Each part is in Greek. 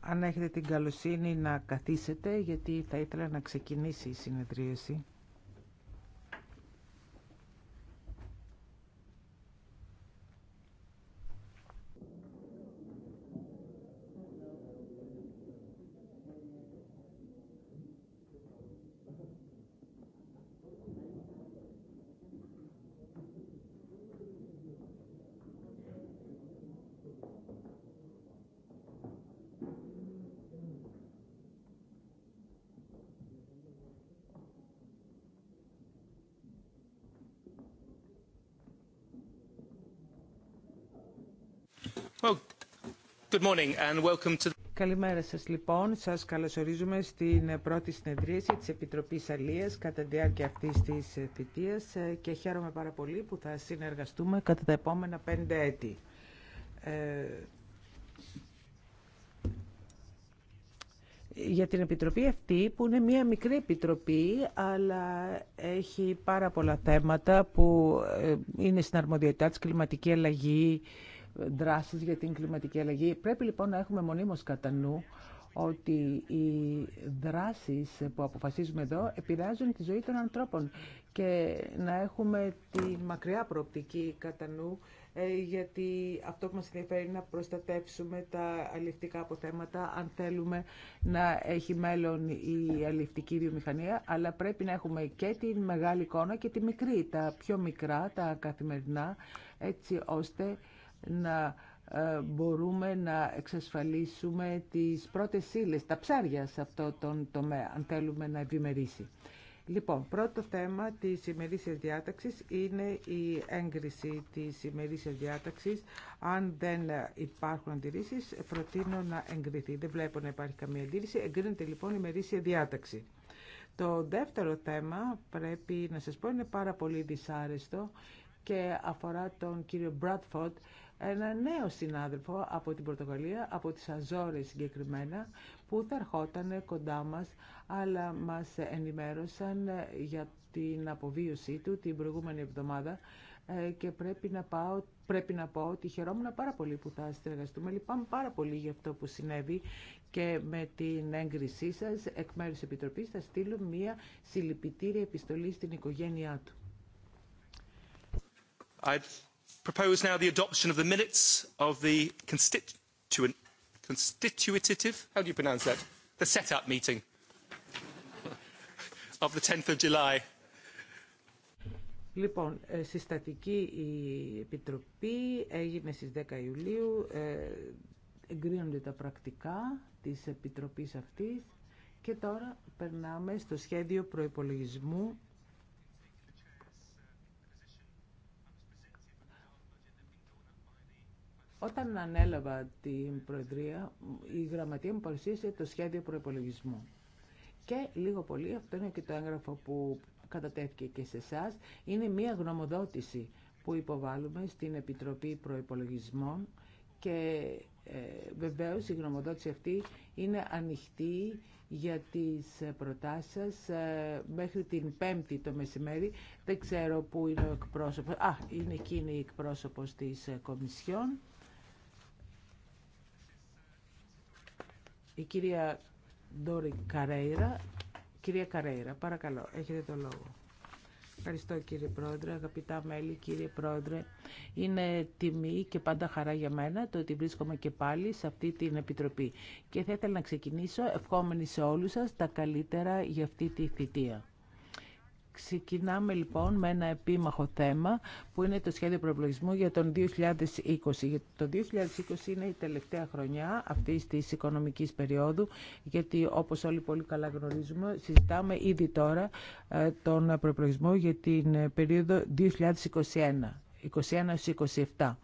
Αν έχετε την καλοσύνη να καθίσετε, γιατί θα ήθελα να ξεκινήσει η συνεδρίαση. Καλημέρα σας λοιπόν. Σας καλωσορίζουμε στην πρώτη συνεδρίαση της Επιτροπής Αλίας κατά τη διάρκεια αυτής της θητείας ε, και χαίρομαι πάρα πολύ που θα συνεργαστούμε κατά τα επόμενα πέντε έτη. Ε, για την Επιτροπή αυτή που είναι μια μικρή επιτροπή αλλά έχει πάρα πολλά θέματα που ε, είναι στην αρμοδιότητά της κλιματική αλλαγή, δράσεις για την κλιματική αλλαγή. Πρέπει λοιπόν να έχουμε μονίμως κατά νου ότι οι δράσεις που αποφασίζουμε εδώ επηρεάζουν τη ζωή των ανθρώπων και να έχουμε τη μακριά προοπτική κατά νου ε, γιατί αυτό που μας ενδιαφέρει είναι να προστατεύσουμε τα αλληλευτικά αποθέματα αν θέλουμε να έχει μέλλον η αλληλευτική βιομηχανία αλλά πρέπει να έχουμε και τη μεγάλη εικόνα και τη μικρή, τα πιο μικρά, τα καθημερινά έτσι ώστε να ε, μπορούμε να εξασφαλίσουμε τις πρώτες ύλε, τα ψάρια σε αυτό το τομέα, αν θέλουμε να ευημερήσει. Λοιπόν, πρώτο θέμα της ημερήσιας διάταξης είναι η έγκριση της ημερήσιας διάταξης. Αν δεν υπάρχουν αντιρρήσεις, προτείνω να εγκριθεί. Δεν βλέπω να υπάρχει καμία αντίρρηση. Εγκρίνεται λοιπόν η ημερήσια διάταξη. Το δεύτερο θέμα, πρέπει να σας πω, είναι πάρα πολύ δυσάρεστο και αφορά τον κύριο Μπράτφορντ, ένα νέο συνάδελφο από την Πορτογαλία, από τις Αζόρες συγκεκριμένα, που θα ερχόταν κοντά μας, αλλά μας ενημέρωσαν για την αποβίωσή του την προηγούμενη εβδομάδα ε, και πρέπει να, πάω, πρέπει να πω ότι χαιρόμουν πάρα πολύ που θα συνεργαστούμε. Λυπάμαι πάρα πολύ για αυτό που συνέβη και με την έγκρισή σας εκ μέρους της Επιτροπής θα στείλω μία συλληπιτήρια επιστολή στην οικογένειά του propose now the adoption of the minutes of the constituent constitutive how do you pronounce that the set up meeting of the 10th of July. Λοιπόν, ε, συστατική η Επιτροπή έγινε στις 10 Ιουλίου, Ε, εγκρίνονται τα πρακτικά της Επιτροπής αυτής και τώρα περνάμε στο σχέδιο προϋπολογισμού Όταν ανέλαβα την Προεδρία, η Γραμματεία μου παρουσίασε το σχέδιο προπολογισμού. Και λίγο πολύ, αυτό είναι και το έγγραφο που κατατέθηκε και σε εσά, είναι μία γνωμοδότηση που υποβάλλουμε στην Επιτροπή Προϋπολογισμών και ε, βεβαίως η γνωμοδότηση αυτή είναι ανοιχτή για τις προτάσεις σας ε, μέχρι την Πέμπτη το μεσημέρι. Δεν ξέρω πού είναι ο εκπρόσωπος. Α, είναι εκείνη η εκπρόσωπος της ε, Κομισιόν. Η κυρία Ντόρι Καρέιρα. Κυρία Καρέιρα, παρακαλώ, έχετε το λόγο. Ευχαριστώ κύριε Πρόεδρε, αγαπητά μέλη, κύριε Πρόεδρε. Είναι τιμή και πάντα χαρά για μένα το ότι βρίσκομαι και πάλι σε αυτή την Επιτροπή. Και θα ήθελα να ξεκινήσω ευχόμενοι σε όλους σας τα καλύτερα για αυτή τη θητεία. Ξεκινάμε λοιπόν με ένα επίμαχο θέμα που είναι το σχέδιο προεπλογισμού για τον 2020. Γιατί το 2020 είναι η τελευταία χρονιά αυτή τη οικονομική περίοδου, γιατί όπω όλοι πολύ καλά γνωρίζουμε, συζητάμε ήδη τώρα ε, τον προεπλογισμό για την ε, περίοδο 2021. 21-27.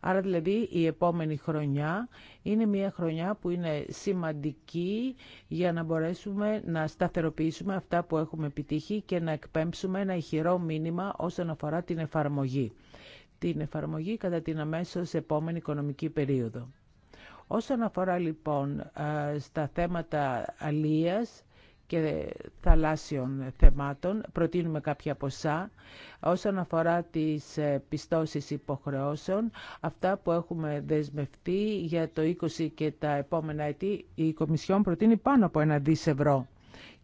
Άρα δηλαδή η επόμενη χρονιά είναι μια χρονιά που είναι σημαντική για να μπορέσουμε να σταθεροποιήσουμε αυτά που έχουμε επιτύχει και να εκπέμψουμε ένα ηχηρό μήνυμα όσον αφορά την εφαρμογή. Την εφαρμογή κατά την αμέσως επόμενη οικονομική περίοδο. Όσον αφορά λοιπόν ε, στα θέματα αλίας, και θαλάσσιων θεμάτων. Προτείνουμε κάποια ποσά. Όσον αφορά τις ε, πιστώσεις υποχρεώσεων, αυτά που έχουμε δεσμευτεί για το 20 και τα επόμενα ετή, η Κομισιόν προτείνει πάνω από ένα δις ευρώ.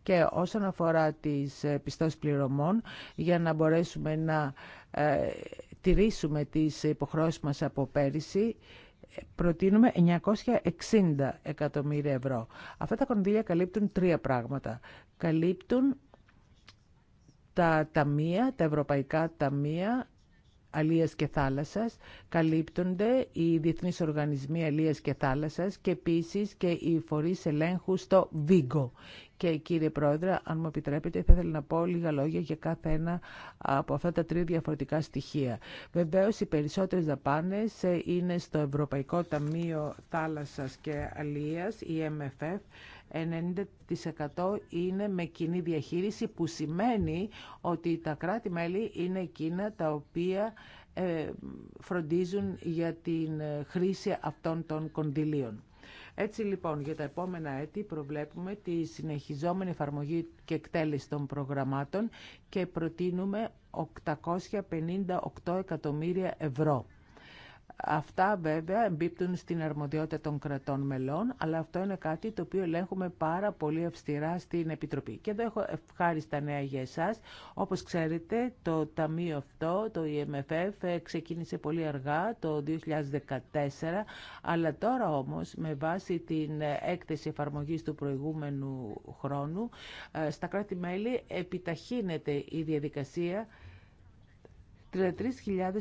Και όσον αφορά τις ε, πιστώσεις πληρωμών, για να μπορέσουμε να ε, τηρήσουμε τις υποχρεώσεις μας από πέρυσι, προτείνουμε 960 εκατομμύρια ευρώ. Αυτά τα κονδύλια καλύπτουν τρία πράγματα. Καλύπτουν τα ταμεία, τα ευρωπαϊκά ταμεία αλίας και θάλασσας καλύπτονται οι διεθνείς οργανισμοί αλίας και θάλασσας και επίσης και οι φορείς ελέγχου στο Βίγκο. Και κύριε Πρόεδρε, αν μου επιτρέπετε, θα ήθελα να πω λίγα λόγια για κάθε ένα από αυτά τα τρία διαφορετικά στοιχεία. Βεβαίω, οι περισσότερε δαπάνε είναι στο Ευρωπαϊκό Ταμείο Θάλασσα και Αλία, η MFF. 90% είναι με κοινή διαχείριση που σημαίνει ότι τα κράτη-μέλη είναι εκείνα τα οποία ε, φροντίζουν για την ε, χρήση αυτών των κονδυλίων. Έτσι λοιπόν για τα επόμενα έτη προβλέπουμε τη συνεχιζόμενη εφαρμογή και εκτέλεση των προγραμμάτων και προτείνουμε 858 εκατομμύρια ευρώ. Αυτά βέβαια εμπίπτουν στην αρμοδιότητα των κρατών μελών, αλλά αυτό είναι κάτι το οποίο ελέγχουμε πάρα πολύ αυστηρά στην Επιτροπή. Και εδώ έχω ευχάριστα νέα για εσά. Όπω ξέρετε, το ταμείο αυτό, το EMFF, ξεκίνησε πολύ αργά το 2014, αλλά τώρα όμω με βάση την έκθεση εφαρμογή του προηγούμενου χρόνου, ε, στα κράτη-μέλη επιταχύνεται η διαδικασία 33.000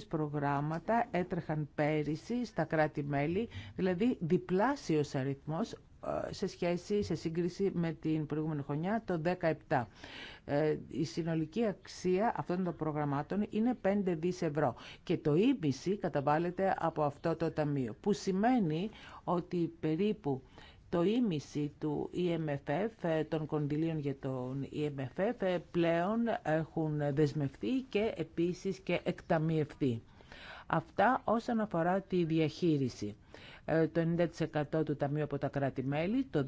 προγράμματα έτρεχαν πέρυσι στα κράτη-μέλη, δηλαδή διπλάσιος αριθμός ε, σε σχέση, σε σύγκριση με την προηγούμενη χρονιά, το 2017. Ε, η συνολική αξία αυτών των προγραμμάτων είναι 5 δις ευρώ και το ίμιση καταβάλλεται από αυτό το ταμείο, που σημαίνει ότι περίπου το ίμιση του EMFF, ε, των κονδυλίων για τον EMFF, ε, πλέον έχουν δεσμευτεί και επίσης και εκταμιευτεί. Αυτά όσον αφορά τη διαχείριση. Ε, το 90% του Ταμείου από τα κράτη-μέλη, το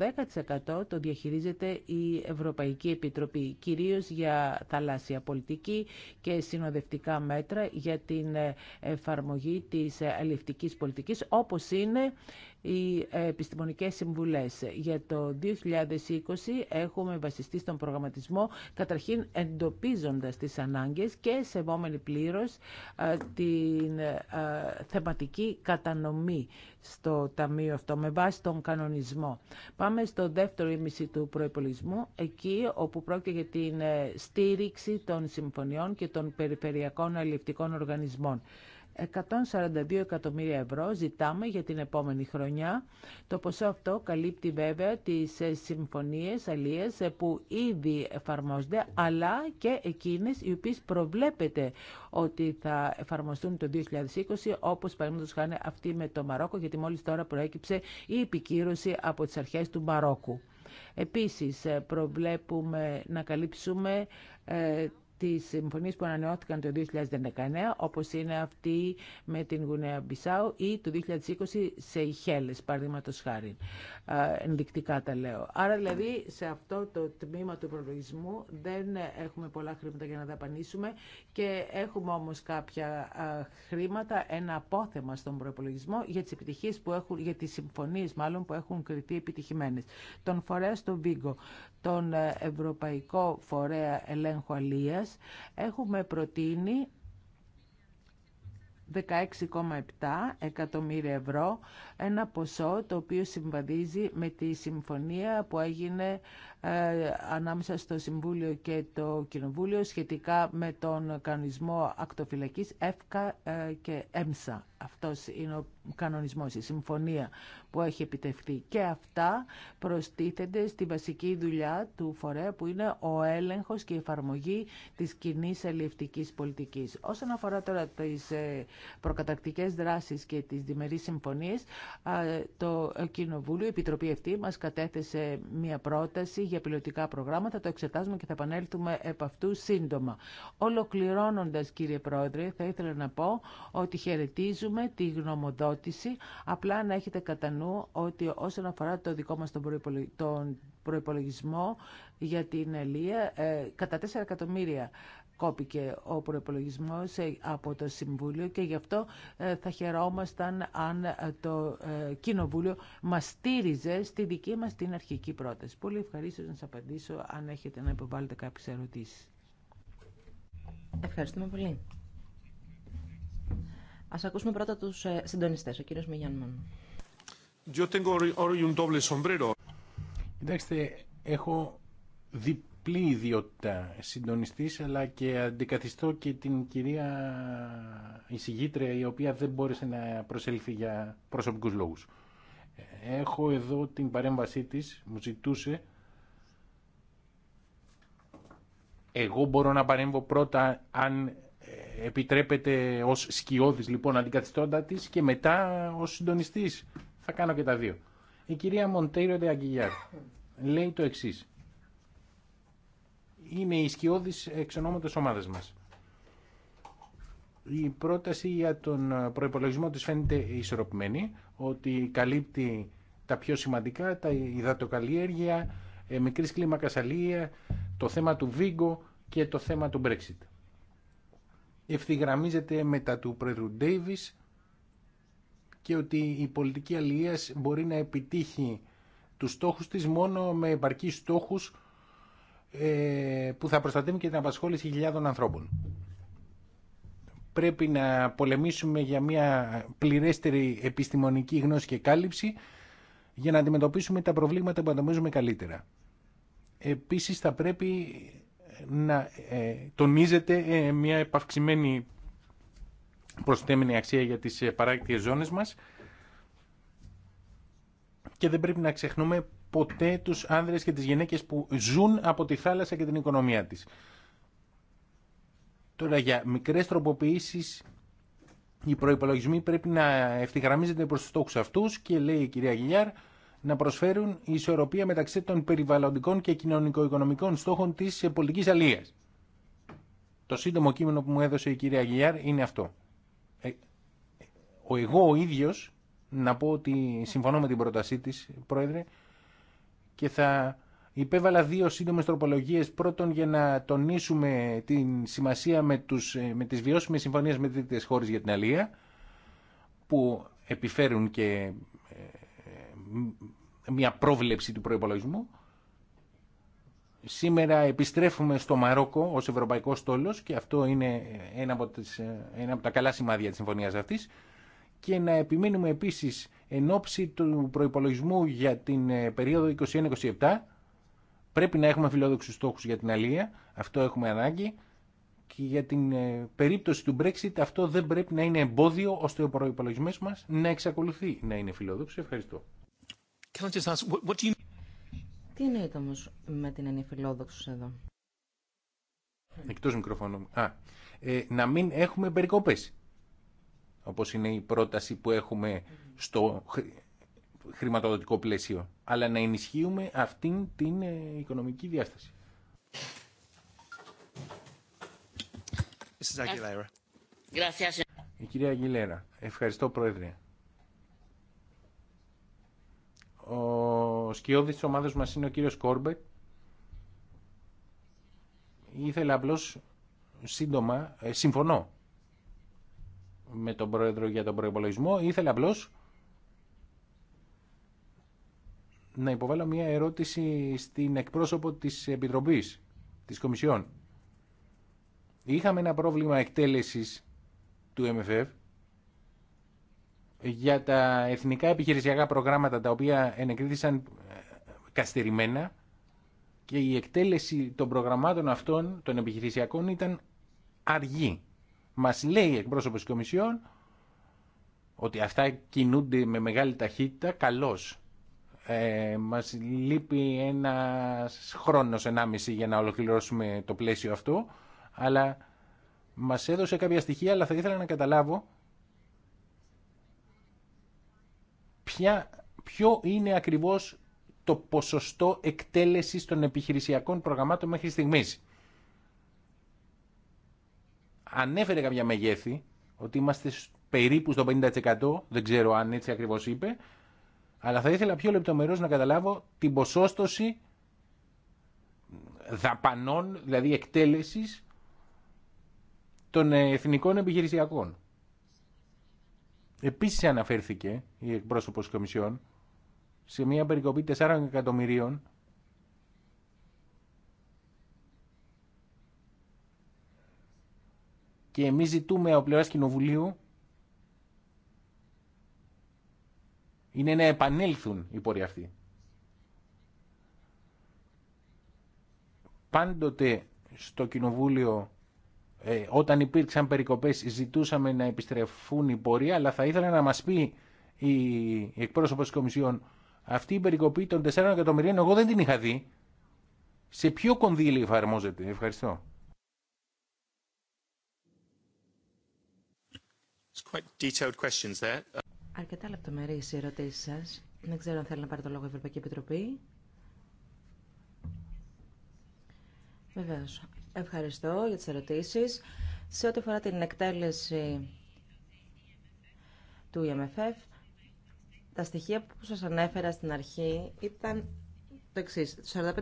10% το διαχειρίζεται η Ευρωπαϊκή Επιτροπή, κυρίως για θαλάσσια πολιτική και συνοδευτικά μέτρα για την εφαρμογή της αλληλευτικής πολιτικής, όπως είναι οι ε, επιστημονικές συμβουλές. Για το 2020 έχουμε βασιστεί στον προγραμματισμό καταρχήν εντοπίζοντας τις ανάγκες και σεβόμενοι πλήρως ε, την ε, θεματική κατανομή στο Ταμείο αυτό με βάση τον κανονισμό. Πάμε στο δεύτερο ήμιση του προϋπολισμού, εκεί όπου πρόκειται για την στήριξη των συμφωνιών και των περιφερειακών αλληλευτικών οργανισμών. 142 εκατομμύρια ευρώ ζητάμε για την επόμενη χρονιά. Το ποσό αυτό καλύπτει βέβαια τις συμφωνίες αλίες που ήδη εφαρμόζονται, αλλά και εκείνες οι οποίες προβλέπεται ότι θα εφαρμοστούν το 2020, όπως παραδείγματος χάνε αυτή με το Μαρόκο, γιατί μόλις τώρα προέκυψε η επικύρωση από τις αρχές του Μαρόκου. Επίσης, ε, προβλέπουμε να καλύψουμε ε, τις συμφωνίες που ανανεώθηκαν το 2019, όπως είναι αυτή με την Γουνέα Μπισάου ή το 2020 σε Ιχέλε, παραδείγματο χάρη. Ενδεικτικά τα λέω. Άρα δηλαδή σε αυτό το τμήμα του προλογισμού δεν έχουμε πολλά χρήματα για να δαπανίσουμε και έχουμε όμως κάποια χρήματα, ένα απόθεμα στον προπολογισμό για τις επιτυχίες που έχουν, για τις συμφωνίες μάλλον που έχουν κριθεί επιτυχημένες. Τον φορέα στο Βίγκο, τον ε, Ευρωπαϊκό Φορέα Ελέγχου έχουμε προτείνει 16,7 εκατομμύρια ευρώ, ένα ποσό το οποίο συμβαδίζει με τη συμφωνία που έγινε ε, ανάμεσα στο Συμβούλιο και το Κοινοβούλιο σχετικά με τον κανονισμό ακτοφυλακής ΕΦΚΑ και ΕΜΣΑ. Αυτός είναι ο κανονισμός, η συμφωνία που έχει επιτευχθεί. Και αυτά προστίθενται στη βασική δουλειά του φορέα που είναι ο έλεγχος και η εφαρμογή της κοινή αλληλευτικής πολιτικής. Όσον αφορά τώρα τις ε, προκατακτικές δράσεις και τις διμερείς συμφωνίες, το Κοινοβούλιο, η Επιτροπή αυτή μας κατέθεσε μια πρόταση για πιλωτικά προγράμματα. Το εξετάζουμε και θα επανέλθουμε επ' αυτού σύντομα. Ολοκληρώνοντας, κύριε Πρόεδρε, θα ήθελα να πω ότι χαιρετίζουμε με τη γνωμοδότηση, απλά να έχετε κατά νου ότι όσον αφορά το δικό μας τον προϋπολογισμό για την Ελία, ε, κατά 4 εκατομμύρια κόπηκε ο προπολογισμό ε, από το Συμβούλιο και γι' αυτό ε, θα χαιρόμασταν αν το Κοινοβούλιο μας στήριζε στη δική μας την αρχική πρόταση. Πολύ ευχαρίστω να σας απαντήσω αν έχετε να υποβάλλετε κάποιες ερωτήσεις. Ευχαριστούμε πολύ. Ας ακούσουμε πρώτα τους ε, συντονιστές, ο κύριος sombrero. Κοιτάξτε, έχω διπλή ιδιότητα συντονιστής, αλλά και αντικαθιστώ και την κυρία εισηγήτρια, η οποία δεν μπόρεσε να προσελθεί για προσωπικούς λόγους. Έχω εδώ την παρέμβασή της, μου ζητούσε. Εγώ μπορώ να παρέμβω πρώτα αν επιτρέπεται ως σκιώδης λοιπόν αντικαθιστώντα της και μετά ως συντονιστής. Θα κάνω και τα δύο. Η κυρία Μοντέιρο de λέει το εξή. Είναι η σκιώδης εξ ονόματος ομάδας μας. Η πρόταση για τον προϋπολογισμό της φαίνεται ισορροπημένη, ότι καλύπτει τα πιο σημαντικά, τα υδατοκαλλιέργεια, ε, μικρή κλίμακα το θέμα του Βίγκο και το θέμα του Brexit ευθυγραμμίζεται μετά του Πρόεδρου Ντέιβις και ότι η πολιτική αλληλείας μπορεί να επιτύχει τους στόχους της μόνο με επαρκή στόχους ε, που θα προστατεύουν και την απασχόληση χιλιάδων ανθρώπων. Πρέπει να πολεμήσουμε για μια πληρέστερη επιστημονική γνώση και κάλυψη για να αντιμετωπίσουμε τα προβλήματα που αντιμετωπίζουμε καλύτερα. Επίσης θα πρέπει να ε, τονίζεται ε, μια επαυξημένη προστέμενη αξία για τις ε, παράκτιες ζώνες μας και δεν πρέπει να ξεχνούμε ποτέ τους άνδρες και τις γυναίκες που ζουν από τη θάλασσα και την οικονομία της. Τώρα για μικρές τροποποιήσεις οι προϋπολογισμοί πρέπει να ευθυγραμμίζεται προς τους στόχους αυτούς και λέει η κυρία Γιλιάρ να προσφέρουν ισορροπία μεταξύ των περιβαλλοντικών και κοινωνικο-οικονομικών στόχων της πολιτικής αλίας. Το σύντομο κείμενο που μου έδωσε η κυρία Γιλιάρ είναι αυτό. Ε, ο εγώ ο ίδιος, να πω ότι συμφωνώ με την πρότασή της, Πρόεδρε, και θα υπέβαλα δύο σύντομες τροπολογίες. Πρώτον, για να τονίσουμε την σημασία με, τους, ε, με τις βιώσιμες συμφωνίες με τρίτες χώρες για την αλία, που επιφέρουν και μια πρόβλεψη του προϋπολογισμού. Σήμερα επιστρέφουμε στο Μαρόκο ως ευρωπαϊκό στόλος και αυτό είναι ένα από, τις, ένα από τα καλά σημάδια της συμφωνίας αυτής και να επιμείνουμε επίσης εν ώψη του προϋπολογισμού για την περιοδο 2021 2021-2027 πρέπει να έχουμε φιλόδοξους στόχους για την αλία, αυτό έχουμε ανάγκη και για την ε, περίπτωση του Brexit αυτό δεν πρέπει να είναι εμπόδιο ώστε ο προϋπολογισμός μας να εξακολουθεί να είναι φιλόδοξος. Ευχαριστώ. Τι εννοείται όμω με την ανηφιλόδοξου εδώ. Εκτό μικροφώνου. Α, ε, να μην έχουμε περικοπές. Όπως είναι η πρόταση που έχουμε στο χρηματοδοτικό πλαίσιο. Αλλά να ενισχύουμε αυτήν την ε, οικονομική διάσταση. Η κυρία Αγγιλέρα. Ευχαριστώ, Πρόεδρε. Ο σκιώδης της ομάδας μας είναι ο κύριος Κόρμπετ. Ήθελα απλώς σύντομα, ε, συμφωνώ με τον πρόεδρο για τον προϋπολογισμό, ήθελα απλώς να υποβάλω μια ερώτηση στην εκπρόσωπο της Επιτροπής, της Κομισιόν. Είχαμε ένα πρόβλημα εκτέλεσης του MFF για τα εθνικά επιχειρησιακά προγράμματα τα οποία ενεκρίθησαν ε, καστηριμένα και η εκτέλεση των προγραμμάτων αυτών των επιχειρησιακών ήταν αργή. Μας λέει εκπρόσωπος της Κομισιόν ότι αυτά κινούνται με μεγάλη ταχύτητα, καλώς. Ε, μας λείπει ένας χρόνος, ενάμιση για να ολοκληρώσουμε το πλαίσιο αυτό, αλλά μας έδωσε κάποια στοιχεία, αλλά θα ήθελα να καταλάβω ποιο είναι ακριβώς το ποσοστό εκτέλεσης των επιχειρησιακών προγραμμάτων μέχρι στιγμής. Ανέφερε κάποια μεγέθη ότι είμαστε περίπου στο 50%, δεν ξέρω αν έτσι ακριβώς είπε, αλλά θα ήθελα πιο λεπτομερώς να καταλάβω την ποσόστοση δαπανών, δηλαδή εκτέλεσης των εθνικών επιχειρησιακών Επίσης αναφέρθηκε η εκπρόσωπος της Κομισιόν σε μια περικοπή 4 εκατομμυρίων και εμεί ζητούμε ο πλευράς Κοινοβουλίου είναι να επανέλθουν οι πόροι αυτοί. Πάντοτε στο Κοινοβούλιο ε, όταν υπήρξαν περικοπές ζητούσαμε να επιστρεφούν οι πορεία, αλλά θα ήθελα να μας πει η, η εκπρόσωπος της Κομισιόν αυτή η περικοπή των 4 εκατομμυρίων εγώ δεν την είχα δει. Σε ποιο κονδύλι εφαρμόζεται. Ευχαριστώ. Αρκετά λεπτομερείς οι ερωτήσεις σας. Δεν ξέρω αν θέλει να πάρει το λόγο η Ευρωπαϊκή Επιτροπή. Βεβαίω. Ευχαριστώ για τις ερωτήσεις. Σε ό,τι αφορά την εκτέλεση του EMFF, τα στοιχεία που σας ανέφερα στην αρχή ήταν το εξής. Το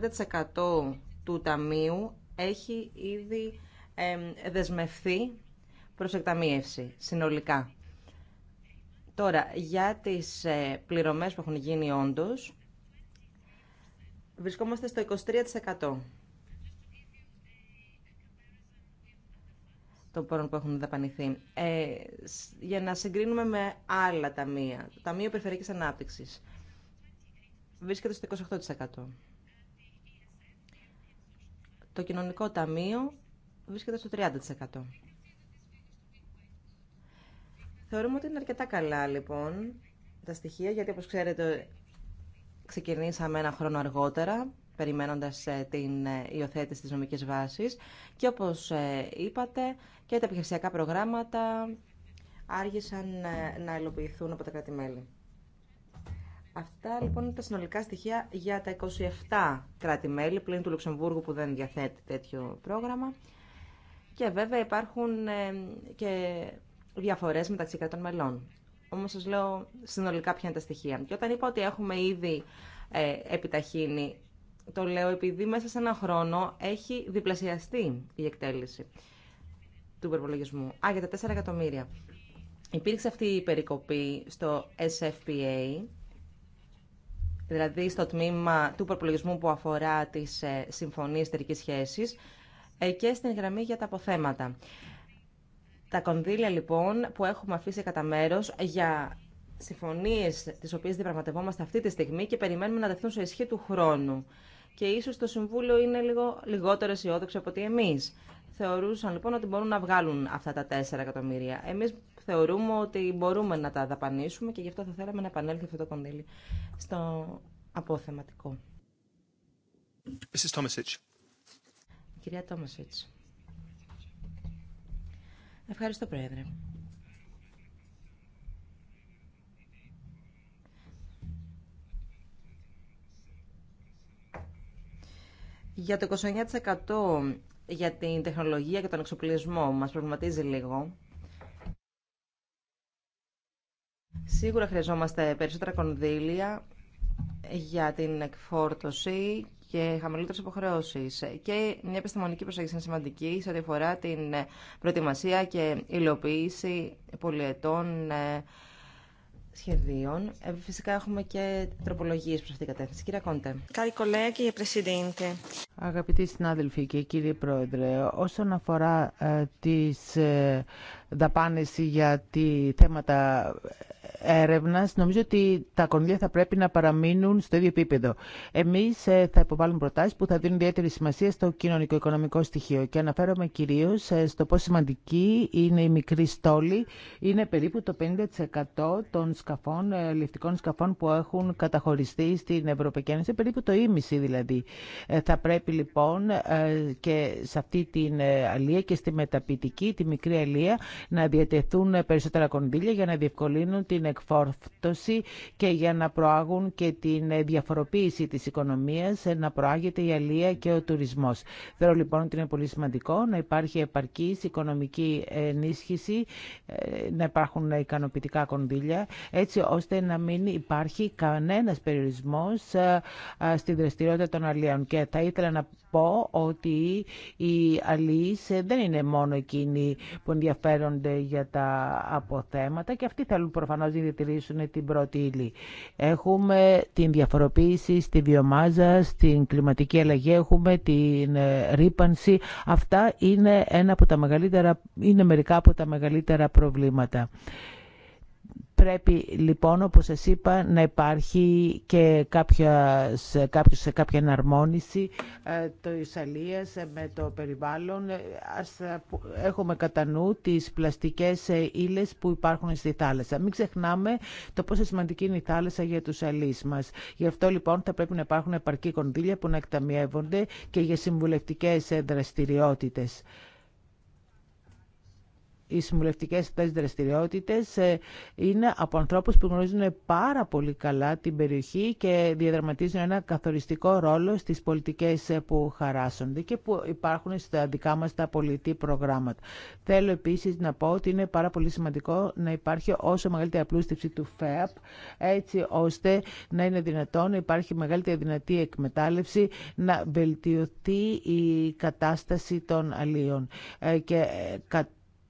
45% του ταμείου έχει ήδη δεσμευθεί προς εκταμείευση συνολικά. Τώρα, για τις ε, πληρωμές που έχουν γίνει όντως, βρισκόμαστε στο 23%. των πόρων που έχουν δαπανηθεί. Ε, για να συγκρίνουμε με άλλα ταμεία, το Ταμείο Περιφερειακή ανάπτυξη. βρίσκεται στο 28%. Το Κοινωνικό Ταμείο βρίσκεται στο 30%. Θεωρούμε ότι είναι αρκετά καλά λοιπόν τα στοιχεία, γιατί όπως ξέρετε ξεκινήσαμε ένα χρόνο αργότερα περιμένοντας ε, την ε, υιοθέτηση της νομικής βάσης. Και όπως ε, είπατε, και τα επιχειρησιακά προγράμματα άργησαν να υλοποιηθούν από τα κράτη-μέλη. Αυτά λοιπόν είναι τα συνολικά στοιχεία για τα 27 κράτη-μέλη, πλην του Λουξεμβούργου που δεν διαθέτει τέτοιο πρόγραμμα. Και βέβαια υπάρχουν και διαφορές μεταξύ κρατών μελών. Όμως σας λέω συνολικά ποια είναι τα στοιχεία. Και όταν είπα ότι έχουμε ήδη επιταχύνει το λέω επειδή μέσα σε ένα χρόνο έχει διπλασιαστεί η εκτέλεση του προπολογισμού. Α, για τα 4 εκατομμύρια. Υπήρξε αυτή η περικοπή στο SFPA, δηλαδή στο τμήμα του προπολογισμού που αφορά τις ε, συμφωνίες τερικής σχέσης ε, και στην γραμμή για τα αποθέματα. Τα κονδύλια λοιπόν που έχουμε αφήσει κατά μέρο για συμφωνίες τις οποίες διαπραγματευόμαστε αυτή τη στιγμή και περιμένουμε να δεχθούν σε ισχύ του χρόνου και ίσως το Συμβούλιο είναι λίγο λιγότερο αισιόδοξο από ότι εμείς. Θεωρούσαν λοιπόν ότι μπορούν να βγάλουν αυτά τα 4 εκατομμύρια. Εμείς θεωρούμε ότι μπορούμε να τα δαπανίσουμε και γι' αυτό θα θέλαμε να επανέλθει αυτό το κονδύλι στο αποθεματικό. Κυρία Τόμασιτς. Ευχαριστώ, Πρόεδρε. Για το 29% για την τεχνολογία και τον εξοπλισμό μας προβληματίζει λίγο. Σίγουρα χρειαζόμαστε περισσότερα κονδύλια για την εκφόρτωση και χαμηλότερε υποχρεώσει. Και μια επιστημονική προσέγγιση είναι σημαντική σε ό,τι αφορά την προετοιμασία και υλοποίηση πολυετών ε, σχεδίων. Ε, φυσικά έχουμε και τροπολογίες προς αυτήν την κατεύθυνση. Κύριε Κόντε. Κολέα Αγαπητοί συνάδελφοι και κύριε Πρόεδρε, όσον αφορά ε, τις ε, δαπάνες για τη θέματα έρευνας, νομίζω ότι τα κονδύλια θα πρέπει να παραμείνουν στο ίδιο επίπεδο. Εμείς ε, θα υποβάλουμε προτάσεις που θα δίνουν ιδιαίτερη σημασία στο κοινωνικο-οικονομικό στοιχείο και αναφέρομαι κυρίως στο πόσο σημαντική είναι η μικρή στόλη. Είναι περίπου το 50% των σκαφών, ληφτικών σκαφών που έχουν καταχωριστεί στην Ευρωπαϊκή Ένωση, περίπου το ίμιση δηλαδή. Θα πρέπει Πρέπει λοιπόν ε, και σε αυτή την ε, αλία και στη μεταπητική, τη μικρή αλία, να διατεθούν ε, περισσότερα κονδύλια για να διευκολύνουν την εκφόρτωση και για να προάγουν και την διαφοροποίηση της οικονομίας, να προάγεται η αλία και ο τουρισμός. Θεωρώ λοιπόν ότι είναι πολύ σημαντικό να υπάρχει επαρκής οικονομική ενίσχυση, να υπάρχουν ικανοποιητικά κονδύλια, έτσι ώστε να μην υπάρχει κανένας περιορισμός στη δραστηριότητα των αλίων. Και θα ήθελα να πω ότι οι αλλοίς ε, δεν είναι μόνο εκείνοι που ενδιαφέρονται για τα αποθέματα και αυτοί θέλουν προφανώς να διατηρήσουν την πρώτη ύλη. Έχουμε την διαφοροποίηση στη βιομάζα, στην κλιματική αλλαγή, έχουμε την ε, ρήπανση. Αυτά είναι, ένα από τα μεγαλύτερα, είναι μερικά από τα μεγαλύτερα προβλήματα. Πρέπει λοιπόν, όπως σας είπα, να υπάρχει και κάποια, σε σε κάποια εναρμόνιση ε, το Ισαλίας με το περιβάλλον. Ε, έχουμε κατά νου τις πλαστικές ε, ύλες που υπάρχουν στη θάλασσα. Μην ξεχνάμε το πόσο σημαντική είναι η θάλασσα για τους αλείς μας. Γι' αυτό λοιπόν θα πρέπει να υπάρχουν επαρκή κονδύλια που να εκταμιεύονται και για συμβουλευτικές ε, δραστηριότητες οι συμβουλευτικές αυτές δραστηριότητες ε, είναι από ανθρώπους που γνωρίζουν πάρα πολύ καλά την περιοχή και διαδραματίζουν ένα καθοριστικό ρόλο στις πολιτικές ε, που χαράσσονται και που υπάρχουν στα δικά μας τα πολιτή προγράμματα. Θέλω επίσης να πω ότι είναι πάρα πολύ σημαντικό να υπάρχει όσο μεγαλύτερη απλούστευση του ΦΕΑΠ έτσι ώστε να είναι δυνατόν να υπάρχει μεγαλύτερη δυνατή εκμετάλλευση να βελτιωθεί η κατάσταση των αλλίων ε, και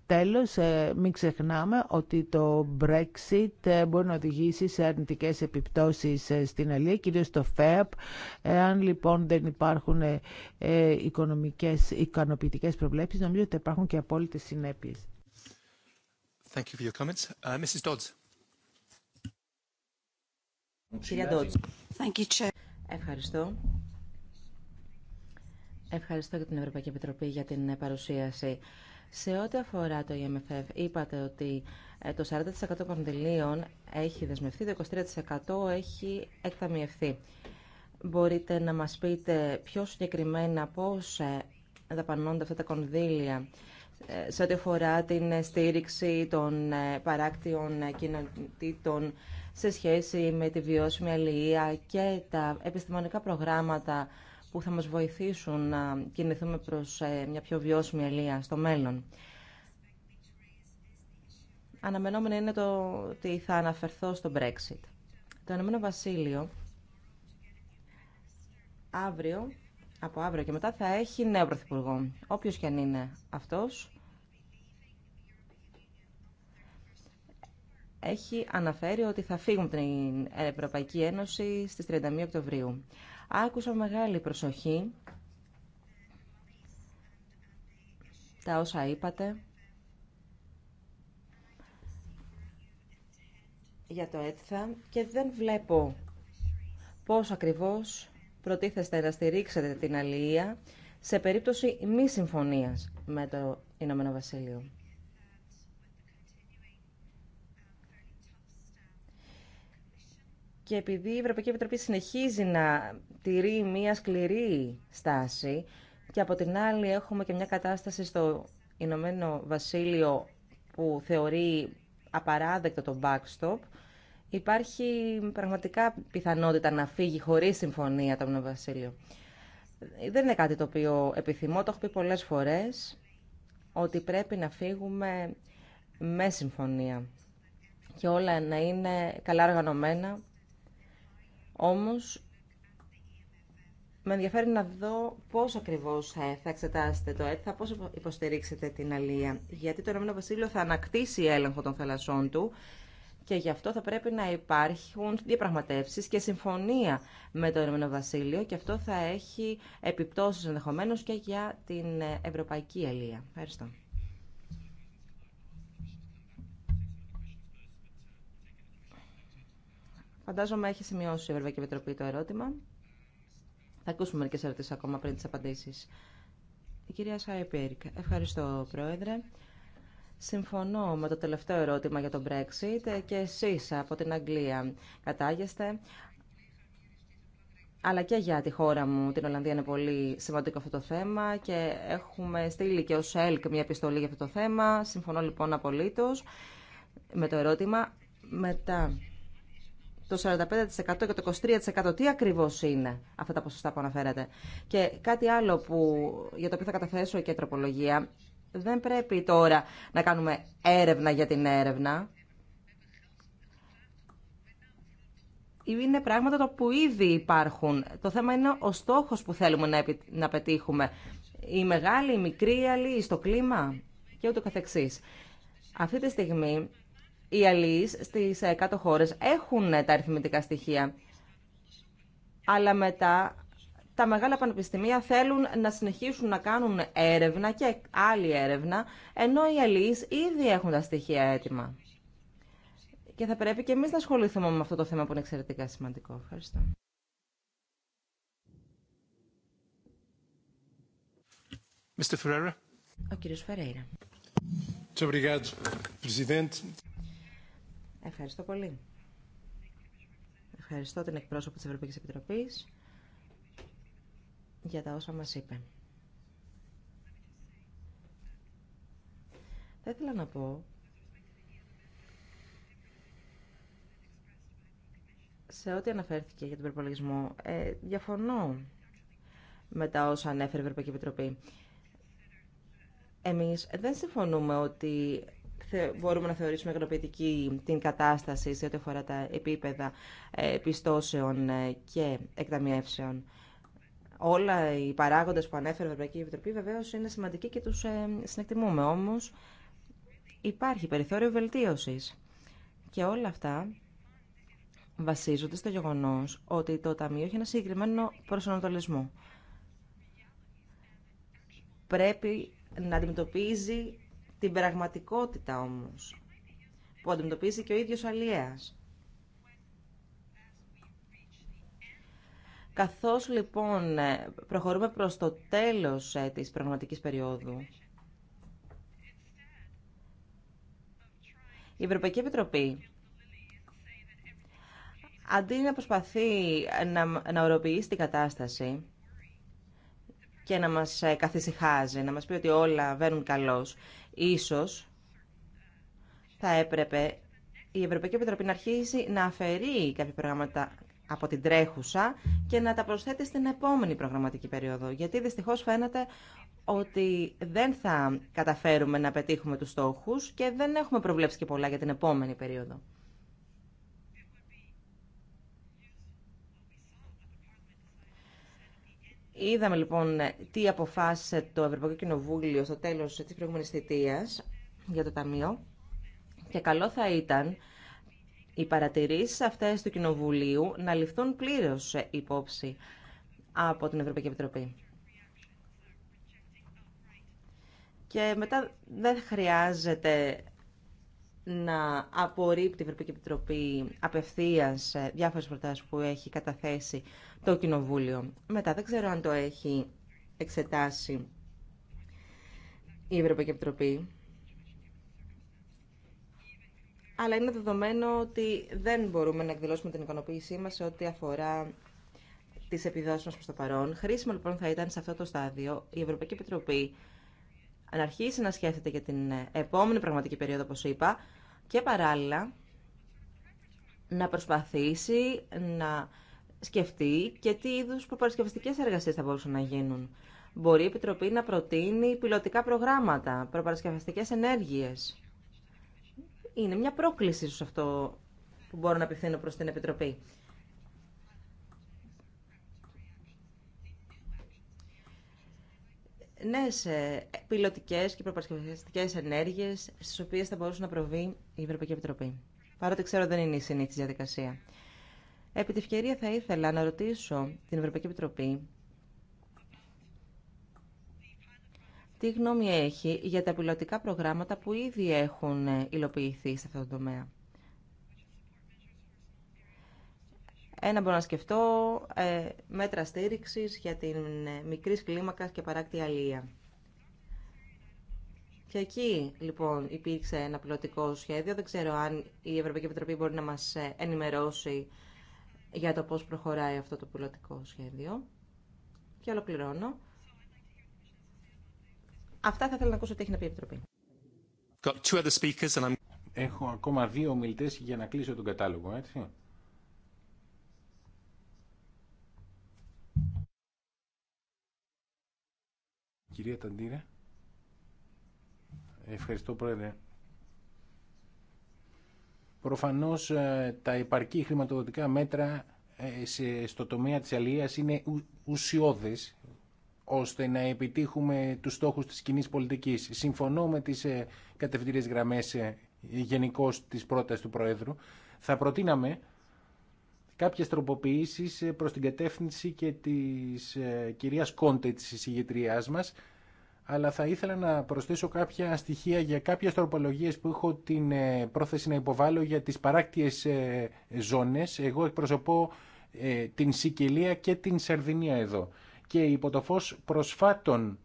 Τέλος, ε, μην ξεχνάμε ότι το Brexit ε, μπορεί να οδηγήσει σε αρνητικές επιπτώσεις ε, στην Αλία, κυρίως στο ΦΕΑΠ. Αν λοιπόν δεν υπάρχουν οικονομικές, ικανοποιητικές προβλέψεις, νομίζω ότι υπάρχουν και απόλυτες συνέπειες. Thank you for your comments. Uh, Mrs. Dodds. Κυρία Dodds. Thank you, Ευχαριστώ. Ευχαριστώ και την Ευρωπαϊκή Επιτροπή για την παρουσίαση. Σε ό,τι αφορά το IMFF, e είπατε ότι ε, το 40% των κονδυλίων έχει δεσμευτεί, το 23% έχει εκταμιευθεί. Μπορείτε να μας πείτε πιο συγκεκριμένα πώς ε, δαπανώνται αυτά τα κονδύλια ε, σε ό,τι αφορά την στήριξη των παράκτιων κοινοτήτων σε σχέση με τη βιώσιμη αλληλεία και τα επιστημονικά προγράμματα που θα μας βοηθήσουν να κινηθούμε προς ε, μια πιο βιώσιμη αλία στο μέλλον. Αναμενόμενο είναι το ότι θα αναφερθώ στο Brexit. Το Ηνωμένο Βασίλειο αύριο, από αύριο και μετά θα έχει νέο Πρωθυπουργό. Όποιος και αν είναι αυτός, έχει αναφέρει ότι θα φύγουν την Ευρωπαϊκή Ένωση στις 31 Οκτωβρίου. Άκουσα μεγάλη προσοχή τα όσα είπατε για το έτθα και δεν βλέπω πώς ακριβώς προτίθεστε να στηρίξετε την αλληλεία σε περίπτωση μη συμφωνίας με το Ηνωμένο Βασίλειο. Και επειδή η Ευρωπαϊκή Επιτροπή συνεχίζει να τηρεί μία σκληρή στάση και από την άλλη έχουμε και μια κατάσταση στο Ηνωμένο Βασίλειο που θεωρεί απαράδεκτο το backstop, υπάρχει πραγματικά πιθανότητα να φύγει χωρίς συμφωνία το Ηνωμένο Βασίλειο. Δεν είναι κάτι το οποίο επιθυμώ, το έχω πει πολλές φορές, ότι πρέπει να φύγουμε με συμφωνία και όλα να είναι καλά οργανωμένα. Όμως με ενδιαφέρει να δω πώ ακριβώς ε, θα εξετάσετε το ΕΤΘΑ, πώς υποστηρίξετε την αλία. Γιατί το Ηνωμένο Βασίλειο θα ανακτήσει έλεγχο των θαλασσών του και γι' αυτό θα πρέπει να υπάρχουν διαπραγματεύσει και συμφωνία με το Ηνωμένο Βασίλειο και αυτό θα έχει επιπτώσεις ενδεχομένω και για την ε, Ευρωπαϊκή Αλία. Ευχαριστώ. Φαντάζομαι έχει σημειώσει η Ευρωπαϊκή Επιτροπή το ερώτημα. Θα ακούσουμε μερικέ ερωτήσει ακόμα πριν τις απαντήσει. Η κυρία Σάιπίρκ. Ευχαριστώ, Πρόεδρε. Συμφωνώ με το τελευταίο ερώτημα για τον Brexit και εσεί από την Αγγλία κατάγεστε. Αλλά και για τη χώρα μου, την Ολλανδία, είναι πολύ σημαντικό αυτό το θέμα και έχουμε στείλει και ω ΕΛΚ μια επιστολή για αυτό το θέμα. Συμφωνώ λοιπόν απολύτως με το ερώτημα. Μετά, το 45% και το 23%. Τι ακριβώς είναι αυτά τα ποσοστά που αναφέρατε. Και κάτι άλλο που, για το οποίο θα καταθέσω και τροπολογία, δεν πρέπει τώρα να κάνουμε έρευνα για την έρευνα. Είναι πράγματα που ήδη υπάρχουν. Το θέμα είναι ο στόχος που θέλουμε να πετύχουμε. Η μεγάλη, η μικρή, η στο κλίμα και ούτω καθεξής. Αυτή τη στιγμή οι αλληλείς στις 100 ε, χώρες έχουν ε, τα αριθμητικά στοιχεία. Αλλά μετά τα μεγάλα πανεπιστημία θέλουν να συνεχίσουν να κάνουν έρευνα και άλλη έρευνα, ενώ οι αλληλείς ήδη έχουν τα στοιχεία έτοιμα. Και θα πρέπει και εμείς να ασχοληθούμε με αυτό το θέμα που είναι εξαιρετικά σημαντικό. Ευχαριστώ. Mr. Ferreira. Ευχαριστώ πολύ. Ευχαριστώ την εκπρόσωπο της Ευρωπαϊκής Επιτροπής για τα όσα μας είπε. Θα ήθελα να πω σε ό,τι αναφέρθηκε για τον προπολογισμό, ε, διαφωνώ με τα όσα ανέφερε η Ευρωπαϊκή Επιτροπή. Εμείς δεν συμφωνούμε ότι μπορούμε να θεωρήσουμε ικανοποιητική την κατάσταση σε ό,τι αφορά τα επίπεδα ε, πιστώσεων ε, και εκταμιεύσεων. Όλα οι παράγοντες που ανέφερε η Ευρωπαϊκή Επιτροπή βεβαίως είναι σημαντικοί και τους ε, συνεκτιμούμε. Όμως υπάρχει περιθώριο βελτίωσης. Και όλα αυτά βασίζονται στο γεγονός ότι το Ταμείο έχει ένα συγκεκριμένο προσανατολισμό. Πρέπει να αντιμετωπίζει την πραγματικότητα όμως που αντιμετωπίζει και ο ίδιος ο Αλιέας. Καθώς λοιπόν προχωρούμε προς το τέλος ε, της πραγματικής περίοδου, η Ευρωπαϊκή Επιτροπή αντί να προσπαθεί να, να οροποιήσει την κατάσταση και να μας ε, καθησυχάζει, να μας πει ότι όλα βαίνουν καλώς, Ίσως θα έπρεπε η Ευρωπαϊκή Επιτροπή να αρχίσει να αφαιρεί κάποια προγράμματα από την τρέχουσα και να τα προσθέτει στην επόμενη προγραμματική περίοδο. Γιατί δυστυχώς φαίνεται ότι δεν θα καταφέρουμε να πετύχουμε τους στόχους και δεν έχουμε προβλέψει και πολλά για την επόμενη περίοδο. Είδαμε λοιπόν τι αποφάσισε το Ευρωπαϊκό Κοινοβούλιο στο τέλος της προηγούμενη θητεία για το Ταμείο και καλό θα ήταν οι παρατηρήσει αυτές του Κοινοβουλίου να ληφθούν πλήρως υπόψη από την Ευρωπαϊκή Επιτροπή. Και μετά δεν χρειάζεται να απορρίπτει η Ευρωπαϊκή Επιτροπή απευθεία ε, διάφορε προτάσει που έχει καταθέσει το Κοινοβούλιο. Μετά δεν ξέρω αν το έχει εξετάσει η Ευρωπαϊκή Επιτροπή. Αλλά είναι δεδομένο ότι δεν μπορούμε να εκδηλώσουμε την ικανοποίησή μας σε ό,τι αφορά τις επιδόσεις μας προ το παρόν. Χρήσιμο λοιπόν θα ήταν σε αυτό το στάδιο η Ευρωπαϊκή Επιτροπή να αρχίσει να σκέφτεται για την επόμενη πραγματική περίοδο, όπω είπα, και παράλληλα να προσπαθήσει να σκεφτεί και τι είδους προπαρασκευαστικές εργασίες θα μπορούσαν να γίνουν. Μπορεί η Επιτροπή να προτείνει πιλωτικά προγράμματα, προπαρασκευαστικές ενέργειες. Είναι μια πρόκληση σε αυτό που μπορώ να απευθύνω προς την Επιτροπή. νέες ε, πιλωτικές και προπαρασκευαστικές ενέργειες στις οποίες θα μπορούσε να προβεί η Ευρωπαϊκή Επιτροπή. Παρότι ξέρω δεν είναι η συνήθιση διαδικασία. Επί τη ευκαιρία θα ήθελα να ρωτήσω την Ευρωπαϊκή Επιτροπή τι γνώμη έχει για τα πιλωτικά προγράμματα που ήδη έχουν υλοποιηθεί σε αυτό το τομέα. Ένα μπορώ να σκεφτώ, ε, μέτρα στήριξης για την ε, μικρή κλίμακα και παράκτη αλία. Και εκεί, λοιπόν, υπήρξε ένα πιλωτικό σχέδιο. Δεν ξέρω αν η Ευρωπαϊκή Επιτροπή μπορεί να μας ε, ενημερώσει για το πώς προχωράει αυτό το πιλωτικό σχέδιο. Και ολοκληρώνω. Αυτά θα ήθελα να ακούσω τι έχει να πει η Επιτροπή. Έχω ακόμα δύο για να κλείσω τον κατάλογο, έτσι. κυρία Ταντήρα, Ευχαριστώ πρόεδρε. Προφανώς ε, τα επαρκή χρηματοδοτικά μέτρα ε, στο τομέα της αλληλείας είναι ουσιώδες ώστε να επιτύχουμε τους στόχους της κοινή πολιτικής. Συμφωνώ με τις ε, κατευθυντήριες γραμμές γενικώ της πρότασης του Προέδρου. Θα προτείναμε κάποιες τροποποιήσεις ε, προς την κατεύθυνση και της ε, κυρίας Κόντε της εισηγητριάς μας αλλά θα ήθελα να προσθέσω κάποια στοιχεία για κάποιες τροπολογίες που έχω την ε, πρόθεση να υποβάλω για τις παράκτιες ζώνες. Εγώ εκπροσωπώ την Σικελία και την Σαρδινία εδώ. Και υπό το φως προσφάτων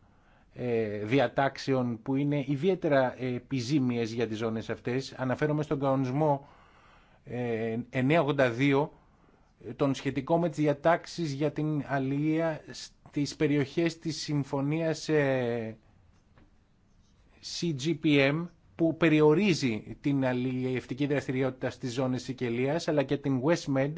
διατάξεων που είναι ιδιαίτερα επιζήμιες για τις ζώνες αυτές, αναφέρομαι στον κανονισμό 982 τον σχετικό με τις διατάξεις για την αλληλεία στις περιοχές της συμφωνίας ε, CGPM που περιορίζει την αλληλευτική δραστηριότητα στις ζώνες Σικελίας αλλά και την WestMed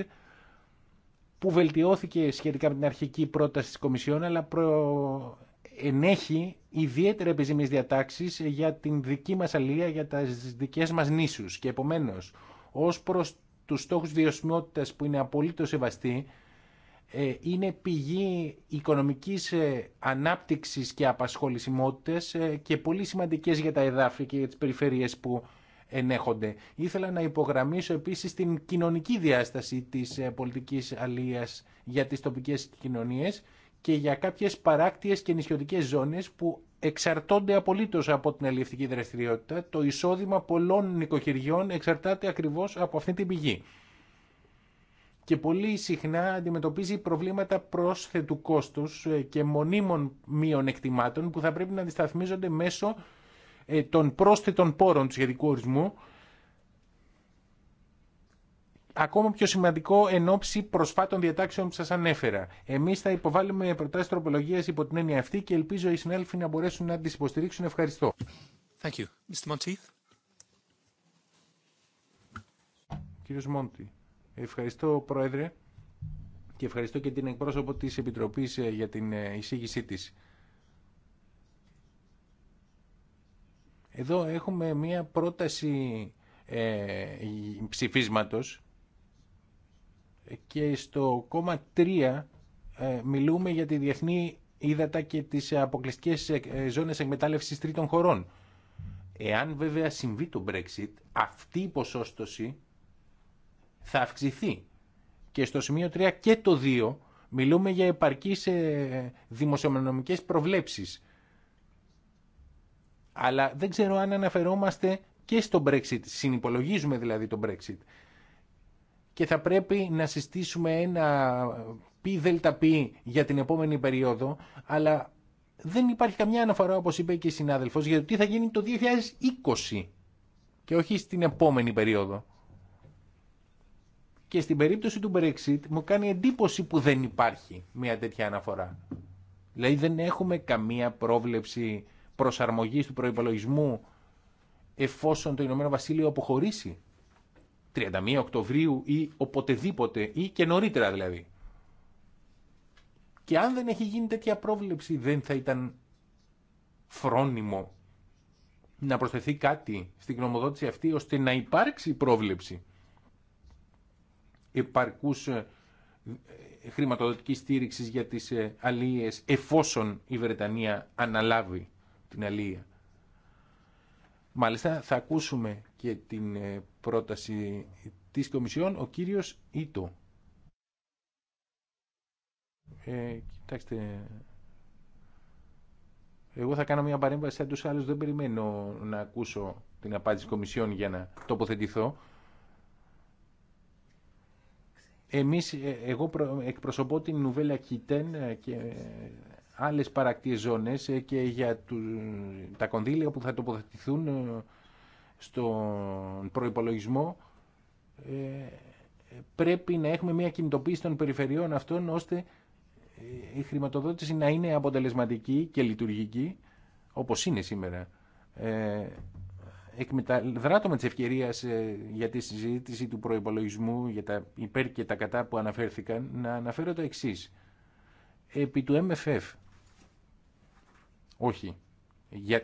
που βελτιώθηκε σχετικά με την αρχική πρόταση της Κομισιόν αλλά προ... ενέχει ιδιαίτερα επιζημίες διατάξεις για την δική μας αλληλεία για τις δικές μας νήσους και επομένως ως προς τους στόχους βιωσιμότητας που είναι απολύτως σεβαστοί, ε, είναι πηγή οικονομικής ε, ανάπτυξης και απασχολησιμότητας ε, και πολύ σημαντικές για τα εδάφη και για τις περιφέρειες που ενέχονται. Ήθελα να υπογραμμίσω επίσης την κοινωνική διάσταση της πολιτικής αλίας για τις τοπικές κοινωνίες και για κάποιες παράκτιες και νησιωτικέ ζώνες που εξαρτώνται απολύτω από την αλληλευτική δραστηριότητα. Το εισόδημα πολλών νοικοκυριών εξαρτάται ακριβώς από αυτή την πηγή. Και πολύ συχνά αντιμετωπίζει προβλήματα πρόσθετου κόστους ε, και μονίμων μείων εκτιμάτων που θα πρέπει να αντισταθμίζονται μέσω ε, των πρόσθετων πόρων του σχετικού ορισμού Ακόμα πιο σημαντικό εν ώψη προσφάτων διατάξεων που σα ανέφερα. Εμείς θα υποβάλουμε προτάσεις τροπολογίας υπό την έννοια αυτή και ελπίζω οι συνέλφοι να μπορέσουν να τι υποστηρίξουν. Ευχαριστώ. Thank you. Mr. Κύριος Μόντι, ευχαριστώ Πρόεδρε και ευχαριστώ και την εκπρόσωπο της Επιτροπής ε, για την ε, εισήγησή της. Εδώ έχουμε μία πρόταση ε, ψηφίσματος και στο κόμμα 3 ε, μιλούμε για τη διεθνή ύδατα και τις αποκλειστικές ε, ζώνες εκμετάλλευσης τρίτων χωρών. Εάν βέβαια συμβεί το Brexit, αυτή η ποσόστοση θα αυξηθεί. Και στο σημείο 3 και το 2 μιλούμε για επαρκείς ε, δημοσιονομικές προβλέψεις. Αλλά δεν ξέρω αν αναφερόμαστε και στο Brexit, συνυπολογίζουμε δηλαδή το Brexit και θα πρέπει να συστήσουμε ένα πι δελτα πι για την επόμενη περίοδο, αλλά δεν υπάρχει καμιά αναφορά, όπως είπε και η συνάδελφος, για το τι θα γίνει το 2020 και όχι στην επόμενη περίοδο. Και στην περίπτωση του Brexit μου κάνει εντύπωση που δεν υπάρχει μια τέτοια αναφορά. Δηλαδή δεν έχουμε καμία πρόβλεψη προσαρμογής του προϋπολογισμού εφόσον το Ηνωμένο Βασίλειο αποχωρήσει. 31 Οκτωβρίου ή οποτεδήποτε ή και νωρίτερα δηλαδή. Και αν δεν έχει γίνει τέτοια πρόβλεψη δεν θα ήταν φρόνιμο να προσθεθεί κάτι στην γνωμοδότηση αυτή ώστε να υπάρξει πρόβλεψη επαρκούς ε, ε, χρηματοδοτικής στήριξης για τις ε, αλίες εφόσον η Βρετανία αναλάβει την αλία. Μάλιστα θα ακούσουμε και την ε, πρόταση της Κομισιόν ο κύριος Ήτο. Ε, κοιτάξτε, εγώ θα κάνω μια παρέμβαση αν τους άλλους, δεν περιμένω να ακούσω την απάντηση της Κομισιόν για να τοποθετηθώ. Εμείς, ε, εγώ εκπροσωπώ την Νουβέλα Κιτέν ε, και άλλες παρακτίες ζώνες και για τα κονδύλια που θα τοποθετηθούν στον προϋπολογισμό ε, πρέπει να έχουμε μια κινητοποίηση των περιφερειών αυτών ώστε ε, η χρηματοδότηση να είναι αποτελεσματική και λειτουργική όπως είναι σήμερα. Ε, εκμετα... με τη ευκαιρία για τη συζήτηση του προϋπολογισμού για τα υπέρ και τα κατά που αναφέρθηκαν να αναφέρω το εξής. Επί του MFF όχι για,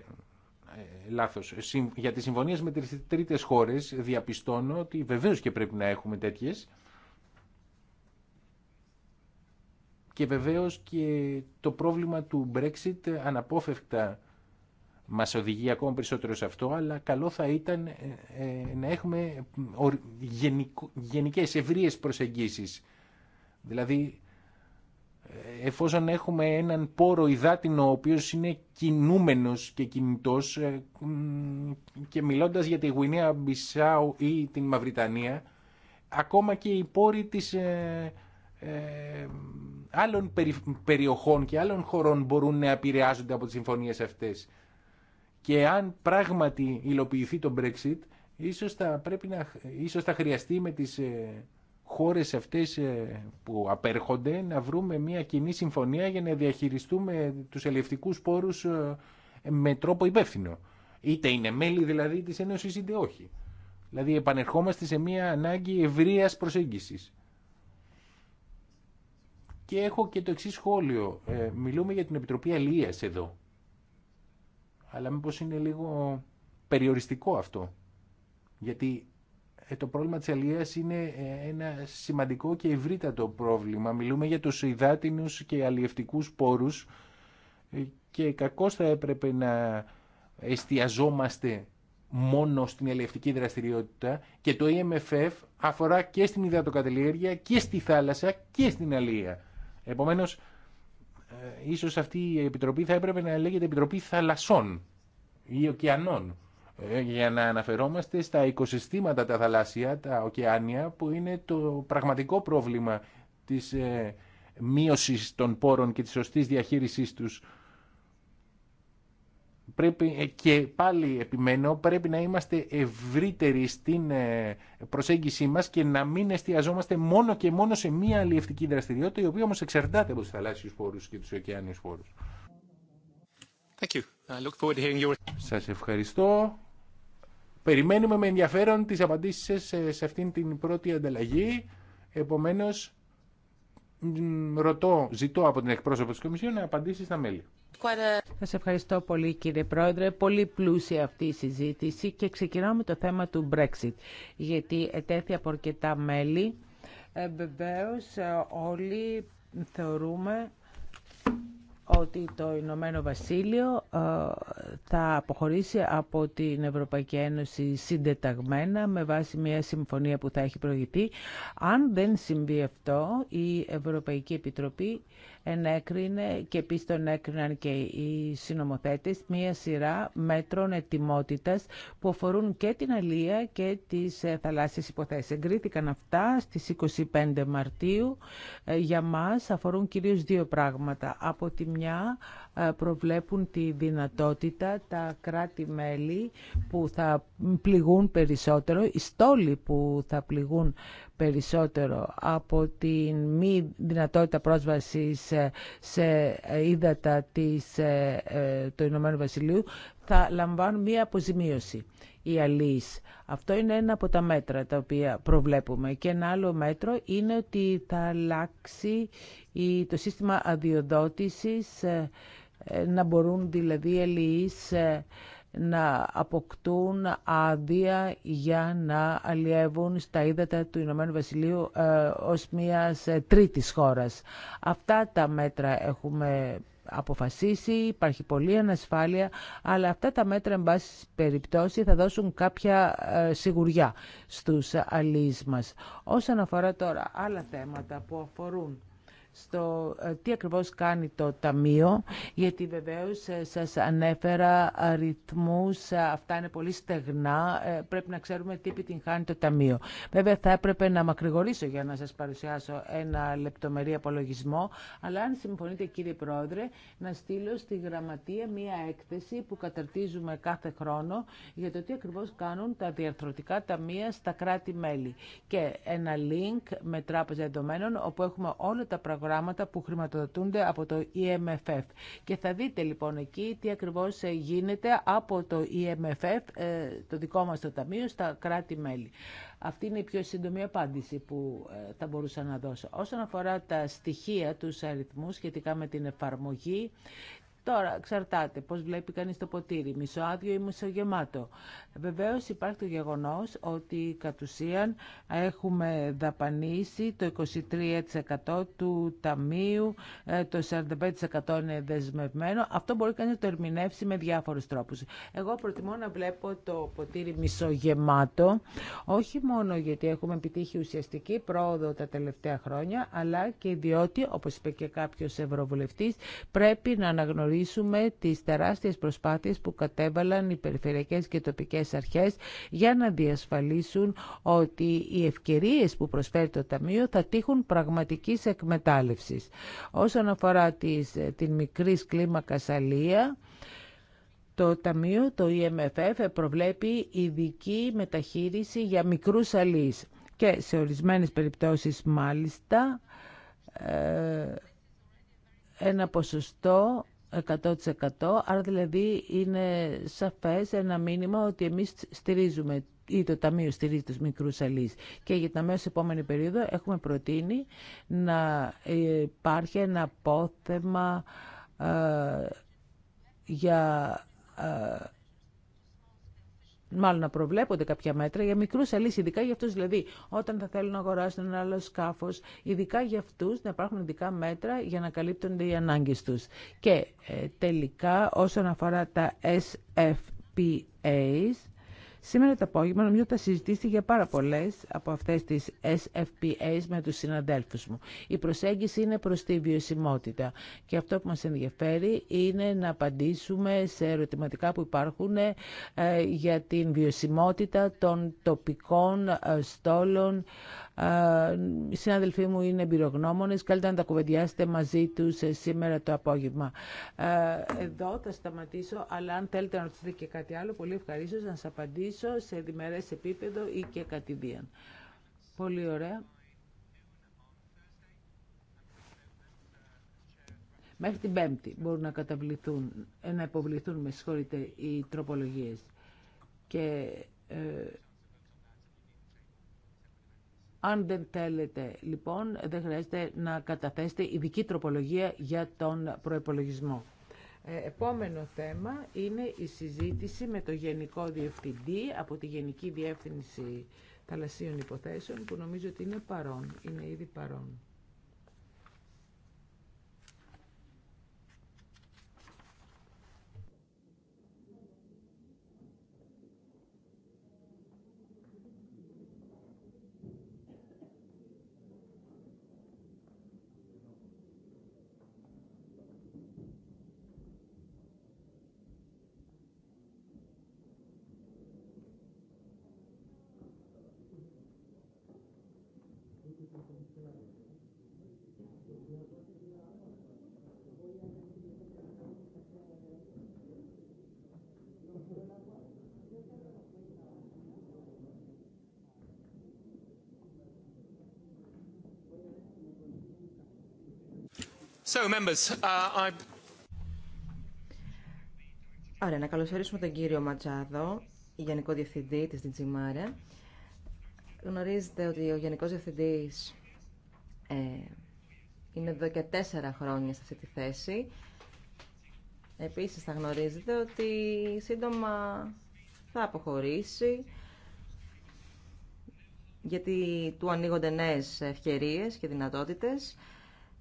ε, λάθος, για τις συμφωνίες με τις τρίτες χώρες διαπιστώνω ότι βεβαίως και πρέπει να έχουμε τέτοιες και βεβαίως και το πρόβλημα του Brexit αναπόφευκτα μας οδηγεί ακόμα περισσότερο σε αυτό, αλλά καλό θα ήταν ε, ε, να έχουμε γενικές ευρείες προσεγγίσεις. Δηλαδή εφόσον έχουμε έναν πόρο υδάτινο ο οποίος είναι κινούμενος και κινητός ε, και μιλώντας για τη Γουινέα Μπισάου ή την Μαυριτανία ακόμα και οι πόροι της ε, ε, άλλων περιοχών και άλλων χωρών μπορούν να επηρεάζονται από τις συμφωνίες αυτές και αν πράγματι υλοποιηθεί το Brexit ίσως θα, πρέπει να, ίσως θα χρειαστεί με τις χώρες αυτές ε, που απέρχονται να βρούμε μια κοινή συμφωνία για να διαχειριστούμε τους ελευθερικούς πόρους ε, με τρόπο υπεύθυνο. Είτε είναι μέλη δηλαδή της Ένωσης είτε όχι. Δηλαδή επανερχόμαστε σε μια ανάγκη ευρείας προσέγγισης. Και έχω και το εξή σχόλιο. Ε, μιλούμε για την Επιτροπή Αλίας εδώ. Αλλά μήπως είναι λίγο περιοριστικό αυτό. Γιατί ε, το πρόβλημα της αλίας είναι ε, ένα σημαντικό και ευρύτατο πρόβλημα. Μιλούμε για τους υδάτινους και αλλιευτικούς πόρους ε, και κακώς θα έπρεπε να εστιαζόμαστε μόνο στην αλληλευτική δραστηριότητα και το EMFF αφορά και στην υδατοκατελήρια και στη θάλασσα και στην αλία. Επομένως, ίσως αυτή η επιτροπή θα έπρεπε να λέγεται Επιτροπή Θαλασσών ή Οκεανών για να αναφερόμαστε στα οικοσυστήματα τα θαλάσσια, τα ωκεάνια, που είναι το πραγματικό πρόβλημα της ε, μείωσης των πόρων και της σωστής διαχείρισής τους. Πρέπει, ε, και πάλι επιμένω, πρέπει να είμαστε ευρύτεροι στην ε, προσέγγιση μας και να μην εστιαζόμαστε μόνο και μόνο σε μία αλλιευτική δραστηριότητα, η οποία όμως εξαρτάται από τους θαλάσσιους πόρους και τους ωκεάνιους πόρους. Thank you. I look forward to hearing your... Σας ευχαριστώ. Περιμένουμε με ενδιαφέρον τις απαντήσεις σε αυτήν την πρώτη ανταλλαγή. Επομένως, ρωτώ, ζητώ από την εκπρόσωπο της Κομισιόν να απαντήσει στα μέλη. Σα ευχαριστώ πολύ κύριε Πρόεδρε. Πολύ πλούσια αυτή η συζήτηση και ξεκινάμε με το θέμα του Brexit, γιατί ετέθη από αρκετά μέλη. Ε, Βεβαίω ε, όλοι θεωρούμε ότι το Ηνωμένο Βασίλειο ε, θα αποχωρήσει από την Ευρωπαϊκή Ένωση συντεταγμένα με βάση μια συμφωνία που θα έχει προηγηθεί. Αν δεν συμβεί αυτό, η Ευρωπαϊκή Επιτροπή ενέκρινε και επίσης τον έκριναν και οι συνομοθέτες μία σειρά μέτρων ετοιμότητας που αφορούν και την αλία και τις ε, θαλάσσιες υποθέσεις. Εγκρίθηκαν αυτά στις 25 Μαρτίου. Ε, για μας αφορούν κυρίως δύο πράγματα. Από τη μια ε, προβλέπουν τη δυνατότητα τα κράτη-μέλη που θα πληγούν περισσότερο, οι στόλοι που θα πληγούν περισσότερο από τη μη δυνατότητα πρόσβασης ε, σε ε, ύδατα της, ε, του Ηνωμένου Βασιλείου θα λαμβάνουν μία αποζημίωση οι αλής Αυτό είναι ένα από τα μέτρα τα οποία προβλέπουμε. Και ένα άλλο μέτρο είναι ότι θα αλλάξει το σύστημα αδειοδότησης να μπορούν δηλαδή οι να αποκτούν άδεια για να αλλιεύουν στα ύδατα του Ηνωμένου Βασιλείου ε, ως μιας ε, τρίτης χώρας. Αυτά τα μέτρα έχουμε αποφασίσει, υπάρχει πολλή ανασφάλεια, αλλά αυτά τα μέτρα, εν πάση περιπτώσει, θα δώσουν κάποια ε, σιγουριά στους αλλοίς μας. Όσον αφορά τώρα άλλα θέματα που αφορούν στο ε, τι ακριβώς κάνει το Ταμείο, γιατί βεβαίως ε, σας ανέφερα αριθμούς, ε, αυτά είναι πολύ στεγνά, πρέπει να ξέρουμε τι επιτυγχάνει το Ταμείο. Βέβαια θα έπρεπε να μακρηγορήσω για να σας παρουσιάσω ένα λεπτομερή απολογισμό, αλλά αν συμφωνείτε κύριε Πρόεδρε, να στείλω στη Γραμματεία μία έκθεση που καταρτίζουμε κάθε χρόνο για το τι ακριβώς κάνουν τα διαρθρωτικά ταμεία στα κράτη-μέλη και ένα link με τράπεζα εντομένων όπου έχουμε όλα τα πράγματα προγράμματα που χρηματοδοτούνται από το EMFF. Και θα δείτε λοιπόν εκεί τι ακριβώς ε, γίνεται από το EMFF, ε, το δικό μας το ταμείο, στα κράτη-μέλη. Αυτή είναι η πιο σύντομη απάντηση που ε, θα μπορούσα να δώσω. Όσον αφορά τα στοιχεία, του αριθμούς σχετικά με την εφαρμογή Τώρα, εξαρτάται πώς βλέπει κανείς το ποτήρι, μισοάδιο ή μισογεμάτο. Βεβαίως υπάρχει το γεγονός ότι κατ' ουσίαν έχουμε δαπανίσει το 23% του ταμείου, ε, το 45% είναι δεσμευμένο. Αυτό μπορεί κανείς να το ερμηνεύσει με διάφορους τρόπους. Εγώ προτιμώ να βλέπω το ποτήρι μισογεμάτο, όχι μόνο γιατί έχουμε επιτύχει ουσιαστική πρόοδο τα τελευταία χρόνια, αλλά και διότι, όπως είπε και κάποιος ευρωβουλευτής, πρέπει να αναγνωρίσουμε αναγνωρίσουμε τις τεράστιες προσπάθειες που κατέβαλαν οι περιφερειακές και τοπικές αρχές για να διασφαλίσουν ότι οι ευκαιρίες που προσφέρει το Ταμείο θα τύχουν πραγματικής εκμετάλλευσης. Όσον αφορά την μικρή κλίμακα Σαλία, το Ταμείο, το EMFF, προβλέπει ειδική μεταχείριση για μικρούς αλείς και σε ορισμένες περιπτώσεις μάλιστα ε, ένα ποσοστό 100%. Άρα δηλαδή είναι σαφές ένα μήνυμα ότι εμείς στηρίζουμε ή το Ταμείο στηρίζει τους μικρούς αλείς. Και για τα αμέσως επόμενη περίοδο έχουμε προτείνει να υπάρχει ένα απόθεμα ε, για... Ε, μάλλον να προβλέπονται κάποια μέτρα για μικρού αλεί, ειδικά για αυτού δηλαδή, όταν θα θέλουν να αγοράσουν ένα άλλο σκάφο, ειδικά για αυτού να υπάρχουν ειδικά μέτρα για να καλύπτονται οι ανάγκε του. Και ε, τελικά, όσον αφορά τα SFPAs, Σήμερα το απόγευμα νομίζω ότι θα συζητήσει για πάρα πολλέ από αυτέ τι SFPAs με του συναδέλφου μου. Η προσέγγιση είναι προ τη βιωσιμότητα. Και αυτό που μα ενδιαφέρει είναι να απαντήσουμε σε ερωτηματικά που υπάρχουν ε, για την βιωσιμότητα των τοπικών ε, στόλων ε, οι συνάδελφοί μου είναι εμπειρογνώμονε. Καλύτερα να τα κουβεντιάσετε μαζί του ε, σήμερα το απόγευμα. Ε, εδώ θα σταματήσω, αλλά αν θέλετε να ρωτήσετε και κάτι άλλο, πολύ ευχαρίστω να σα απαντήσω σε διμερέ επίπεδο ή και κατηδίαν. Πολύ ωραία. Μέχρι την Πέμπτη μπορούν να καταβληθούν, να υποβληθούν με συγχωρείτε οι τροπολογίες. Και αν δεν θέλετε, λοιπόν, δεν χρειάζεται να καταθέσετε ειδική τροπολογία για τον προϋπολογισμό. Ε, επόμενο θέμα είναι η συζήτηση με το Γενικό Διευθυντή από τη Γενική Διεύθυνση Θαλασσίων Υποθέσεων, που νομίζω ότι είναι παρόν, είναι ήδη παρόν. Άρα, uh, να καλωσορίσουμε τον κύριο Ματζάδο, Γενικό Διευθυντή της Mare. Γνωρίζετε ότι ο Γενικός Διευθυντής ε, είναι εδώ και τέσσερα χρόνια σε αυτή τη θέση. Επίσης θα γνωρίζετε ότι σύντομα θα αποχωρήσει γιατί του ανοίγονται νέες ευκαιρίες και δυνατότητες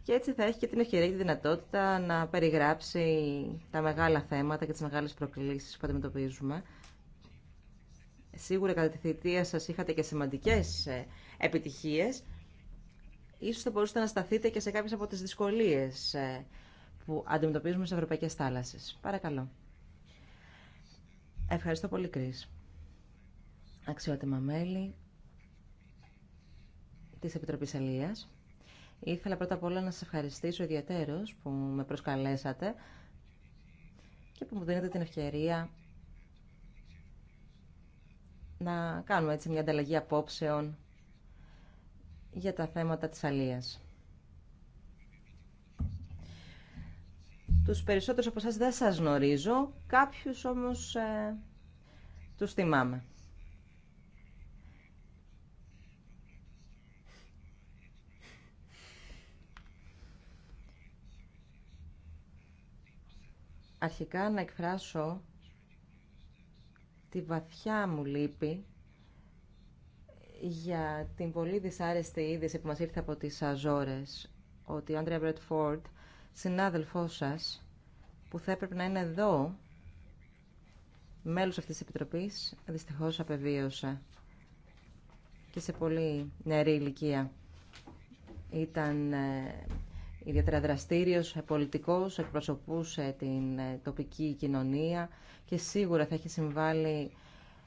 και έτσι θα έχει και την ευκαιρία και τη δυνατότητα να περιγράψει τα μεγάλα θέματα και τις μεγάλες προκλήσεις που αντιμετωπίζουμε. Σίγουρα κατά τη θητεία σας είχατε και σημαντικές ε, επιτυχίες. Ίσως θα μπορούσατε να σταθείτε και σε κάποιες από τις δυσκολίες ε, που αντιμετωπίζουμε στις ευρωπαϊκές θάλασσες. Παρακαλώ. Ευχαριστώ πολύ, Κρίς. Αξιότιμα μέλη της Επιτροπής Αλίας. Ήθελα πρώτα απ' όλα να σας ευχαριστήσω ιδιαίτερος που με προσκαλέσατε και που μου δίνετε την ευκαιρία να κάνουμε έτσι μια ανταλλαγή απόψεων για τα θέματα της αλίας. Τους περισσότερους από εσάς δεν σας γνωρίζω, κάποιους όμως ε, τους θυμάμαι. αρχικά να εκφράσω τη βαθιά μου λύπη για την πολύ δυσάρεστη είδηση που μας ήρθε από τις Αζόρες ότι ο Άντρια Φόρντ, συνάδελφός σας, που θα έπρεπε να είναι εδώ, μέλος αυτής της Επιτροπής, δυστυχώς απεβίωσε και σε πολύ νεαρή ηλικία. Ήταν ε, ιδιαίτερα δραστήριος, πολιτικό εκπροσωπούσε την ε, τοπική κοινωνία και σίγουρα θα έχει συμβάλει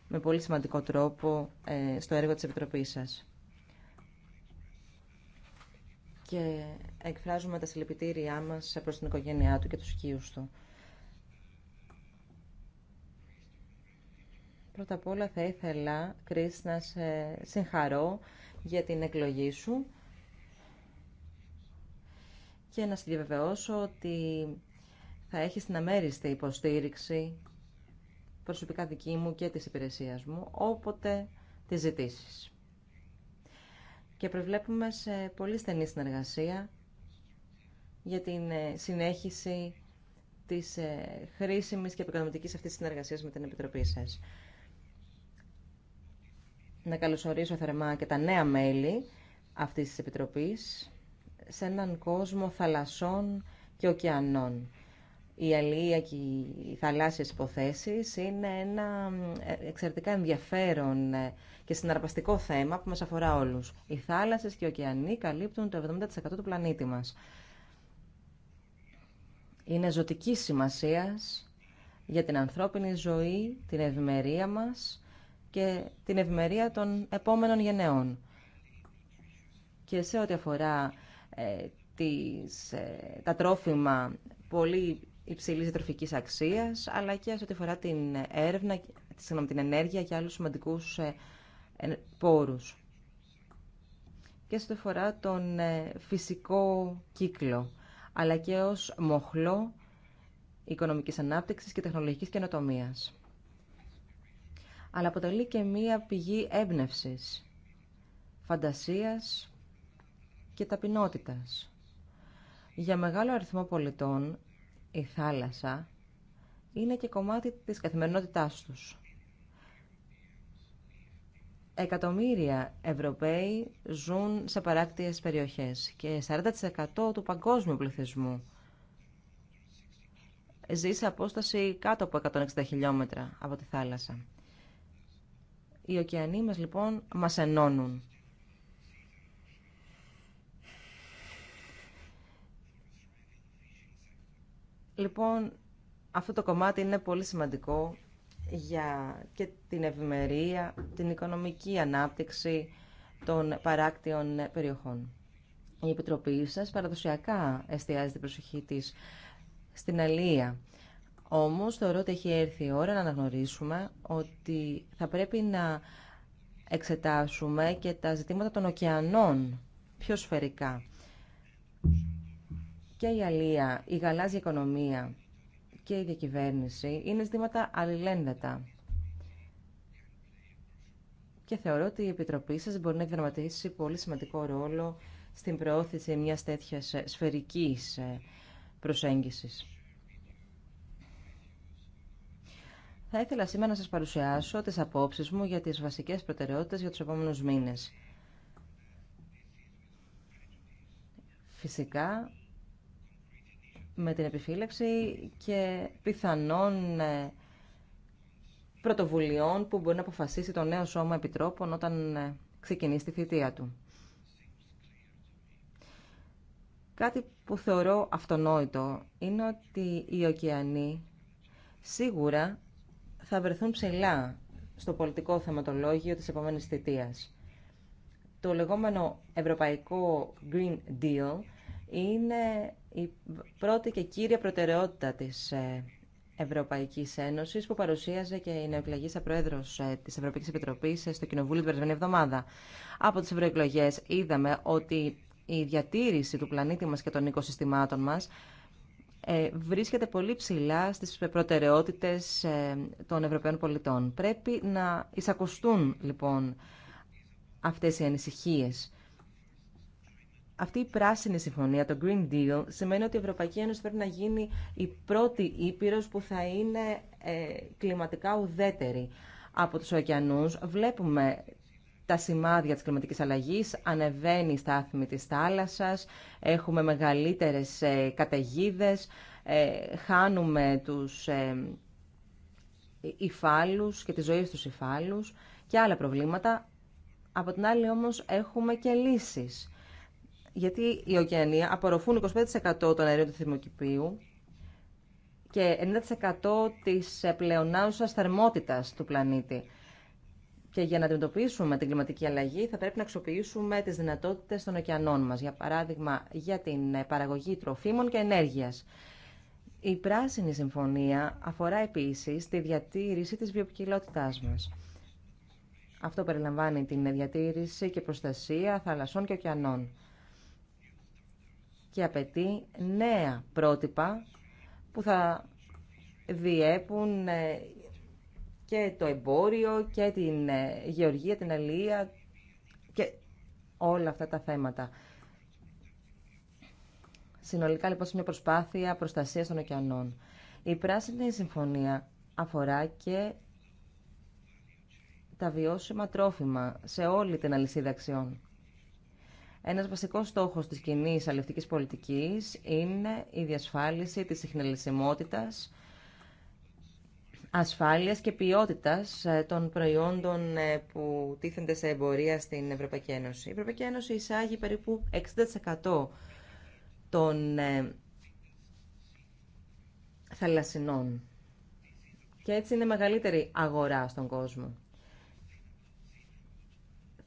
με πολύ σημαντικό τρόπο ε, στο έργο της Επιτροπής σας. Και εκφράζουμε τα συλληπιτήριά μας προς την οικογένειά του και τους οικείους του. Πρώτα απ' όλα θα ήθελα, Κρίς, να σε συγχαρώ για την εκλογή σου και να σας διαβεβαιώσω ότι θα έχεις την αμέριστη υποστήριξη προσωπικά δική μου και της υπηρεσίας μου, όποτε τις ζητήσεις. Και προβλέπουμε σε πολύ στενή συνεργασία για την ε, συνέχιση της ε, χρήσιμης και επικοδομητικής αυτής της συνεργασίας με την Επιτροπή σας. Να καλωσορίσω θερμά και τα νέα μέλη αυτής της Επιτροπής, σε έναν κόσμο θαλασσών και ωκεανών. Η αλληλεία και οι θαλάσσιες υποθέσεις είναι ένα ε, εξαιρετικά ενδιαφέρον ε, και συναρπαστικό θέμα που μας αφορά όλους. Οι θάλασσες και οι ωκεανοί καλύπτουν το 70% του πλανήτη μας. Είναι ζωτική σημασίας για την ανθρώπινη ζωή, την ευημερία μας και την ευημερία των επόμενων γενεών. Και σε ό,τι αφορά ε, ε, τα τρόφιμα πολύ υψηλής τροφικής αξίας, αλλά και σε ό,τι αφορά την έρευνα, συγγνώμη, την ενέργεια και άλλους σημαντικούς ε, πόρους. Και σε ό,τι αφορά τον φυσικό κύκλο, αλλά και ως μοχλό οικονομικής ανάπτυξης και τεχνολογικής καινοτομίας. Αλλά αποτελεί και μία πηγή έμπνευσης, φαντασίας και ταπεινότητας. Για μεγάλο αριθμό πολιτών, η θάλασσα είναι και κομμάτι της καθημερινότητάς τους. Εκατομμύρια Ευρωπαίοι ζουν σε παράκτιες περιοχές και 40% του παγκόσμιου πληθυσμού ζει σε απόσταση κάτω από 160 χιλιόμετρα από τη θάλασσα. Οι ωκεανοί μας λοιπόν μας ενώνουν Λοιπόν, αυτό το κομμάτι είναι πολύ σημαντικό για και την ευημερία, την οικονομική ανάπτυξη των παράκτιων περιοχών. Η Επιτροπή σας παραδοσιακά εστιάζει την προσοχή της στην αλία. Όμως θεωρώ ότι έχει έρθει η ώρα να αναγνωρίσουμε ότι θα πρέπει να εξετάσουμε και τα ζητήματα των ωκεανών πιο σφαιρικά και η αλία, η γαλάζια οικονομία και η διακυβέρνηση είναι ζητήματα αλληλένδετα. Και θεωρώ ότι η Επιτροπή σας μπορεί να δραματίσει πολύ σημαντικό ρόλο στην προώθηση μιας τέτοιας ε, σφαιρικής ε, προσέγγισης. Θα ήθελα σήμερα να σας παρουσιάσω τις απόψεις μου για τις βασικές προτεραιότητες για τους επόμενους μήνες. Φυσικά, με την επιφύλαξη και πιθανών ε, πρωτοβουλειών που μπορεί να αποφασίσει το νέο σώμα επιτρόπων όταν ε, ξεκινήσει τη θητεία του. Κάτι που θεωρώ αυτονόητο είναι ότι οι ωκεανοί σίγουρα θα βρεθούν ψηλά στο πολιτικό θεματολόγιο της επόμενης θητείας. Το λεγόμενο Ευρωπαϊκό Green Deal είναι η πρώτη και κύρια προτεραιότητα της ε, Ευρωπαϊκής Ένωσης που παρουσίαζε και η νεοεκλεγήσα πρόεδρος ε, της Ευρωπαϊκής Επιτροπής ε, στο Κοινοβούλιο την περασμένη εβδομάδα. Από τις ευρωεκλογέ είδαμε ότι η διατήρηση του πλανήτη μας και των οικοσυστημάτων μας βρίσκεται πολύ ψηλά στις προτεραιότητες των Ευρωπαίων πολιτών. Πρέπει να εισακουστούν λοιπόν αυτές οι ανησυχίες αυτή η πράσινη συμφωνία, το Green Deal, σημαίνει ότι η Ευρωπαϊκή Ένωση πρέπει να γίνει η πρώτη ήπειρος που θα είναι ε, κλιματικά ουδέτερη. Από τους ωκεανούς βλέπουμε τα σημάδια της κλιματικής αλλαγής, ανεβαίνει η στάθμη της θάλασσας, έχουμε μεγαλύτερες ε, καταιγίδε, ε, χάνουμε τους ε, και τη ζωή στους υφάλους και άλλα προβλήματα. Από την άλλη όμως έχουμε και λύσεις γιατί οι ωκεανοί απορροφούν 25% των αερίων του θερμοκηπίου και 90% της πλεονάουσας θερμότητας του πλανήτη. Και για να αντιμετωπίσουμε την κλιματική αλλαγή θα πρέπει να αξιοποιήσουμε τις δυνατότητες των ωκεανών μας, για παράδειγμα για την παραγωγή τροφίμων και ενέργειας. Η Πράσινη Συμφωνία αφορά επίσης τη διατήρηση της βιοποικιλότητάς μας. Αυτό περιλαμβάνει την διατήρηση και προστασία θαλασσών και ωκεανών και απαιτεί νέα πρότυπα που θα διέπουν ε, και το εμπόριο και την ε, γεωργία, την αλληλεία και όλα αυτά τα θέματα. Συνολικά λοιπόν σε μια προσπάθεια προστασίας των ωκεανών. Η Πράσινη Συμφωνία αφορά και τα βιώσιμα τρόφιμα σε όλη την αλυσίδα αξιών. Ένας βασικός στόχος της κοινή αλληλευτικής πολιτικής είναι η διασφάλιση της συχνελισιμότητα, ασφάλειας και ποιότητας ε, των προϊόντων ε, που τίθενται σε εμπορία στην Ευρωπαϊκή Ένωση. Η Ευρωπαϊκή Ένωση εισάγει περίπου 60% των ε, θαλασσινών και έτσι είναι μεγαλύτερη αγορά στον κόσμο.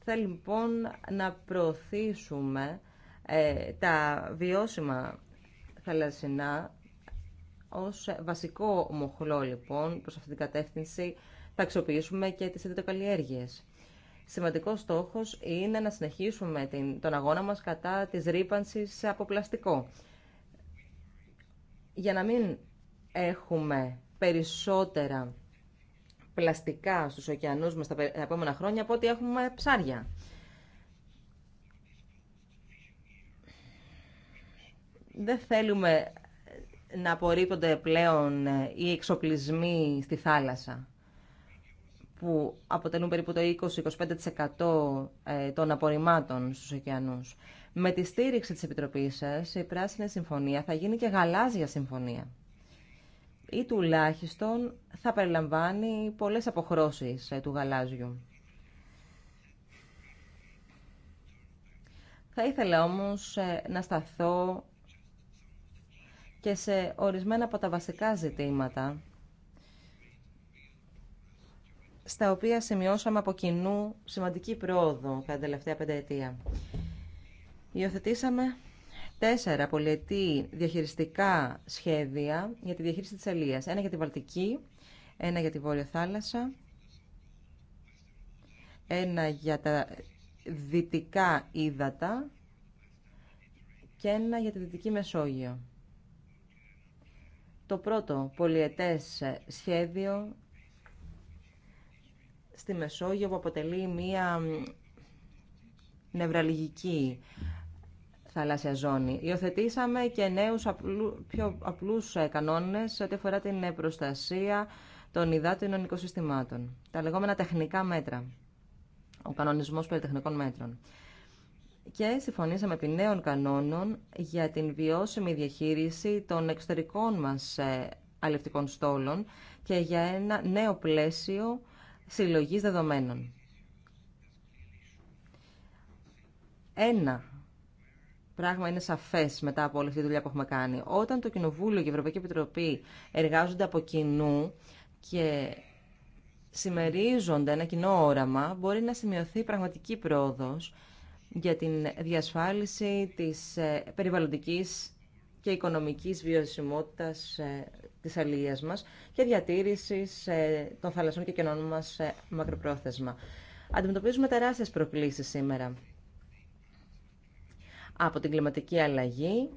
Θέλει λοιπόν να προωθήσουμε ε, τα βιώσιμα θαλασσινά ως βασικό μοχλό λοιπόν προς αυτήν την κατεύθυνση θα αξιοποιήσουμε και τις ιδιωτοκαλλιέργειες. Σημαντικός στόχος είναι να συνεχίσουμε τον αγώνα μας κατά της ρήπανσης από πλαστικό. Για να μην έχουμε περισσότερα πλαστικά στους ωκεανούς μας τα επόμενα χρόνια από ότι έχουμε ψάρια. Δεν θέλουμε να απορρίπτονται πλέον ε, οι εξοπλισμοί στη θάλασσα που αποτελούν περίπου το 20-25% ε, των απορριμμάτων στους ωκεανούς. Με τη στήριξη της Επιτροπής σας, η Πράσινη Συμφωνία θα γίνει και γαλάζια συμφωνία ή τουλάχιστον θα περιλαμβάνει πολλές αποχρώσεις ε, του γαλάζιου. Θα ήθελα όμως ε, να σταθώ και σε ορισμένα από τα βασικά ζητήματα στα οποία σημειώσαμε από κοινού σημαντική πρόοδο κατά τελευταία πενταετία. Υιοθετήσαμε τέσσερα πολιετή διαχειριστικά σχέδια για τη διαχείριση της αλίας. Ένα για τη Βαλτική, ένα για τη Βόρεια Θάλασσα, ένα για τα δυτικά Ήδατα και ένα για τη Δυτική Μεσόγειο. Το πρώτο πολιετές σχέδιο στη Μεσόγειο που αποτελεί μία νευραλγική θαλάσσια ζώνη. Υιοθετήσαμε και νέους πιο απλούς ε, κανόνες σε ό,τι αφορά την ε, προστασία των υδάτινων οικοσυστημάτων. Τα λεγόμενα τεχνικά μέτρα. Ο κανονισμός περί τεχνικών μέτρων. Και συμφωνήσαμε επί νέων κανόνων για την βιώσιμη διαχείριση των εξωτερικών μας ε, αλευτικών στόλων και για ένα νέο πλαίσιο συλλογής δεδομένων. Ένα πράγμα είναι σαφέ μετά από όλη αυτή τη δουλειά που έχουμε κάνει. Όταν το Κοινοβούλιο και η Ευρωπαϊκή Επιτροπή εργάζονται από κοινού και συμμερίζονται ένα κοινό όραμα, μπορεί να σημειωθεί πραγματική πρόοδο για την διασφάλιση τη ε, περιβαλλοντική και οικονομική βιωσιμότητας ε, τη αλληλεία μα και διατήρηση ε, των θαλασσών και κενών μα μακροπρόθεσμα. Αντιμετωπίζουμε τεράστιες προκλήσεις σήμερα από την κλιματική αλλαγή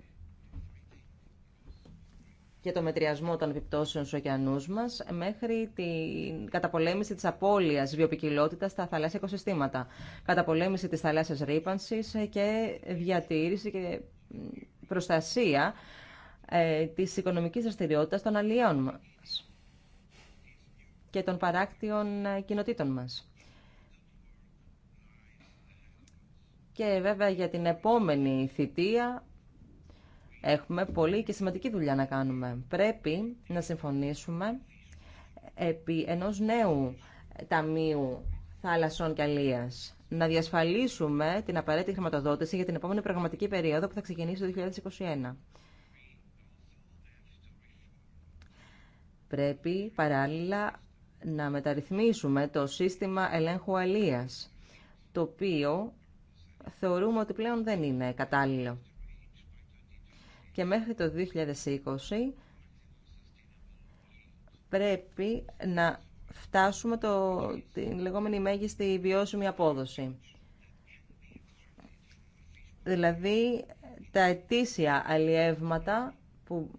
και το μετριασμό των επιπτώσεων στους ωκεανούς μας μέχρι την καταπολέμηση της απώλειας βιοπικιλότητας στα θαλάσσια οικοσυστήματα, καταπολέμηση της θαλάσσιας ρήπανσης και διατήρηση και προστασία ε, της οικονομικής δραστηριότητα των αλλιών μας και των παράκτιων ε, κοινοτήτων μας. Και βέβαια για την επόμενη θητεία έχουμε πολύ και σημαντική δουλειά να κάνουμε. Πρέπει να συμφωνήσουμε επί ενός νέου ταμείου θάλασσών και αλίας. Να διασφαλίσουμε την απαραίτητη χρηματοδότηση για την επόμενη πραγματική περίοδο που θα ξεκινήσει το 2021. Πρέπει παράλληλα να μεταρρυθμίσουμε το σύστημα ελέγχου αλίας, το οποίο θεωρούμε ότι πλέον δεν είναι κατάλληλο. Και μέχρι το 2020 πρέπει να φτάσουμε το, την λεγόμενη μέγιστη βιώσιμη απόδοση. Δηλαδή τα ετήσια αλλιεύματα που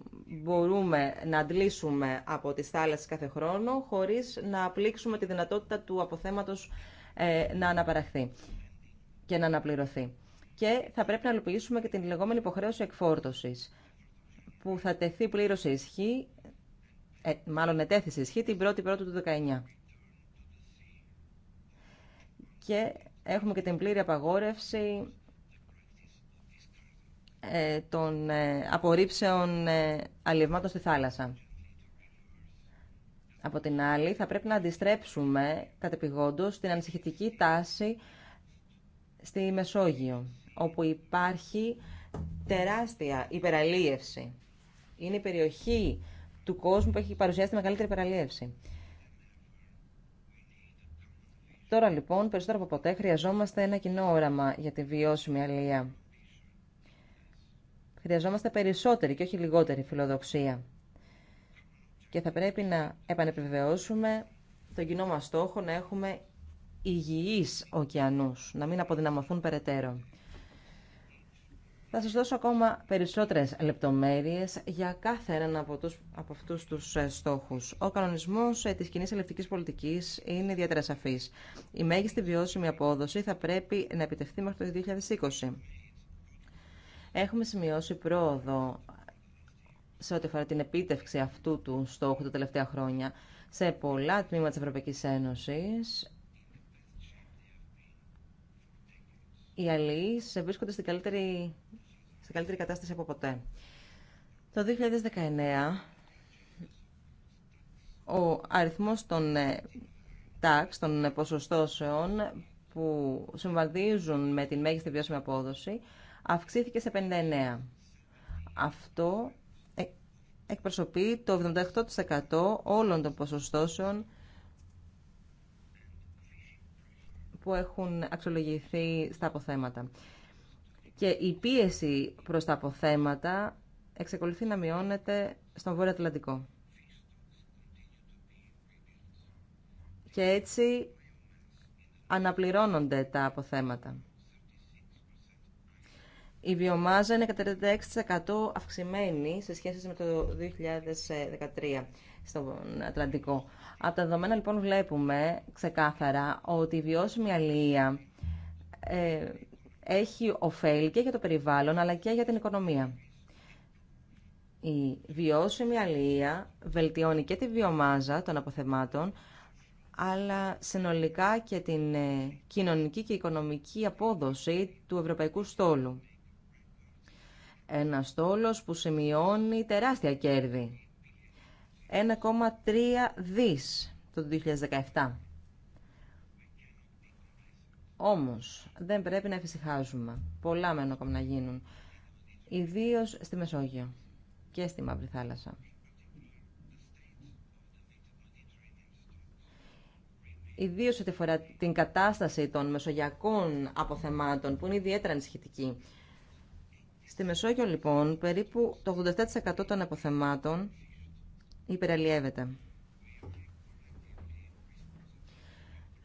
μπορούμε να αντλήσουμε από τις θάλασσες κάθε χρόνο χωρίς να απλήξουμε τη δυνατότητα του αποθέματος ε, να αναπαραχθεί και να αναπληρωθεί. Και θα πρέπει να αλλοποιήσουμε και την λεγόμενη υποχρέωση εκφόρτωση που θα τεθεί πλήρω σε ισχύ, ε, μάλλον ετέθη σε ισχύ την 1η Πρώτη του 2019. Και έχουμε και την πλήρη απαγόρευση ε, των ε, απορρίψεων ε, αλλιευμάτων στη θάλασσα. Από την άλλη, θα πρέπει να αντιστρέψουμε κατεπηγόντως την ανησυχητική τάση στη Μεσόγειο, όπου υπάρχει τεράστια υπεραλίευση. Είναι η περιοχή του κόσμου που έχει παρουσιάσει τη μεγαλύτερη υπεραλίευση. Τώρα λοιπόν, περισσότερο από ποτέ, χρειαζόμαστε ένα κοινό όραμα για τη βιώσιμη αλληλεία. Χρειαζόμαστε περισσότερη και όχι λιγότερη φιλοδοξία. Και θα πρέπει να επανεπιβεβαιώσουμε τον κοινό μας στόχο να έχουμε υγιείς ωκεανούς, να μην αποδυναμωθούν περαιτέρω. Θα σας δώσω ακόμα περισσότερες λεπτομέρειες για κάθε έναν από, τους, από αυτούς τους ε, στόχους. Ο κανονισμός ε, της κοινή ελευτικής πολιτικής είναι ιδιαίτερα σαφής. Η μέγιστη βιώσιμη απόδοση θα πρέπει να επιτευχθεί μέχρι το 2020. Έχουμε σημειώσει πρόοδο σε ό,τι αφορά την επίτευξη αυτού του στόχου τα τελευταία χρόνια σε πολλά τμήματα της Ευρωπαϊκής Ένωσης οι σε βρίσκονται στην καλύτερη, στην καλύτερη κατάσταση από ποτέ. Το 2019 ο αριθμός των ε, τάξ, των ε, ποσοστώσεων που συμβαδίζουν με την μέγιστη βιώσιμη απόδοση αυξήθηκε σε 59. Αυτό ε, εκπροσωπεί το 78% όλων των ποσοστώσεων που έχουν αξιολογηθεί στα αποθέματα. Και η πίεση προς τα αποθέματα εξεκολουθεί να μειώνεται στον Βόρειο Ατλαντικό. Και έτσι αναπληρώνονται τα αποθέματα. Η βιομάζα είναι κατά 36% αυξημένη σε σχέση με το 2013 στον Ατλαντικό. Από τα δεδομένα λοιπόν βλέπουμε ξεκάθαρα ότι η βιώσιμη αλληλεία ε, έχει ωφέλη και για το περιβάλλον αλλά και για την οικονομία. Η βιώσιμη αλληλεία βελτιώνει και τη βιομάζα των αποθεμάτων αλλά συνολικά και την ε, κοινωνική και οικονομική απόδοση του ευρωπαϊκού στόλου. Ένα στόλος που σημειώνει τεράστια κέρδη. 1,3 δις το 2017. Όμως δεν πρέπει να εφησυχάζουμε. Πολλά μένουν ακόμα να γίνουν. Ιδίως στη Μεσόγειο και στη Μαύρη Θάλασσα. Ιδίως ό,τι την κατάσταση των μεσογειακών αποθεμάτων που είναι ιδιαίτερα ενισχυτική. Στη Μεσόγειο λοιπόν περίπου το 87% των αποθεμάτων υπεραλλιεύεται.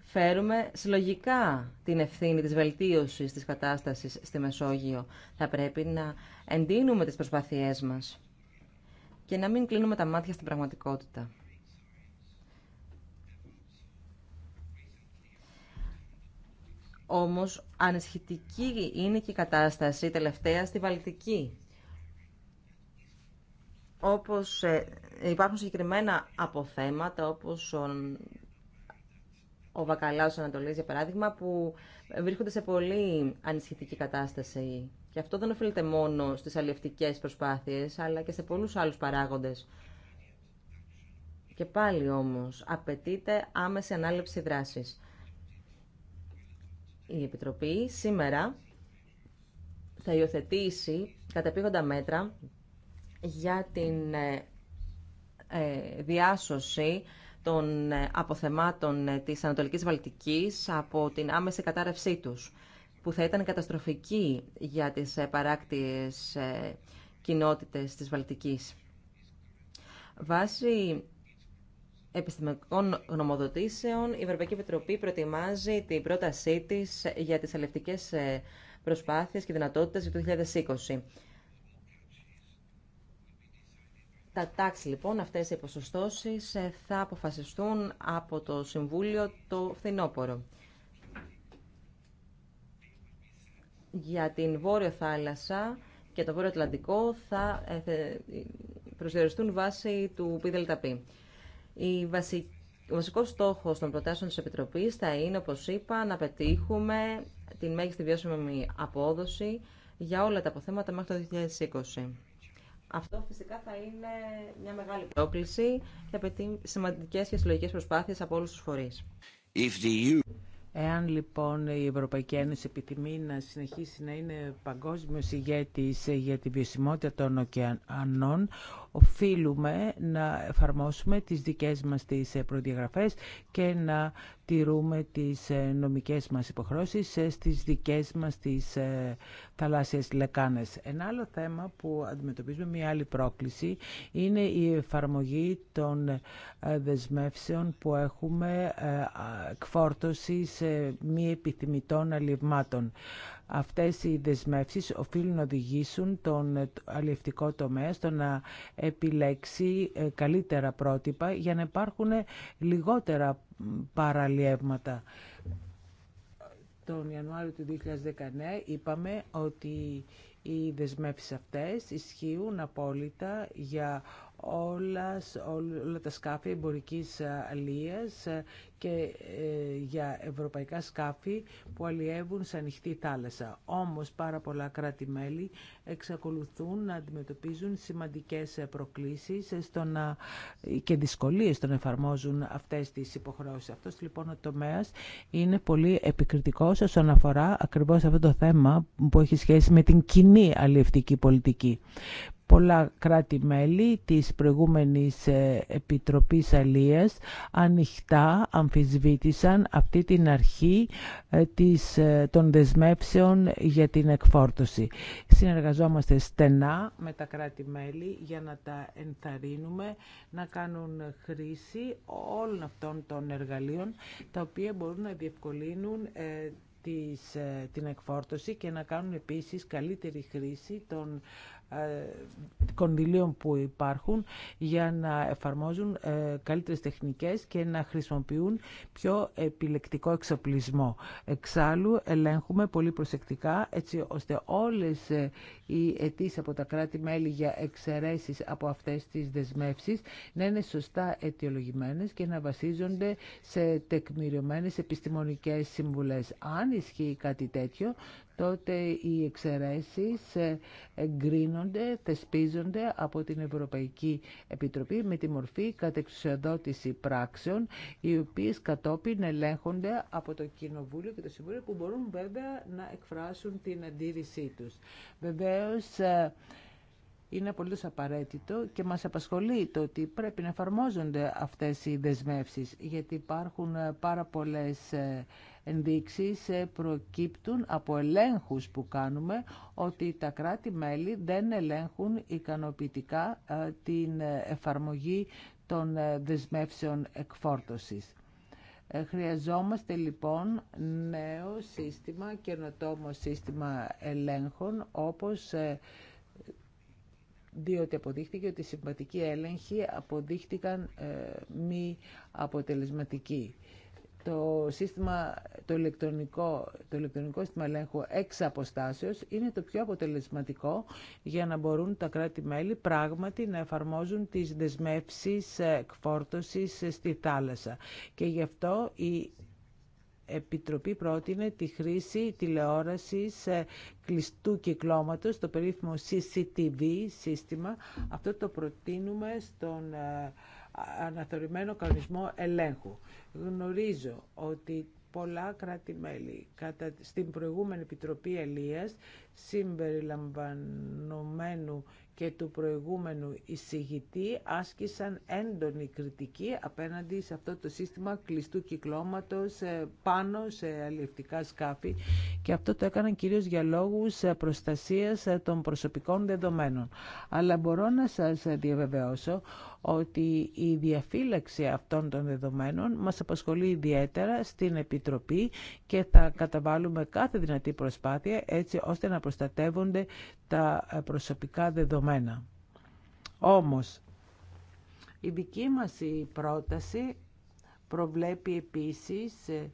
Φέρουμε συλλογικά την ευθύνη της βελτίωσης της κατάστασης στη Μεσόγειο. Θα πρέπει να εντείνουμε τις προσπάθειές μας και να μην κλείνουμε τα μάτια στην πραγματικότητα. Όμως ανησυχητική είναι και η κατάσταση τελευταία στη Βαλτική. Όπως ε, υπάρχουν συγκεκριμένα αποθέματα, όπως ο, ο Βακαλάος Ανατολής, για παράδειγμα, που βρίσκονται σε πολύ ανησυχητική κατάσταση. Και αυτό δεν οφείλεται μόνο στις αλληλευτικές προσπάθειες, αλλά και σε πολλούς άλλους παράγοντες. Και πάλι όμως απαιτείται άμεση ανάληψη δράσης η Επιτροπή σήμερα θα υιοθετήσει κατεπίγοντα μέτρα για την ε, ε, διάσωση των ε, αποθεμάτων της Ανατολικής Βαλτικής από την άμεση κατάρρευσή τους, που θα ήταν καταστροφική για τις παράκτιες κοινότητες της Βαλτικής. Βάσει επιστημονικών γνωμοδοτήσεων, η Ευρωπαϊκή Επιτροπή προετοιμάζει την πρότασή της για τις αλευτικές ε, προσπάθειες και δυνατότητες για το 2020. Τα τάξη λοιπόν, αυτές οι ποσοστώσει ε, θα αποφασιστούν από το Συμβούλιο το φθινόπωρο. Για την Βόρειο Θάλασσα και το Βόρειο Ατλαντικό θα ε, προσδιοριστούν βάσει του ΠΔΛΤΑΠΗ. Η ο βασικό στόχο των προτάσεων τη Επιτροπή θα είναι, όπω είπα, να πετύχουμε την μέγιστη βιώσιμη απόδοση για όλα τα αποθέματα μέχρι το 2020. Αυτό φυσικά θα είναι μια μεγάλη πρόκληση και απαιτεί σημαντικέ και συλλογικέ προσπάθειε από όλου του φορεί. Εάν λοιπόν η Ευρωπαϊκή Ένωση επιθυμεί να συνεχίσει να είναι παγκόσμιο ηγέτη για τη βιωσιμότητα των ωκεανών, οφείλουμε να εφαρμόσουμε τις δικές μας τις ε, προδιαγραφές και να τηρούμε τις ε, νομικές μας υποχρώσεις ε, στις δικές μας τις θαλάσσιες λεκάνες. Ένα άλλο θέμα που αντιμετωπίζουμε, μια άλλη πρόκληση, είναι η εφαρμογή των δεσμεύσεων που έχουμε σε μη επιθυμητών αλληλευμάτων. Αυτές οι δεσμεύσεις οφείλουν να οδηγήσουν τον αλλιευτικό τομέα στο να επιλέξει ε, καλύτερα πρότυπα για να υπάρχουν ε, λιγότερα παραλιεύματα. Τον Ιανουάριο του 2019 είπαμε ότι οι δεσμεύσεις αυτές ισχύουν απόλυτα για όλα, όλα τα σκάφη εμπορικής αλίας ε, και ε, για ευρωπαϊκά σκάφη που αλλιεύουν σε ανοιχτή θάλασσα. Όμως πάρα πολλά κράτη-μέλη εξακολουθούν να αντιμετωπίζουν σημαντικές ε, προκλήσεις και δυσκολίες στο να εφαρμόζουν αυτές τις υποχρεώσεις. Αυτός λοιπόν ο τομέας είναι πολύ επικριτικός όσον αφορά ακριβώ αυτό το θέμα που έχει σχέση με την κοινή αλλιευτική πολιτική πολλά κράτη-μέλη της προηγούμενης ε, Επιτροπής Αλίας ανοιχτά αμφισβήτησαν αυτή την αρχή ε, της, ε, των δεσμεύσεων για την εκφόρτωση. Συνεργαζόμαστε στενά με τα κράτη-μέλη για να τα ενθαρρύνουμε να κάνουν χρήση όλων αυτών των εργαλείων τα οποία μπορούν να διευκολύνουν την εκφόρτωση και να κάνουν επίσης καλύτερη χρήση των ε, κονδυλίων που υπάρχουν για να εφαρμόζουν ε, καλύτερες τεχνικές και να χρησιμοποιούν πιο επιλεκτικό εξοπλισμό. Εξάλλου ελέγχουμε πολύ προσεκτικά έτσι ώστε όλες ε, οι αιτήσει από τα κράτη-μέλη για εξαιρέσεις από αυτές τις δεσμεύσεις να είναι σωστά αιτιολογημένες και να βασίζονται σε τεκμηριωμένες επιστημονικές συμβουλές. Αν ισχύει κάτι τέτοιο, τότε οι εξαιρέσεις εγκρίνονται, θεσπίζονται από την Ευρωπαϊκή Επιτροπή με τη μορφή κατεξουσιοδότηση πράξεων, οι οποίες κατόπιν ελέγχονται από το Κοινοβούλιο και το Συμβούλιο που μπορούν βέβαια να εκφράσουν την αντίρρησή τους. Βεβαίως, ε, είναι απολύτως απαραίτητο και μας απασχολεί το ότι πρέπει να εφαρμόζονται αυτές οι δεσμεύσεις, γιατί υπάρχουν ε, πάρα πολλές ε, ενδείξεις ε, προκύπτουν από ελέγχους που κάνουμε ότι τα κράτη-μέλη δεν ελέγχουν ικανοποιητικά ε, την ε, εφαρμογή των δεσμεύσεων εκφόρτωσης. Χρειαζόμαστε λοιπόν νέο σύστημα, καινοτόμο σύστημα ελέγχων, όπως διότι αποδείχθηκε ότι οι συμβατικοί έλεγχοι αποδείχτηκαν μη αποτελεσματικοί. Το σύστημα, το ηλεκτρονικό, το ηλεκτρονικό σύστημα ελέγχου εξ αποστάσεως είναι το πιο αποτελεσματικό για να μπορούν τα κράτη-μέλη πράγματι να εφαρμόζουν τις δεσμεύσεις εκφόρτωσης στη θάλασσα. Και γι' αυτό η Επιτροπή πρότεινε τη χρήση τηλεόρασης ε, κλειστού κυκλώματος, το περίφημο CCTV σύστημα. Αυτό το προτείνουμε στον ε, αναθεωρημένο κανονισμό ελέγχου. Γνωρίζω ότι πολλά κράτη-μέλη κατά, στην προηγούμενη Επιτροπή Ελίας συμπεριλαμβανομένου και του προηγούμενου εισηγητή άσκησαν έντονη κριτική απέναντι σε αυτό το σύστημα κλειστού κυκλώματος ε, πάνω σε αλληλευτικά σκάφη και αυτό το έκαναν κυρίως για λόγους ε, προστασίας ε, των προσωπικών δεδομένων. Αλλά μπορώ να σας διαβεβαιώσω ότι η διαφύλαξη αυτών των δεδομένων μας απασχολεί ιδιαίτερα στην Επιτροπή και θα καταβάλουμε κάθε δυνατή προσπάθεια έτσι ώστε να προστατεύονται τα προσωπικά δεδομένα. Όμως, η δική μας η πρόταση προβλέπει επίσης ε,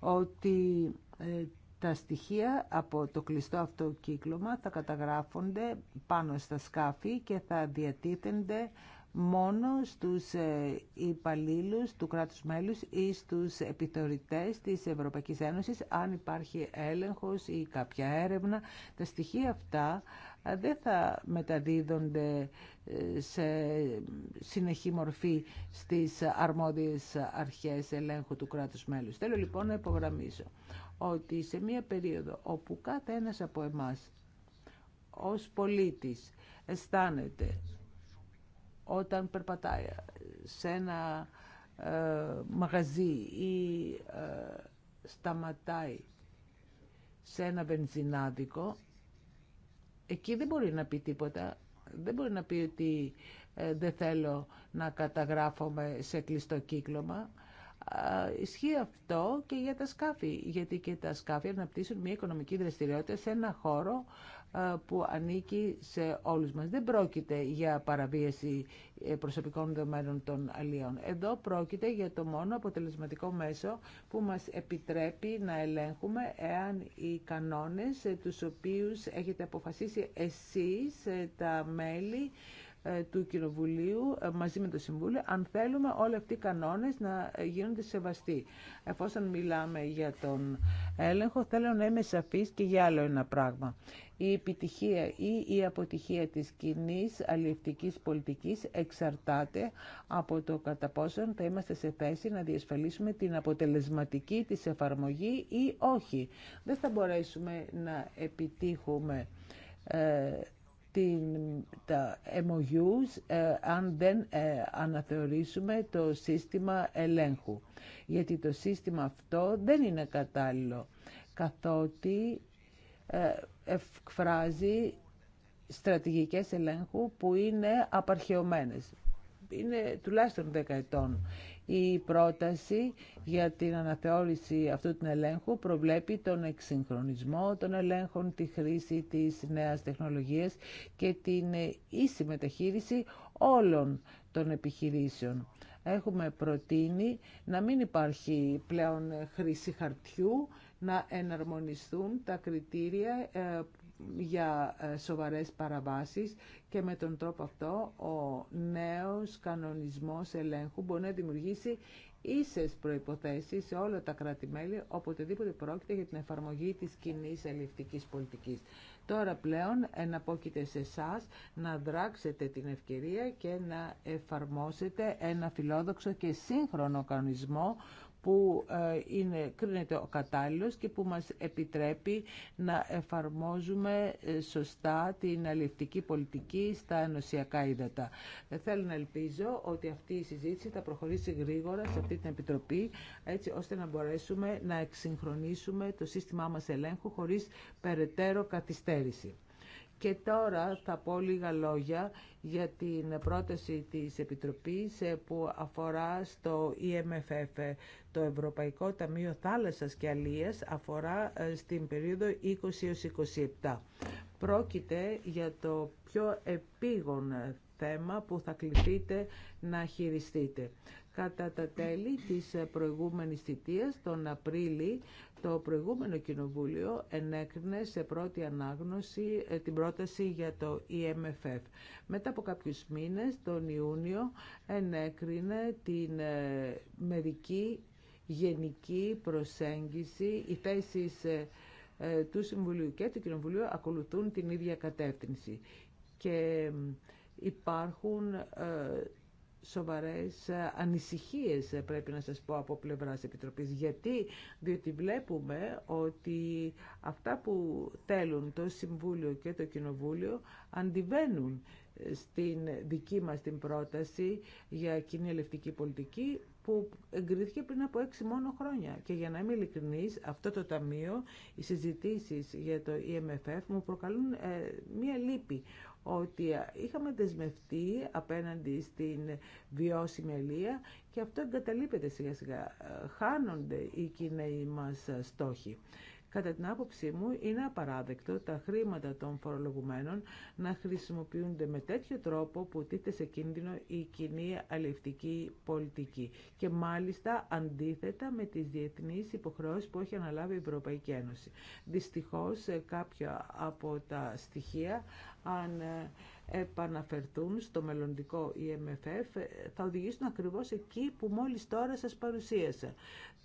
ότι ε, τα στοιχεία από το κλειστό αυτό κύκλωμα θα καταγράφονται πάνω στα σκάφη και θα διατίθενται μόνο στους ε, υπαλλήλου του κράτους μέλους ή στους επιθεωρητές της Ευρωπαϊκής Ένωσης αν υπάρχει έλεγχος ή κάποια έρευνα. Τα στοιχεία αυτά ε, δεν θα μεταδίδονται ε, σε συνεχή μορφή στις αρμόδιες αρχές ελέγχου του κράτους μέλους. Θέλω λοιπόν να υπογραμμίσω ότι σε μία περίοδο όπου κάθε ένας από εμάς ως πολίτης αισθάνεται όταν περπατάει σε ένα ε, μαγαζί ή ε, σταματάει σε ένα βενζινάδικο, εκεί δεν μπορεί να πει τίποτα. Δεν μπορεί να πει ότι ε, δεν θέλω να καταγράφομαι σε κλειστό κύκλωμα ισχύει αυτό και για τα σκάφη, γιατί και τα σκάφη αναπτύσσουν μια οικονομική δραστηριότητα σε ένα χώρο που ανήκει σε όλους μας. Δεν πρόκειται για παραβίαση ε, προσωπικών δεδομένων των αλλιών. Εδώ πρόκειται για το μόνο αποτελεσματικό μέσο που μας επιτρέπει να ελέγχουμε εάν οι κανόνες ε, τους οποίους έχετε αποφασίσει εσείς ε, τα μέλη ε, του Κοινοβουλίου ε, μαζί με το Συμβούλιο αν θέλουμε όλοι αυτοί οι κανόνες να ε, γίνονται σεβαστοί. Εφόσον μιλάμε για τον έλεγχο θέλω να είμαι σαφής και για άλλο ένα πράγμα. Η επιτυχία ή η αποτυχία της κοινή αλληλευτικής πολιτικής εξαρτάται από το κατά πόσον θα είμαστε σε θέση να διασφαλίσουμε την αποτελεσματική της εφαρμογή ή όχι. Δεν θα μπορέσουμε να επιτύχουμε την, τα MOUs ε, αν δεν ε, αναθεωρήσουμε το σύστημα ελέγχου. Γιατί το σύστημα αυτό δεν είναι κατάλληλο, καθότι ε, εκφράζει στρατηγικές ελέγχου που είναι απαρχαιωμένες. Είναι τουλάχιστον 10 ετών η πρόταση για την αναθεώρηση αυτού του ελέγχου προβλέπει τον εξυγχρονισμό των ελέγχων, τη χρήση της νέας τεχνολογίας και την ίση μεταχείριση όλων των επιχειρήσεων. Έχουμε προτείνει να μην υπάρχει πλέον χρήση χαρτιού, να εναρμονιστούν τα κριτήρια ε, για ε, σοβαρές παραβάσεις και με τον τρόπο αυτό ο νέος κανονισμός ελέγχου μπορεί να δημιουργήσει ίσες προϋποθέσεις σε όλα τα κράτη-μέλη οποτεδήποτε πρόκειται για την εφαρμογή της κοινή ελληνικής πολιτικής. Τώρα πλέον εναπόκειται σε εσά να δράξετε την ευκαιρία και να εφαρμόσετε ένα φιλόδοξο και σύγχρονο κανονισμό που ε, είναι, κρίνεται ο κατάλληλος και που μας επιτρέπει να εφαρμόζουμε ε, σωστά την αλληλευτική πολιτική στα ενωσιακά ύδατα. Ε, θέλω να ελπίζω ότι αυτή η συζήτηση θα προχωρήσει γρήγορα σε αυτή την Επιτροπή, έτσι ώστε να μπορέσουμε να εξυγχρονίσουμε το σύστημά μας ελέγχου χωρίς περαιτέρω καθυστέρηση. Και τώρα θα πω λίγα λόγια για την πρόταση της Επιτροπής ε, που αφορά στο EMFF, το Ευρωπαϊκό Ταμείο Θάλασσας και Αλίας, αφορά ε, στην περίοδο 20-27. Πρόκειται για το πιο επίγον θέμα που θα κληθείτε να χειριστείτε. Κατά τα τέλη της προηγούμενης θητείας, τον Απρίλη, το προηγούμενο Κοινοβούλιο ενέκρινε σε πρώτη ανάγνωση ε, την πρόταση για το EMFF. Μετά από κάποιους μήνες, τον Ιούνιο, ενέκρινε την ε, μερική γενική προσέγγιση. Οι θέσεις ε, του Συμβουλίου και του Κοινοβουλίου ακολουθούν την ίδια κατεύθυνση. Και υπάρχουν σοβαρές ε, ανησυχίες ε, πρέπει να σας πω από πλευράς Επιτροπής. Γιατί, διότι βλέπουμε ότι αυτά που θέλουν το Συμβούλιο και το Κοινοβούλιο αντιβαίνουν ε, στην δική μας την πρόταση για κοινή ελευτική πολιτική που εγκρίθηκε πριν από έξι μόνο χρόνια. Και για να είμαι ειλικρινής, αυτό το ταμείο, οι συζητήσεις για το EMFF μου προκαλούν μία λύπη ότι είχαμε δεσμευτεί απέναντι στην βιώσιμη ελεία και αυτό εγκαταλείπεται σιγά σιγά. Χάνονται οι κοινοί μας στόχοι. Κατά την άποψή μου είναι απαράδεκτο τα χρήματα των φορολογουμένων να χρησιμοποιούνται με τέτοιο τρόπο που τίθεται σε κίνδυνο η κοινή αλληλευτική πολιτική και μάλιστα αντίθετα με τις διεθνείς υποχρεώσεις που έχει αναλάβει η Ευρωπαϊκή Ένωση. Δυστυχώς κάποια από τα στοιχεία αν ε, επαναφερθούν στο μελλοντικό IMF, e θα οδηγήσουν ακριβώς εκεί που μόλις τώρα σας παρουσίασα.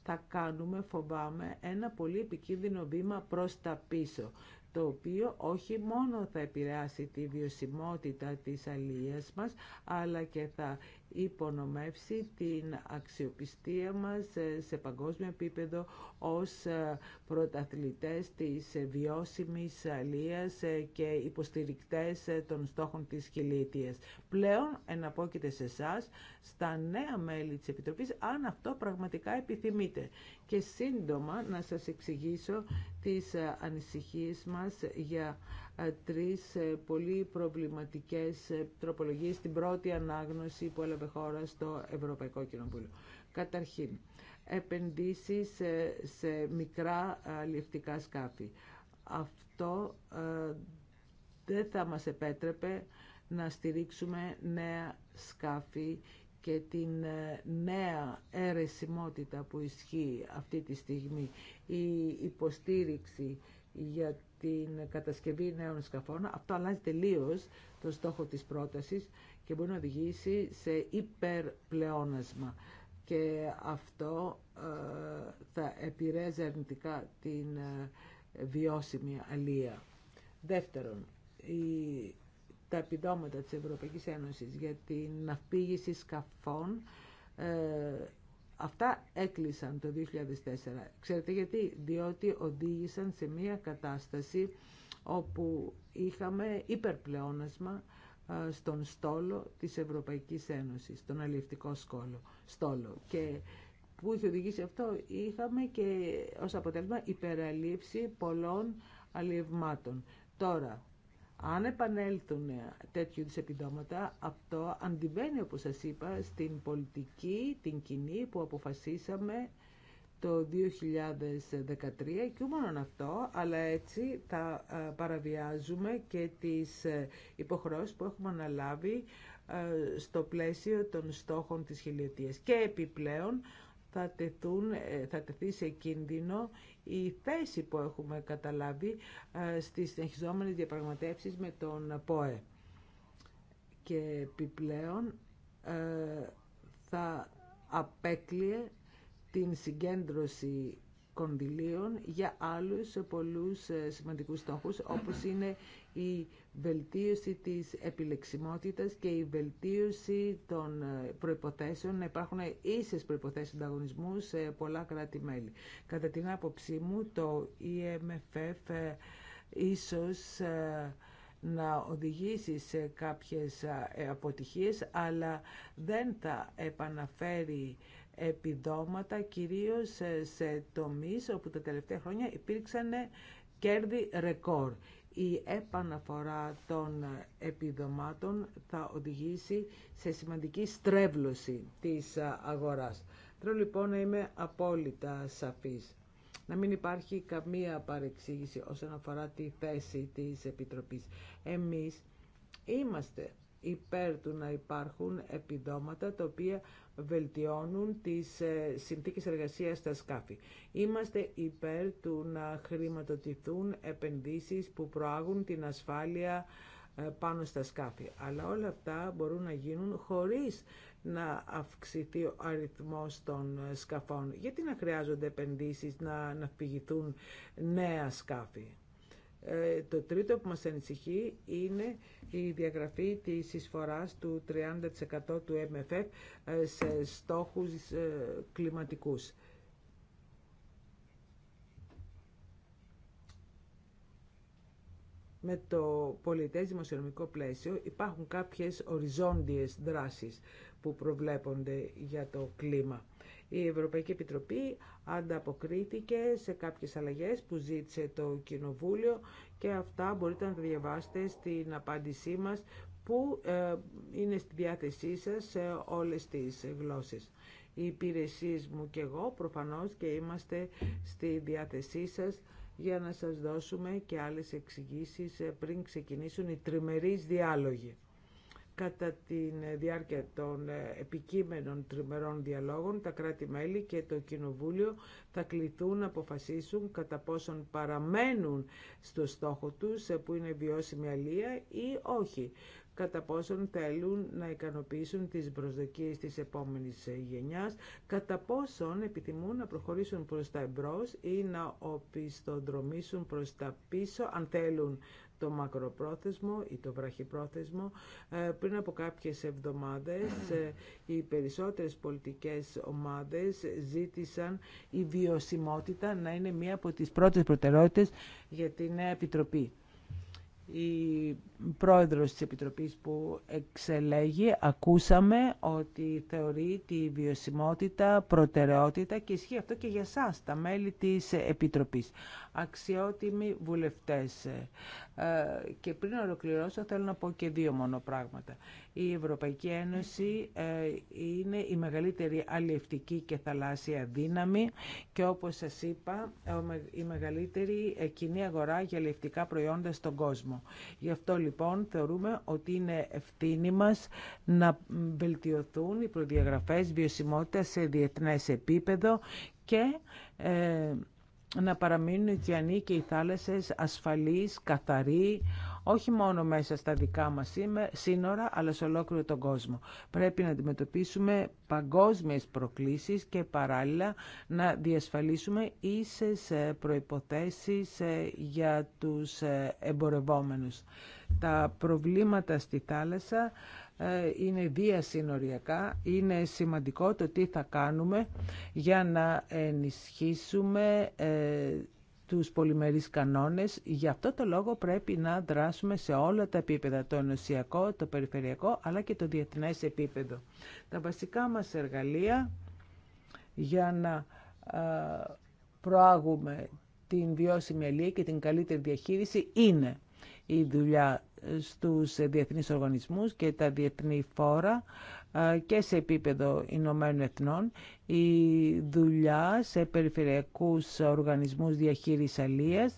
Θα κάνουμε, φοβάμαι, ένα πολύ επικίνδυνο βήμα προς τα πίσω το οποίο όχι μόνο θα επηρεάσει τη βιωσιμότητα της αλίας μας, αλλά και θα υπονομεύσει την αξιοπιστία μας σε παγκόσμιο επίπεδο ως ε, πρωταθλητές της βιώσιμης αλίας ε, και υποστηρικτές ε, των στόχων της χιλίτιας. Πλέον εναπόκειται σε εσά στα νέα μέλη της Επιτροπής, αν αυτό πραγματικά επιθυμείτε. Και σύντομα να σας εξηγήσω τις ανησυχίες μας για τρεις ε, πολύ προβληματικές ε, τροπολογίες στην πρώτη ανάγνωση που έλαβε χώρα στο Ευρωπαϊκό Κοινοβούλιο. Καταρχήν, επενδύσεις ε, σε μικρά αλληλευτικά σκάφη. Αυτό δεν θα μας επέτρεπε να στηρίξουμε νέα σκάφη και την νέα αίρεσιμότητα που ισχύει αυτή τη στιγμή. Η υποστήριξη για την κατασκευή νέων σκαφών. Αυτό αλλάζει τελείω το στόχο της πρότασης και μπορεί να οδηγήσει σε υπερπλεώνασμα Και αυτό ε, θα επηρέαζε αρνητικά την ε, βιώσιμη αλία. Δεύτερον, η, τα επιδόματα της Ευρωπαϊκής Ένωσης για την αφήγηση σκαφών ε, Αυτά έκλεισαν το 2004. Ξέρετε γιατί, διότι οδήγησαν σε μια κατάσταση όπου είχαμε υπερπλεόνασμα στον στόλο της Ευρωπαϊκής Ένωσης, τον αλληλευτικό σκόλο, στόλο. Και που είχε οδηγήσει αυτό, είχαμε και ως αποτέλεσμα υπεραλήψη πολλών αλληλευμάτων. Τώρα, αν επανέλθουν τέτοιου είδους επιδόματα, αυτό αντιβαίνει, όπως σας είπα, στην πολιτική, την κοινή που αποφασίσαμε το 2013 και μόνο αυτό, αλλά έτσι θα ε, παραβιάζουμε και τις ε, υποχρεώσεις που έχουμε αναλάβει ε, στο πλαίσιο των στόχων της χιλιετίας. Και επιπλέον θα, τεθούν, ε, θα τεθεί σε κίνδυνο η θέση που έχουμε καταλάβει ε, στις συνεχιζόμενες διαπραγματεύσεις με τον ΠΟΕ. Και επιπλέον ε, θα απέκλειε την συγκέντρωση κονδυλίων για άλλους πολλούς ε, σημαντικούς στόχους, όπως είναι η βελτίωση της επιλεξιμότητας και η βελτίωση των ε, προϋποθέσεων, να υπάρχουν ίσες προϋποθέσεις ανταγωνισμού σε πολλά κράτη-μέλη. Κατά την άποψή μου, το EMFF ε, ίσως να οδηγήσει σε κάποιες αποτυχίες, αλλά δεν θα επαναφέρει επιδόματα κυρίως σε τομείς όπου τα τελευταία χρόνια υπήρξαν κέρδη ρεκόρ. Η επαναφορά των επιδομάτων θα οδηγήσει σε σημαντική στρέβλωση της αγοράς. Θέλω λοιπόν να είμαι απόλυτα σαφής. Να μην υπάρχει καμία παρεξήγηση όσον αφορά τη θέση της Επιτροπής. Εμείς είμαστε υπέρ του να υπάρχουν επιδόματα τα οποία βελτιώνουν τις ε, συνθήκες εργασίας στα σκάφη. Είμαστε υπέρ του να χρηματοδοτηθούν επενδύσεις που προάγουν την ασφάλεια ε, πάνω στα σκάφη. Αλλά όλα αυτά μπορούν να γίνουν χωρίς να αυξηθεί ο αριθμός των ε, σκαφών. Γιατί να χρειάζονται επενδύσεις να, αναφυγηθούν νέα σκάφη. Ε, το τρίτο που μας ανησυχεί είναι η διαγραφή της εισφοράς του 30% του MFF ε, σε στόχους ε, κλιματικούς. με το πολιτές δημοσιονομικό πλαίσιο υπάρχουν κάποιες οριζόντιες δράσεις που προβλέπονται για το κλίμα. Η Ευρωπαϊκή Επιτροπή ανταποκρίθηκε σε κάποιες αλλαγές που ζήτησε το Κοινοβούλιο και αυτά μπορείτε να τα διαβάσετε στην απάντησή μας που ε, είναι στη διάθεσή σας σε όλες τις γλώσσες. Οι υπηρεσίε μου και εγώ προφανώς και είμαστε στη διάθεσή σας για να σας δώσουμε και άλλες εξηγήσεις ε, πριν ξεκινήσουν οι τριμερείς διάλογοι κατά τη διάρκεια των επικείμενων τριμερών διαλόγων τα κράτη-μέλη και το Κοινοβούλιο θα κληθούν να αποφασίσουν κατά πόσον παραμένουν στο στόχο τους που είναι βιώσιμη αλία ή όχι κατά πόσον θέλουν να ικανοποιήσουν τις προσδοκίες της επόμενης γενιάς, κατά πόσον επιθυμούν να προχωρήσουν προς τα εμπρός ή να οπισθοδρομήσουν προς τα πίσω, αν θέλουν το μακροπρόθεσμο ή το βραχυπρόθεσμο. Ε, πριν από κάποιες εβδομάδες ε, οι περισσότερες πολιτικές ομάδες ζήτησαν η βιωσιμότητα να είναι μία από τις πρώτες προτεραιότητες για την νέα Επιτροπή η πρόεδρος της Επιτροπής που εξελέγει, ακούσαμε ότι θεωρεί τη βιωσιμότητα προτεραιότητα και ισχύει αυτό και για σας, τα μέλη της Επιτροπής. Αξιότιμοι βουλευτές. Ε, και πριν ολοκληρώσω θέλω να πω και δύο μόνο πράγματα. Η Ευρωπαϊκή Ένωση ε, είναι η μεγαλύτερη αλληλευτική και θαλάσσια δύναμη και όπως σας είπα η μεγαλύτερη ε, κοινή αγορά για αλληλευτικά προϊόντα στον κόσμο. Γι' αυτό λοιπόν θεωρούμε ότι είναι ευθύνη μας να βελτιωθούν οι προδιαγραφές βιωσιμότητα σε διεθνές επίπεδο και ε, να παραμείνουν οι ωκεανοί και οι θάλασσες ασφαλείς, καθαροί, όχι μόνο μέσα στα δικά μας σύνορα, αλλά σε ολόκληρο τον κόσμο. Πρέπει να αντιμετωπίσουμε παγκόσμιες προκλήσεις και παράλληλα να διασφαλίσουμε ίσες ε, προϋποθέσεις ε, για τους ε, εμπορευόμενους. Τα προβλήματα στη θάλασσα είναι διασυνοριακά. Είναι σημαντικό το τι θα κάνουμε για να ενισχύσουμε τους πολυμερείς κανόνες. Γι' αυτό το λόγο πρέπει να δράσουμε σε όλα τα επίπεδα, το ενωσιακό, το περιφερειακό, αλλά και το διεθνές επίπεδο. Τα βασικά μας εργαλεία για να προάγουμε την βιώσιμη αλληλεία και την καλύτερη διαχείριση είναι η δουλειά στους διεθνείς οργανισμούς και τα διεθνή φόρα και σε επίπεδο Ηνωμένων Εθνών η δουλειά σε περιφερειακούς οργανισμούς διαχείρισης αλίας,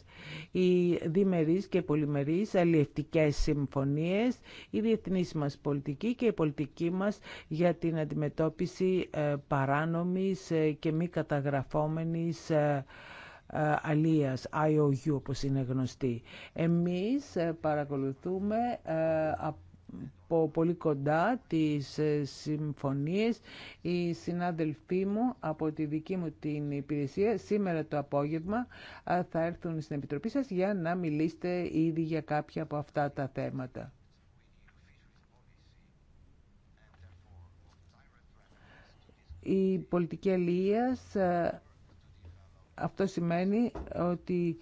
οι διμερείς και πολυμερείς αλλιευτικές συμφωνίες, η διεθνής μας πολιτική και η πολιτική μας για την αντιμετώπιση ε, παράνομης ε, και μη καταγραφόμενης ε, ε, αλίας, IOU όπως είναι γνωστή. Εμείς ε, παρακολουθούμε ε, από πολύ κοντά τις συμφωνίες. Οι συνάδελφοί μου από τη δική μου την υπηρεσία σήμερα το απόγευμα θα έρθουν στην Επιτροπή σας για να μιλήσετε ήδη για κάποια από αυτά τα θέματα. Η πολιτική αλίας αυτό σημαίνει ότι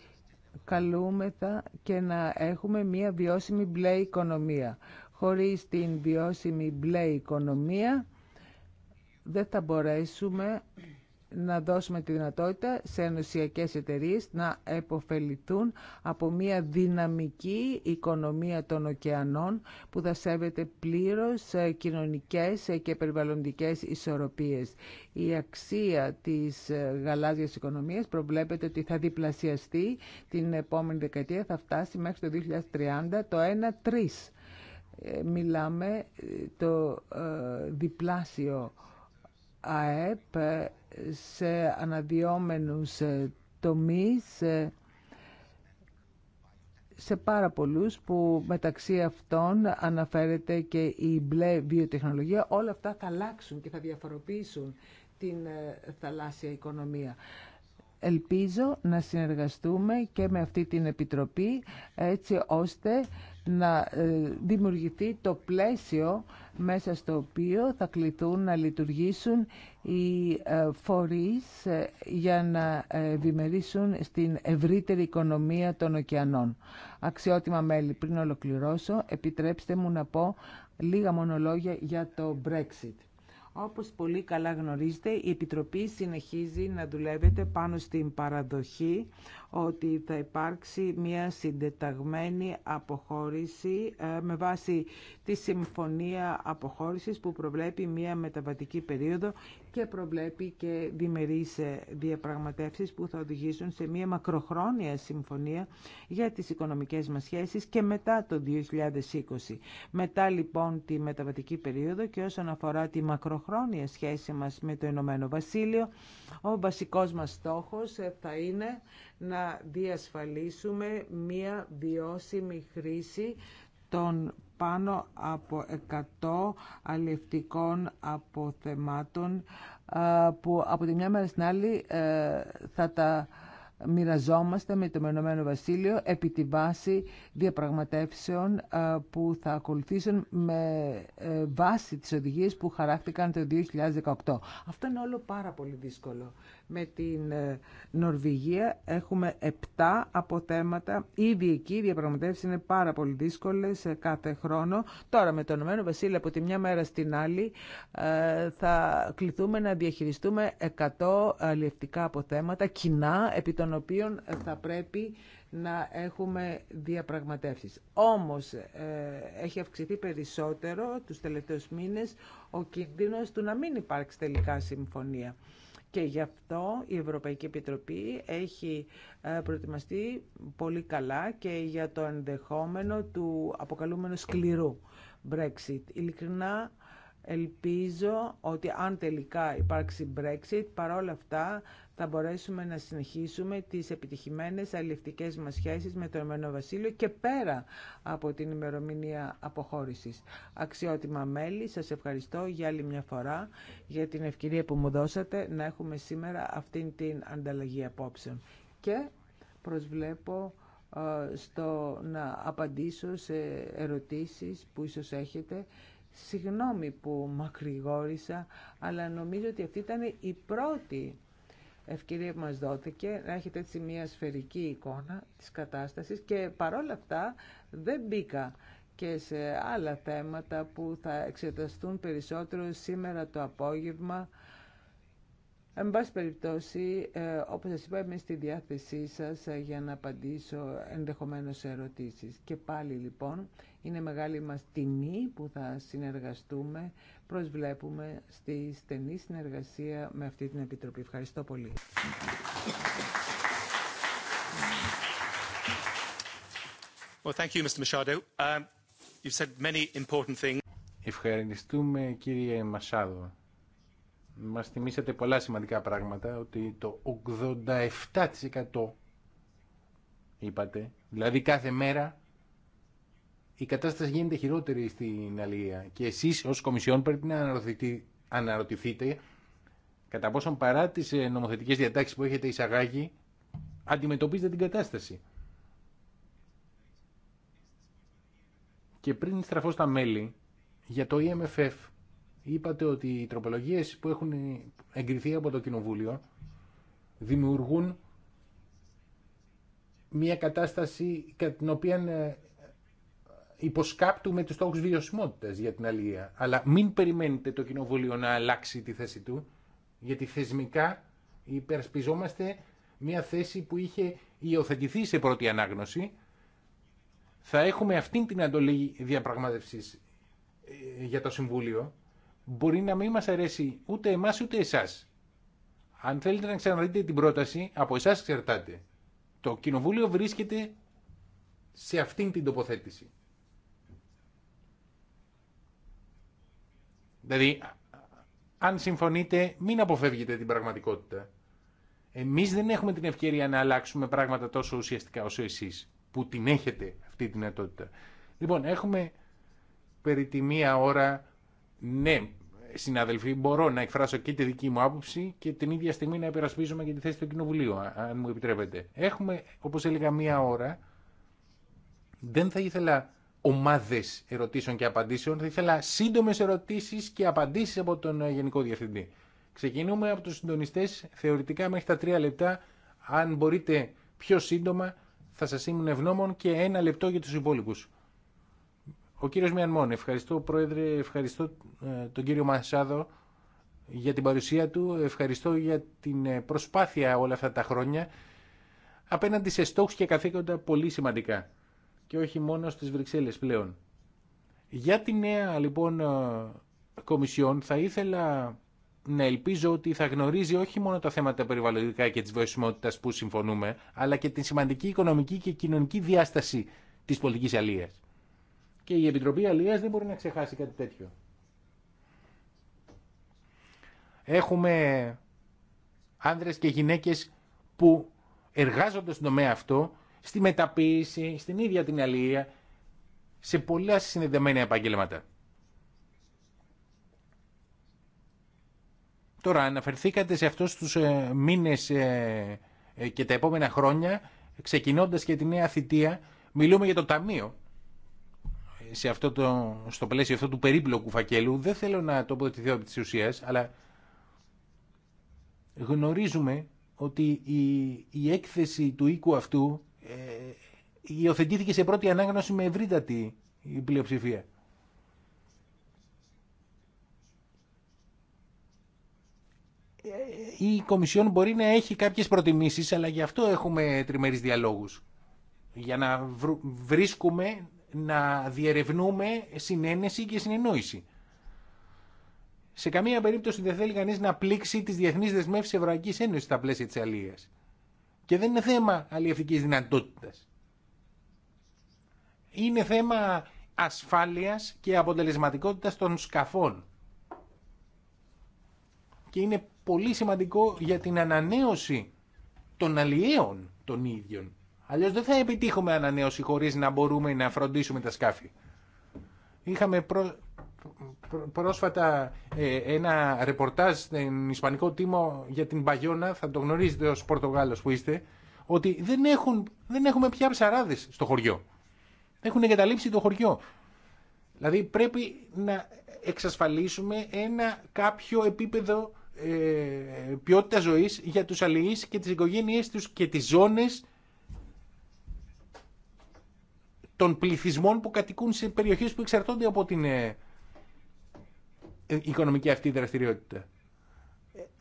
καλούμεθα και να έχουμε μια βιώσιμη μπλε οικονομία. Χωρίς την βιώσιμη μπλε οικονομία δεν θα μπορέσουμε να δώσουμε τη δυνατότητα σε ενωσιακές εταιρείε να επωφεληθούν από μια δυναμική οικονομία των ωκεανών που θα σέβεται πλήρως ε, κοινωνικές ε, και περιβαλλοντικές ισορροπίες. Η αξία της ε, γαλάζιας οικονομίας προβλέπεται ότι θα διπλασιαστεί την επόμενη δεκαετία, θα φτάσει μέχρι το 2030 το 1-3. Μιλάμε το διπλάσιο ΑΕΠ σε αναδιόμενους ε, τομείς ε, σε πάρα πολλούς που μεταξύ αυτών αναφέρεται και η μπλε βιοτεχνολογία. Όλα αυτά θα αλλάξουν και θα διαφοροποιήσουν την ε, θαλάσσια οικονομία. Ελπίζω να συνεργαστούμε και με αυτή την Επιτροπή έτσι ώστε να δημιουργηθεί το πλαίσιο μέσα στο οποίο θα κληθούν να λειτουργήσουν οι ε, φορείς ε, για να ε, ευημερίσουν στην ευρύτερη οικονομία των ωκεανών. Αξιότιμα μέλη, πριν ολοκληρώσω, επιτρέψτε μου να πω λίγα μονολόγια για το Brexit. Όπως πολύ καλά γνωρίζετε, η Επιτροπή συνεχίζει να δουλεύεται πάνω στην παραδοχή ότι θα υπάρξει μια συντεταγμένη αποχώρηση ε, με βάση τη συμφωνία αποχώρησης που προβλέπει μια μεταβατική περίοδο και προβλέπει και διμερείς ε, διαπραγματεύσεις που θα οδηγήσουν σε μια μακροχρόνια συμφωνία για τις οικονομικές μας σχέσεις και μετά το 2020. Μετά λοιπόν τη μεταβατική περίοδο και όσον αφορά τη μακροχρόνια σχέση μας με το Ηνωμένο Βασίλειο, ο βασικός μας στόχος ε, θα είναι να διασφαλίσουμε μια βιώσιμη χρήση των πάνω από 100 αλληλευτικών αποθεμάτων ε, που από τη μια μέρα στην άλλη ε, θα τα μοιραζόμαστε με το Μενωμένο Βασίλειο επί τη βάση διαπραγματεύσεων ε, που θα ακολουθήσουν με βάση τις οδηγίες που χαράχτηκαν το 2018. Αυτό είναι όλο πάρα πολύ δύσκολο με την ε, Νορβηγία έχουμε 7 αποθέματα. Ήδη εκεί οι διαπραγματεύσει είναι πάρα πολύ δύσκολε ε, κάθε χρόνο. Τώρα με το Ηνωμένο Βασίλειο από τη μια μέρα στην άλλη ε, θα κληθούμε να διαχειριστούμε 100 αλληλευτικά αποθέματα κοινά επί των οποίων θα πρέπει να έχουμε διαπραγματεύσεις. Όμως έχει αυξηθεί περισσότερο τους τελευταίους μήνες ο κίνδυνος του να μην υπάρξει τελικά συμφωνία. Και γι' αυτό η Ευρωπαϊκή Επιτροπή έχει ε, προετοιμαστεί πολύ καλά και για το ενδεχόμενο του αποκαλούμενου σκληρού Brexit. Ειλικρινά ελπίζω ότι αν τελικά υπάρξει Brexit, παρόλα αυτά θα μπορέσουμε να συνεχίσουμε τις επιτυχημένες αλληλευτικές μας σχέσεις με το Ηνωμένο Βασίλειο και πέρα από την ημερομηνία αποχώρησης. Αξιότιμα μέλη, σας ευχαριστώ για άλλη μια φορά για την ευκαιρία που μου δώσατε να έχουμε σήμερα αυτήν την ανταλλαγή απόψεων. Και προσβλέπω ε, στο να απαντήσω σε ερωτήσεις που ίσως έχετε. Συγγνώμη που μακρηγόρησα, αλλά νομίζω ότι αυτή ήταν η πρώτη ευκαιρία που μας δόθηκε να έχετε έτσι μια σφαιρική εικόνα της κατάστασης και παρόλα αυτά δεν μπήκα και σε άλλα θέματα που θα εξεταστούν περισσότερο σήμερα το απόγευμα. Εν πάση περιπτώσει, ε, όπως σας είπα, είμαι στη διάθεσή σας ε, για να απαντήσω ενδεχομένως σε ερωτήσεις. Και πάλι λοιπόν, είναι μεγάλη μας τιμή που θα συνεργαστούμε προσβλέπουμε στη στενή συνεργασία με αυτή την Επιτροπή. Ευχαριστώ πολύ. Ευχαριστούμε κύριε Μασάδο. Μας θυμήσατε πολλά σημαντικά πράγματα, ότι το 87% είπατε, δηλαδή κάθε μέρα η κατάσταση γίνεται χειρότερη στην Αλία και εσεί ω Κομισιόν πρέπει να αναρωτηθείτε κατά πόσον παρά τι ε, νομοθετικέ διατάξει που έχετε εισαγάγει αντιμετωπίζετε την κατάσταση. Και πριν στραφώ στα μέλη, για το EMFF είπατε ότι οι τροπολογίες που έχουν εγκριθεί από το Κοινοβούλιο δημιουργούν μια κατάσταση κατά την οποία ε, υποσκάπτουμε τους στόχους βιωσιμότητα για την αλληλεία. Αλλά μην περιμένετε το κοινοβούλιο να αλλάξει τη θέση του, γιατί θεσμικά υπερασπιζόμαστε μια θέση που είχε υιοθετηθεί σε πρώτη ανάγνωση. Θα έχουμε αυτήν την αντολή διαπραγμάτευση ε, για το Συμβούλιο. Μπορεί να μην μας αρέσει ούτε εμάς ούτε εσάς. Αν θέλετε να ξαναδείτε την πρόταση, από εσά εξαρτάται. Το Κοινοβούλιο βρίσκεται σε αυτήν την τοποθέτηση. Δηλαδή, αν συμφωνείτε, μην αποφεύγετε την πραγματικότητα. Εμείς δεν έχουμε την ευκαιρία να αλλάξουμε πράγματα τόσο ουσιαστικά όσο εσείς που την έχετε αυτή τη δυνατότητα. Λοιπόν, έχουμε περί τη μία ώρα, ναι, συναδελφοί, μπορώ να εκφράσω και τη δική μου άποψη και την ίδια στιγμή να υπερασπίζομαι και τη θέση του Κοινοβουλίου, αν μου επιτρέπετε. Έχουμε, όπως έλεγα, μία ώρα. Δεν θα ήθελα Ομάδε ερωτήσεων και απαντήσεων. Θα ήθελα σύντομε ερωτήσει και απαντήσει από τον ε, Γενικό Διευθυντή. Ξεκινούμε από του συντονιστέ θεωρητικά μέχρι τα τρία λεπτά. Αν μπορείτε πιο σύντομα θα σα ήμουν ευγνώμων και ένα λεπτό για του υπόλοιπου. Ο κύριο Μιανμόν, ευχαριστώ Πρόεδρε, ευχαριστώ ε, τον κύριο Μασάδο για την παρουσία του, ευχαριστώ για την ε, προσπάθεια όλα αυτά τα χρόνια απέναντι σε στόχους και καθήκοντα πολύ σημαντικά και όχι μόνο στις Βρυξέλλες πλέον. Για τη νέα λοιπόν ε, Κομισιόν θα ήθελα να ελπίζω ότι θα γνωρίζει όχι μόνο τα θέματα περιβαλλοντικά και της βοησιμότητας που συμφωνούμε, αλλά και τη σημαντική οικονομική και κοινωνική διάσταση της πολιτικής αλίας. Και η Επιτροπή Αλίας δεν μπορεί να ξεχάσει κάτι τέτοιο. Έχουμε άνδρες και γυναίκες που εργάζονται στον τομέα αυτό στη μεταποίηση, στην ίδια την αλληλεία, σε πολλά συνδεδεμένα επαγγέλματα. Τώρα αναφερθήκατε σε αυτούς τους ε, μήνες ε, ε, και τα επόμενα χρόνια, ξεκινώντας και τη νέα θητεία, μιλούμε για το Ταμείο. Σε αυτό το, στο πλαίσιο αυτού του περίπλοκου φακέλου δεν θέλω να τοποθετηθώ από τις ουσίες, αλλά γνωρίζουμε ότι η, η έκθεση του οίκου αυτού ε, υιοθετήθηκε σε πρώτη ανάγνωση με ευρύτατη η πλειοψηφία. Ε, η Κομισιόν μπορεί να έχει κάποιες προτιμήσεις, αλλά γι' αυτό έχουμε τριμερείς διαλόγους. Για να βρίσκουμε, να διερευνούμε συνένεση και συνεννόηση. Σε καμία περίπτωση δεν θέλει κανείς να πλήξει τις διεθνείς δεσμεύσεις Ευρωπαϊκής Ένωσης στα πλαίσια της Αλίας. Και δεν είναι θέμα αλλιευτικής δυνατότητας. Είναι θέμα ασφάλειας και αποτελεσματικότητας των σκαφών. Και είναι πολύ σημαντικό για την ανανέωση των αλλιέων των ίδιων. Αλλιώς δεν θα επιτύχουμε ανανέωση χωρίς να μπορούμε να φροντίσουμε τα σκάφη. Είχαμε προ πρόσφατα ε, ένα ρεπορτάζ στην Ισπανικό Τίμο για την Παγιώνα, θα το γνωρίζετε ως Πορτογάλος που είστε, ότι δεν, έχουν, δεν έχουμε πια ψαράδες στο χωριό. Έχουν εγκαταλείψει το χωριό. Δηλαδή πρέπει να εξασφαλίσουμε ένα κάποιο επίπεδο ε, ποιότητα ζωής για τους αλληλείς και τις οικογένειές τους και τις ζώνες των πληθυσμών που κατοικούν σε περιοχές που εξαρτώνται από την ε, οικονομική αυτή δραστηριότητα.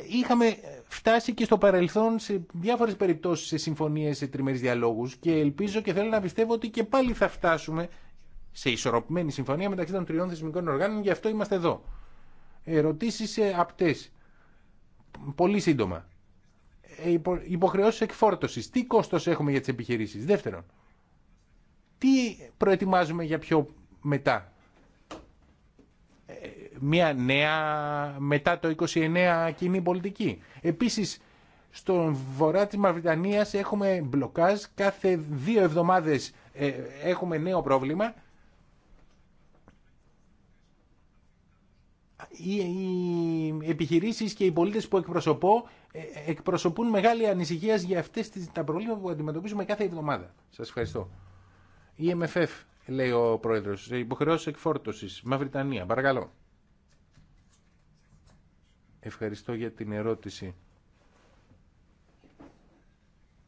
Είχαμε φτάσει και στο παρελθόν σε διάφορες περιπτώσεις σε συμφωνίες, σε τριμερείς διαλόγους και ελπίζω και θέλω να πιστεύω ότι και πάλι θα φτάσουμε σε ισορροπημένη συμφωνία μεταξύ των τριών θεσμικών οργάνων, γι' αυτό είμαστε εδώ. Ερωτήσεις ε, απτέ. Πολύ σύντομα. Ε, Υποχρεώσει εκφόρτωση. Τι κόστο έχουμε για τι επιχειρήσει. Δεύτερον, τι προετοιμάζουμε για πιο μετά μια νέα μετά το 29 κοινή πολιτική. Επίσης, στον βορρά της Μαυριτανίας έχουμε μπλοκάζ, κάθε δύο εβδομάδες ε, έχουμε νέο πρόβλημα. Οι επιχειρήσεις και οι πολίτες που εκπροσωπώ ε, εκπροσωπούν μεγάλη ανησυχία για αυτές τα προβλήματα που αντιμετωπίζουμε κάθε εβδομάδα. Σας ευχαριστώ. Η MFF, λέει ο Πρόεδρος, υποχρεώσεις εκφόρτωσης, Μαυριτανία, παρακαλώ. Ευχαριστώ για την ερώτηση,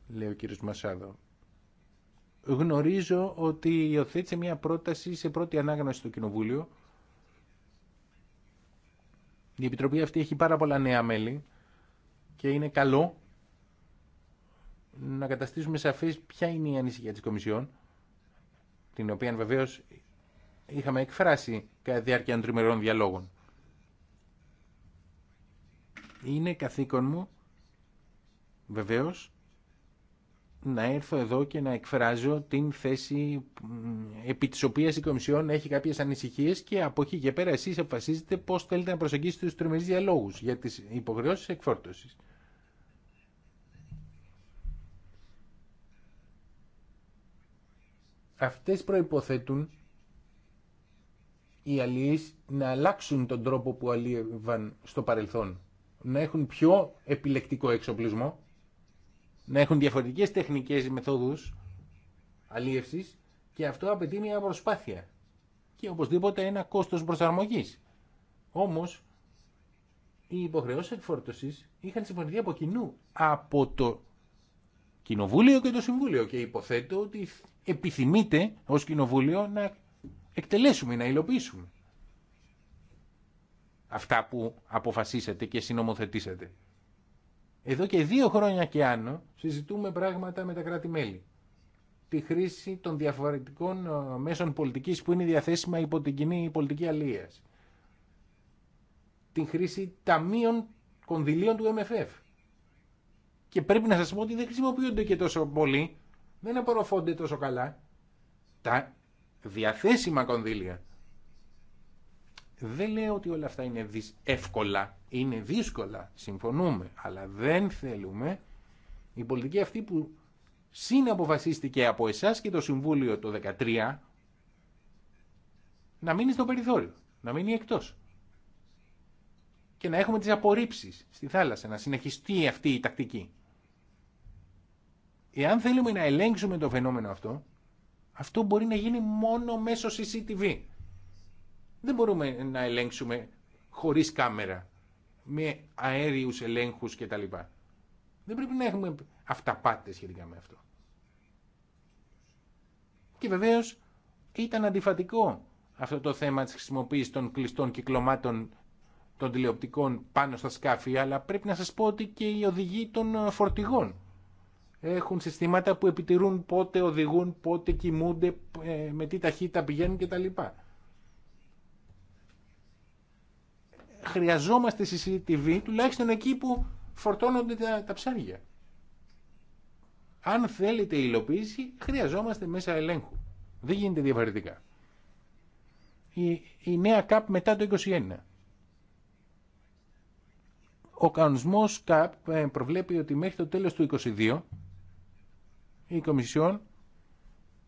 λέει ο κύριος Μασάδο. Γνωρίζω ότι υιοθέτησε μια πρόταση σε πρώτη ανάγνωση στο Κοινοβούλιο. Η Επιτροπή αυτή έχει πάρα πολλά νέα μέλη και είναι καλό να καταστήσουμε σαφής ποια είναι η ανησυχία της Κομισιόν, την οποία βεβαίως είχαμε εκφράσει κατά διάρκεια των τριμερών διαλόγων είναι καθήκον μου βεβαίως να έρθω εδώ και να εκφράζω την θέση επί της οποίας η Κομισιόν έχει κάποιες ανησυχίες και από εκεί και πέρα εσείς αποφασίζετε πώς θέλετε να προσεγγίσετε τους τριμερείς διαλόγους για τις υποχρεώσεις εκφόρτωσης. Αυτές προϋποθέτουν οι αλληλείς να αλλάξουν τον τρόπο που αλλήλευαν στο παρελθόν να έχουν πιο επιλεκτικό εξοπλισμό, να έχουν διαφορετικές τεχνικές μεθόδους αλίευσης και αυτό απαιτεί μια προσπάθεια και οπωσδήποτε ένα κόστος προσαρμογής. Όμως, οι υποχρεώσει εκφόρτωση είχαν συμφωνηθεί από κοινού από το Κοινοβούλιο και το Συμβούλιο και υποθέτω ότι επιθυμείτε ως Κοινοβούλιο να εκτελέσουμε, να υλοποιήσουμε αυτά που αποφασίσατε και συνομοθετήσατε. Εδώ και δύο χρόνια και άνω συζητούμε πράγματα με τα κράτη-μέλη. Τη χρήση των διαφορετικών ε, μέσων πολιτικής που είναι διαθέσιμα υπό την κοινή πολιτική αλίας. Τη χρήση ταμείων κονδυλίων του MFF. Και πρέπει να σας πω ότι δεν χρησιμοποιούνται και τόσο πολύ, δεν απορροφώνται τόσο καλά τα διαθέσιμα κονδύλια δεν λέω ότι όλα αυτά είναι εύκολα, είναι δύσκολα, συμφωνούμε, αλλά δεν θέλουμε η πολιτική αυτή που συναποφασίστηκε από εσάς και το Συμβούλιο το 2013 να μείνει στο περιθώριο, να μείνει εκτός και να έχουμε τις απορρίψεις στη θάλασσα, να συνεχιστεί αυτή η τακτική. Εάν θέλουμε να ελέγξουμε το φαινόμενο αυτό, αυτό μπορεί να γίνει μόνο μέσω CCTV δεν μπορούμε να ελέγξουμε χωρίς κάμερα, με αέριους ελέγχους κτλ. Δεν πρέπει να έχουμε αυταπάτες σχετικά με αυτό. Και βεβαίως ήταν αντιφατικό αυτό το θέμα της χρησιμοποίησης των κλειστών κυκλωμάτων των τηλεοπτικών πάνω στα σκάφη, αλλά πρέπει να σας πω ότι και οι οδηγοί των ε, φορτηγών έχουν συστήματα που επιτηρούν πότε οδηγούν, πότε κοιμούνται, ε, με τι ταχύτητα πηγαίνουν κτλ. χρειαζόμαστε CCTV τουλάχιστον εκεί που φορτώνονται τα, ψάρια. Αν θέλετε υλοποίηση, χρειαζόμαστε μέσα ελέγχου. Δεν γίνεται διαφορετικά. Η, νέα ΚΑΠ μετά το 2021. Ο κανονισμός ΚΑΠ ε, προβλέπει ότι μέχρι το τέλος του 2022 η Κομισιόν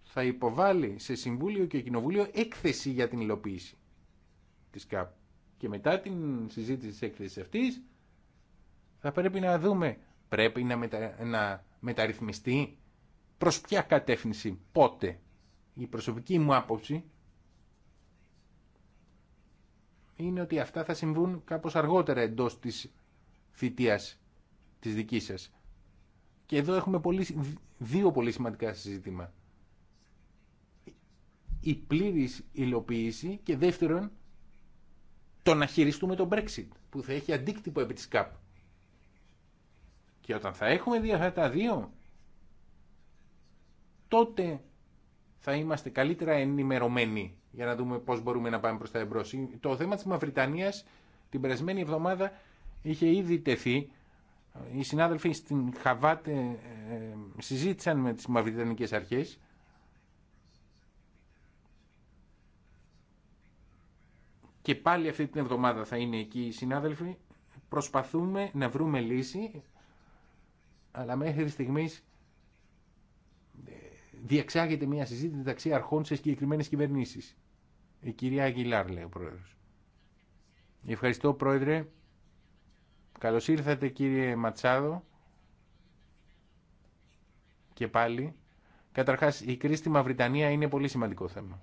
θα υποβάλει σε Συμβούλιο και Κοινοβούλιο έκθεση για την υλοποίηση της ΚΑΠ. Και μετά την συζήτηση της έκθεσης αυτής θα πρέπει να δούμε πρέπει να, μετα... να μεταρρυθμιστεί προς ποια κατεύθυνση, πότε. Η προσωπική μου άποψη είναι ότι αυτά θα συμβούν κάπως αργότερα εντός της θητείας της δικής σας. Και εδώ έχουμε πολύ, δύο πολύ σημαντικά συζήτημα. Η πλήρης υλοποίηση και δεύτερον το να χειριστούμε το Brexit που θα έχει αντίκτυπο επί της ΚΑΠ. Και όταν θα έχουμε δύο αυτά τα δύο, τότε θα είμαστε καλύτερα ενημερωμένοι για να δούμε πώς μπορούμε να πάμε προς τα εμπρός. Το θέμα της Μαυριτανίας την περασμένη εβδομάδα είχε ήδη τεθεί. Οι συνάδελφοι στην Χαβάτε ε, ε, συζήτησαν με τις Μαυριτανικές Αρχές και πάλι αυτή την εβδομάδα θα είναι εκεί οι συνάδελφοι. Προσπαθούμε να βρούμε λύση, αλλά μέχρι στιγμή ε, διεξάγεται μια συζήτηση μεταξύ αρχών σε συγκεκριμένε κυβερνήσει. Η κυρία Αγγιλάρ, λέει ο πρόεδρο. Ευχαριστώ, πρόεδρε. Καλώ ήρθατε, κύριε Ματσάδο. Και πάλι. Καταρχά, η κρίση στη Μαυριτανία είναι πολύ σημαντικό θέμα.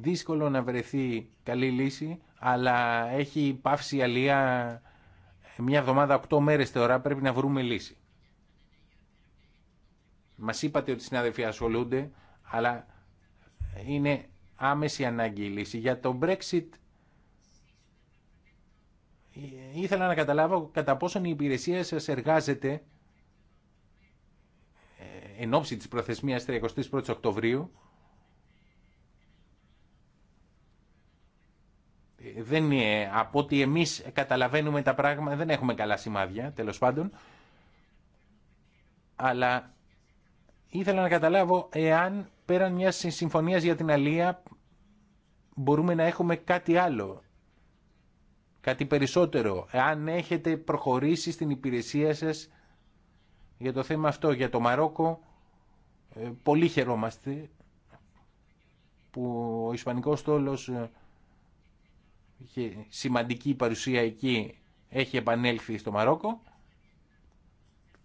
δύσκολο να βρεθεί καλή λύση, αλλά έχει πάυσει η μια εβδομάδα, οκτώ μέρες θεωρά, πρέπει να βρούμε λύση. Μας είπατε ότι οι συνάδελφοι ασχολούνται, αλλά είναι άμεση ανάγκη η λύση. Για το Brexit ήθελα να καταλάβω κατά πόσον η υπηρεσία σας εργάζεται ε, εν ώψη της προθεσμίας 31 Οκτωβρίου δεν, από ό,τι εμείς καταλαβαίνουμε τα πράγματα δεν έχουμε καλά σημάδια τέλος πάντων αλλά ήθελα να καταλάβω εάν πέραν μιας συμφωνίας για την αλία μπορούμε να έχουμε κάτι άλλο κάτι περισσότερο εάν έχετε προχωρήσει στην υπηρεσία σας για το θέμα αυτό για το Μαρόκο ε, πολύ χαιρόμαστε που ο Ισπανικός στόλος ε, σημαντική παρουσία εκεί έχει επανέλθει στο Μαρόκο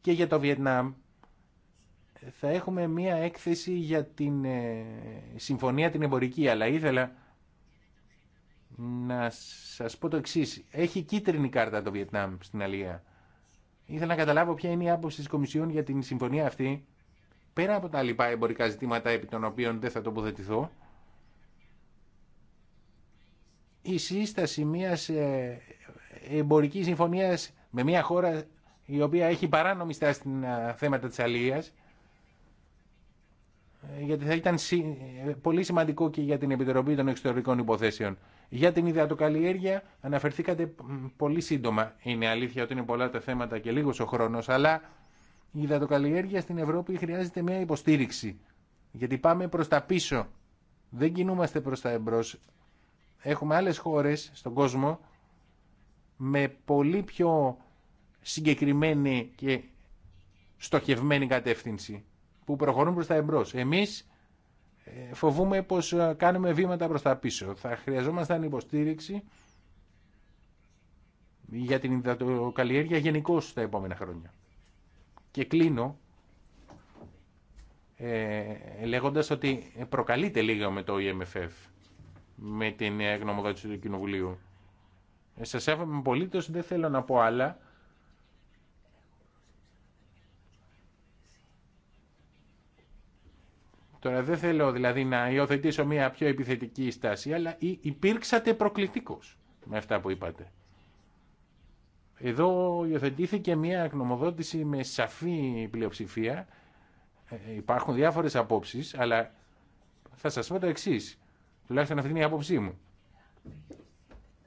και για το Βιετνάμ θα έχουμε μία έκθεση για την ε, συμφωνία την εμπορική αλλά ήθελα να σας πω το εξής έχει κίτρινη κάρτα το Βιετνάμ στην Αλία ήθελα να καταλάβω ποια είναι η άποψη της Κομισιόν για την συμφωνία αυτή πέρα από τα λοιπά εμπορικά ζητήματα επί των οποίων δεν θα τοποθετηθώ η σύσταση μιας ε, εμπορικής συμφωνίας με μια χώρα η οποία έχει παράνομη στάση στην ε, θέματα της αλληλείας ε, γιατί θα ήταν πολύ σημαντικό και για την Επιτροπή των Εξωτερικών Υποθέσεων. Για την ιδεατοκαλλιέργεια αναφερθήκατε πολύ σύντομα. Είναι αλήθεια ότι είναι πολλά τα θέματα και λίγος ο χρόνος, αλλά η ιδεατοκαλλιέργεια στην Ευρώπη χρειάζεται μια υποστήριξη. Γιατί πάμε προς τα πίσω. Δεν κινούμαστε προς τα εμπρός έχουμε άλλες χώρες στον κόσμο με πολύ πιο συγκεκριμένη και στοχευμένη κατεύθυνση που προχωρούν προς τα εμπρός. Εμείς ε, φοβούμε πως ε, κάνουμε βήματα προς τα πίσω. Θα χρειαζόμασταν υποστήριξη για την υδατοκαλλιέργεια γενικώ τα επόμενα χρόνια. Και κλείνω ε, ε λέγοντας ότι προκαλείται λίγο με το IMFF. E με την γνωμοδότηση του Κοινοβουλίου. Ε, Σα σέβομαι πολύ, δεν θέλω να πω άλλα. Τώρα δεν θέλω δηλαδή να υιοθετήσω μια πιο επιθετική στάση, αλλά υπήρξατε προκλητικός με αυτά που είπατε. Εδώ υιοθετήθηκε μια γνωμοδότηση με σαφή πλειοψηφία. Ε, υπάρχουν διάφορες απόψεις, αλλά θα σας πω το εξής. Τουλάχιστον αυτή είναι η άποψή μου.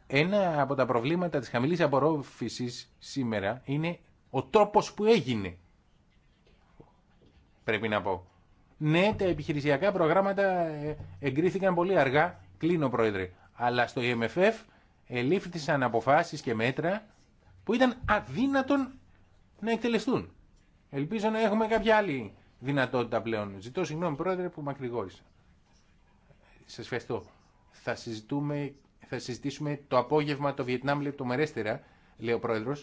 Ένα από τα προβλήματα της χαμηλής απορρόφησης σήμερα είναι ο τρόπος που έγινε. Πρέπει να πω. Ναι, τα επιχειρησιακά προγράμματα ε, εγκρίθηκαν πολύ αργά. Κλείνω, Πρόεδρε. Αλλά στο EMFF ελήφθησαν αποφάσεις και μέτρα που ήταν αδύνατον να εκτελεστούν. Ελπίζω να έχουμε κάποια άλλη δυνατότητα πλέον. Ζητώ συγγνώμη, Πρόεδρε, που μακρηγόρησα. Σα ευχαριστώ. Θα, συζητήσουμε το απόγευμα το Βιετνάμ λεπτομερέστερα, λέει ο πρόεδρο.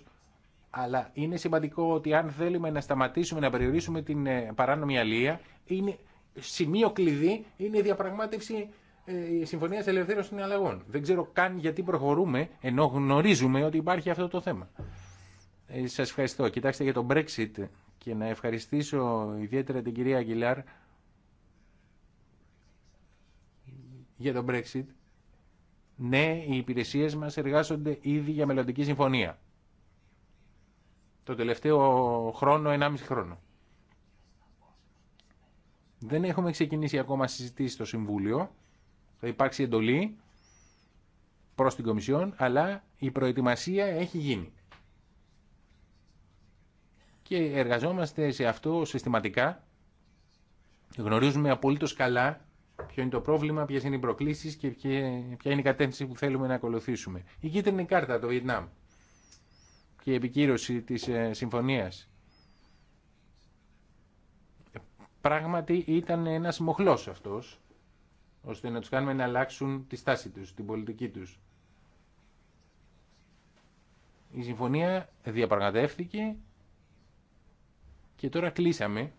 αλλά είναι σημαντικό ότι αν θέλουμε να σταματήσουμε, να περιορίσουμε την ε, παράνομη αλλήλεια, είναι σημείο κλειδί είναι η διαπραγμάτευση ε, η Συμφωνία Ελευθέρωση αλλαγών. Δεν ξέρω καν γιατί προχωρούμε, ενώ γνωρίζουμε ότι υπάρχει αυτό το θέμα. Ε, σας ευχαριστώ. Κοιτάξτε για το Brexit και να ευχαριστήσω ιδιαίτερα την κυρία Αγγιλάρ για το Brexit. Ναι, οι υπηρεσίες μας εργάζονται ήδη για μελλοντική συμφωνία. Το τελευταίο χρόνο, 1,5 χρόνο. Δεν έχουμε ξεκινήσει ακόμα συζητήσει στο Συμβούλιο. Θα υπάρξει εντολή προς την Κομισιόν, αλλά η προετοιμασία έχει γίνει. Και εργαζόμαστε σε αυτό συστηματικά. Γνωρίζουμε απολύτως καλά ποιο είναι το πρόβλημα, ποιε είναι οι προκλήσει και ποια είναι η κατεύθυνση που θέλουμε να ακολουθήσουμε. Η κίτρινη κάρτα, το Βιετνάμ και η επικύρωση της ε, συμφωνίας πράγματι ήταν ένας μοχλός αυτό ώστε να του κάνουμε να αλλάξουν τη στάση τους, την πολιτική τους. Η συμφωνία διαπραγματεύτηκε και τώρα κλείσαμε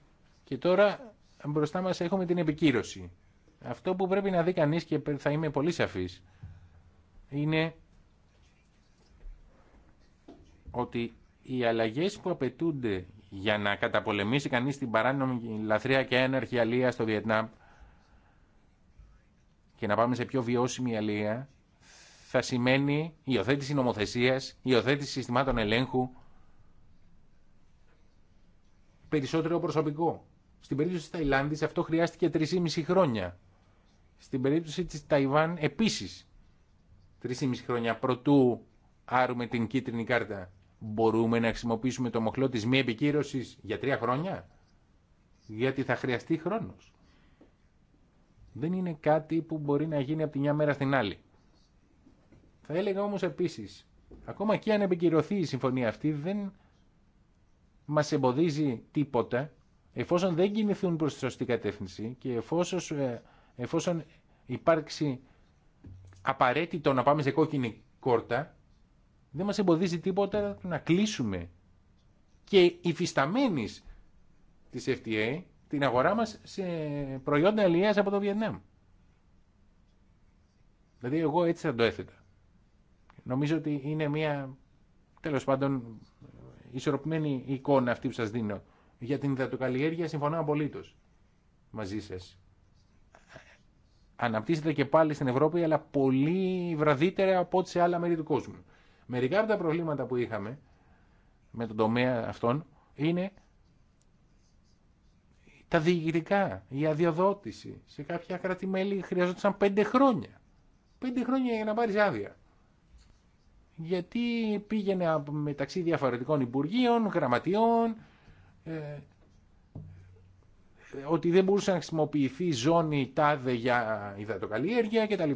και τώρα μπροστά μας έχουμε την επικύρωση. Αυτό που πρέπει να δει κανείς και θα είμαι πολύ σαφής είναι ότι οι αλλαγές που απαιτούνται για να καταπολεμήσει κανείς την παράνομη λαθρεία και έναρχη αλεία στο Βιετνάμ και να πάμε σε πιο βιώσιμη αλεία θα σημαίνει υιοθέτηση νομοθεσίας, υιοθέτηση συστημάτων ελέγχου, περισσότερο προσωπικό. Στην περίπτωση της Ταϊλάνδης αυτό χρειάστηκε 3,5 χρόνια στην περίπτωση της Ταϊβάν επίσης, 3,5 χρόνια πρωτού άρουμε την κίτρινη κάρτα, μπορούμε να χρησιμοποιήσουμε το μοχλό της μη επικύρωσης για τρία χρόνια, γιατί θα χρειαστεί χρόνος. Δεν είναι κάτι που μπορεί να γίνει από τη μια μέρα στην άλλη. Θα έλεγα όμως επίσης, ακόμα και αν επικυρωθεί η συμφωνία αυτή, δεν μας εμποδίζει τίποτα, εφόσον δεν κινηθούν προς τη σωστή κατεύθυνση και εφόσον ε, εφόσον υπάρξει απαραίτητο να πάμε σε κόκκινη κόρτα, δεν μας εμποδίζει τίποτα να κλείσουμε και υφισταμένης της FTA την αγορά μας σε προϊόντα αλληλείας από το Βιετνάμ. Δηλαδή εγώ έτσι θα το έθετα. Νομίζω ότι είναι μια τέλος πάντων ισορροπημένη εικόνα αυτή που σας δίνω. Για την υδατοκαλλιέργεια συμφωνώ απολύτως μαζί σας αναπτύσσεται και πάλι στην Ευρώπη, αλλά πολύ βραδύτερα από ό,τι σε άλλα μέρη του κόσμου. Μερικά από τα προβλήματα που είχαμε με τον τομέα αυτών είναι τα διηγητικά, η αδειοδότηση. Σε κάποια κράτη-μέλη χρειαζόταν πέντε χρόνια. Πέντε χρόνια για να πάρει άδεια. Γιατί πήγαινε μεταξύ διαφορετικών υπουργείων, γραμματιών, ε, ότι δεν μπορούσε να χρησιμοποιηθεί ζώνη τάδε για υδατοκαλλιέργεια κτλ.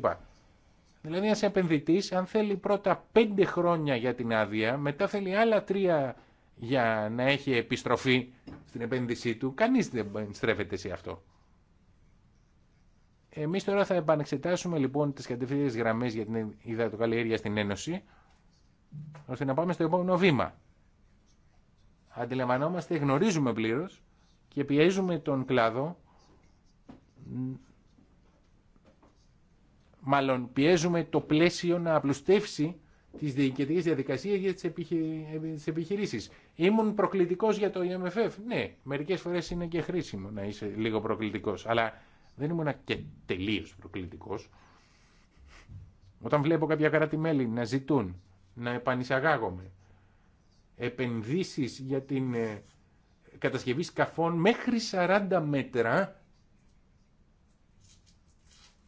Δηλαδή ένα επενδυτή, αν θέλει πρώτα πέντε χρόνια για την άδεια, μετά θέλει άλλα τρία για να έχει επιστροφή στην επένδυσή του, κανείς δεν στρέφεται σε αυτό. Εμείς τώρα θα επανεξετάσουμε λοιπόν τις κατευθείαν γραμμές για την υδατοκαλλιέργεια στην Ένωση, ώστε να πάμε στο επόμενο βήμα. Αντιλαμβανόμαστε, γνωρίζουμε πλήρως και πιέζουμε τον κλάδο, μάλλον πιέζουμε το πλαίσιο να απλουστεύσει τις διοικητικές διαδικασίες για τις, επιχει... επιχειρήσεις. Ήμουν προκλητικός για το IMFF. E ναι, μερικές φορές είναι και χρήσιμο να είσαι λίγο προκλητικός, αλλά δεν ήμουν και τελείως προκλητικός. Όταν βλέπω κάποια κράτη-μέλη να ζητούν να επανεισαγάγομαι επενδύσεις για την ε, κατασκευή καφών μέχρι 40 μέτρα,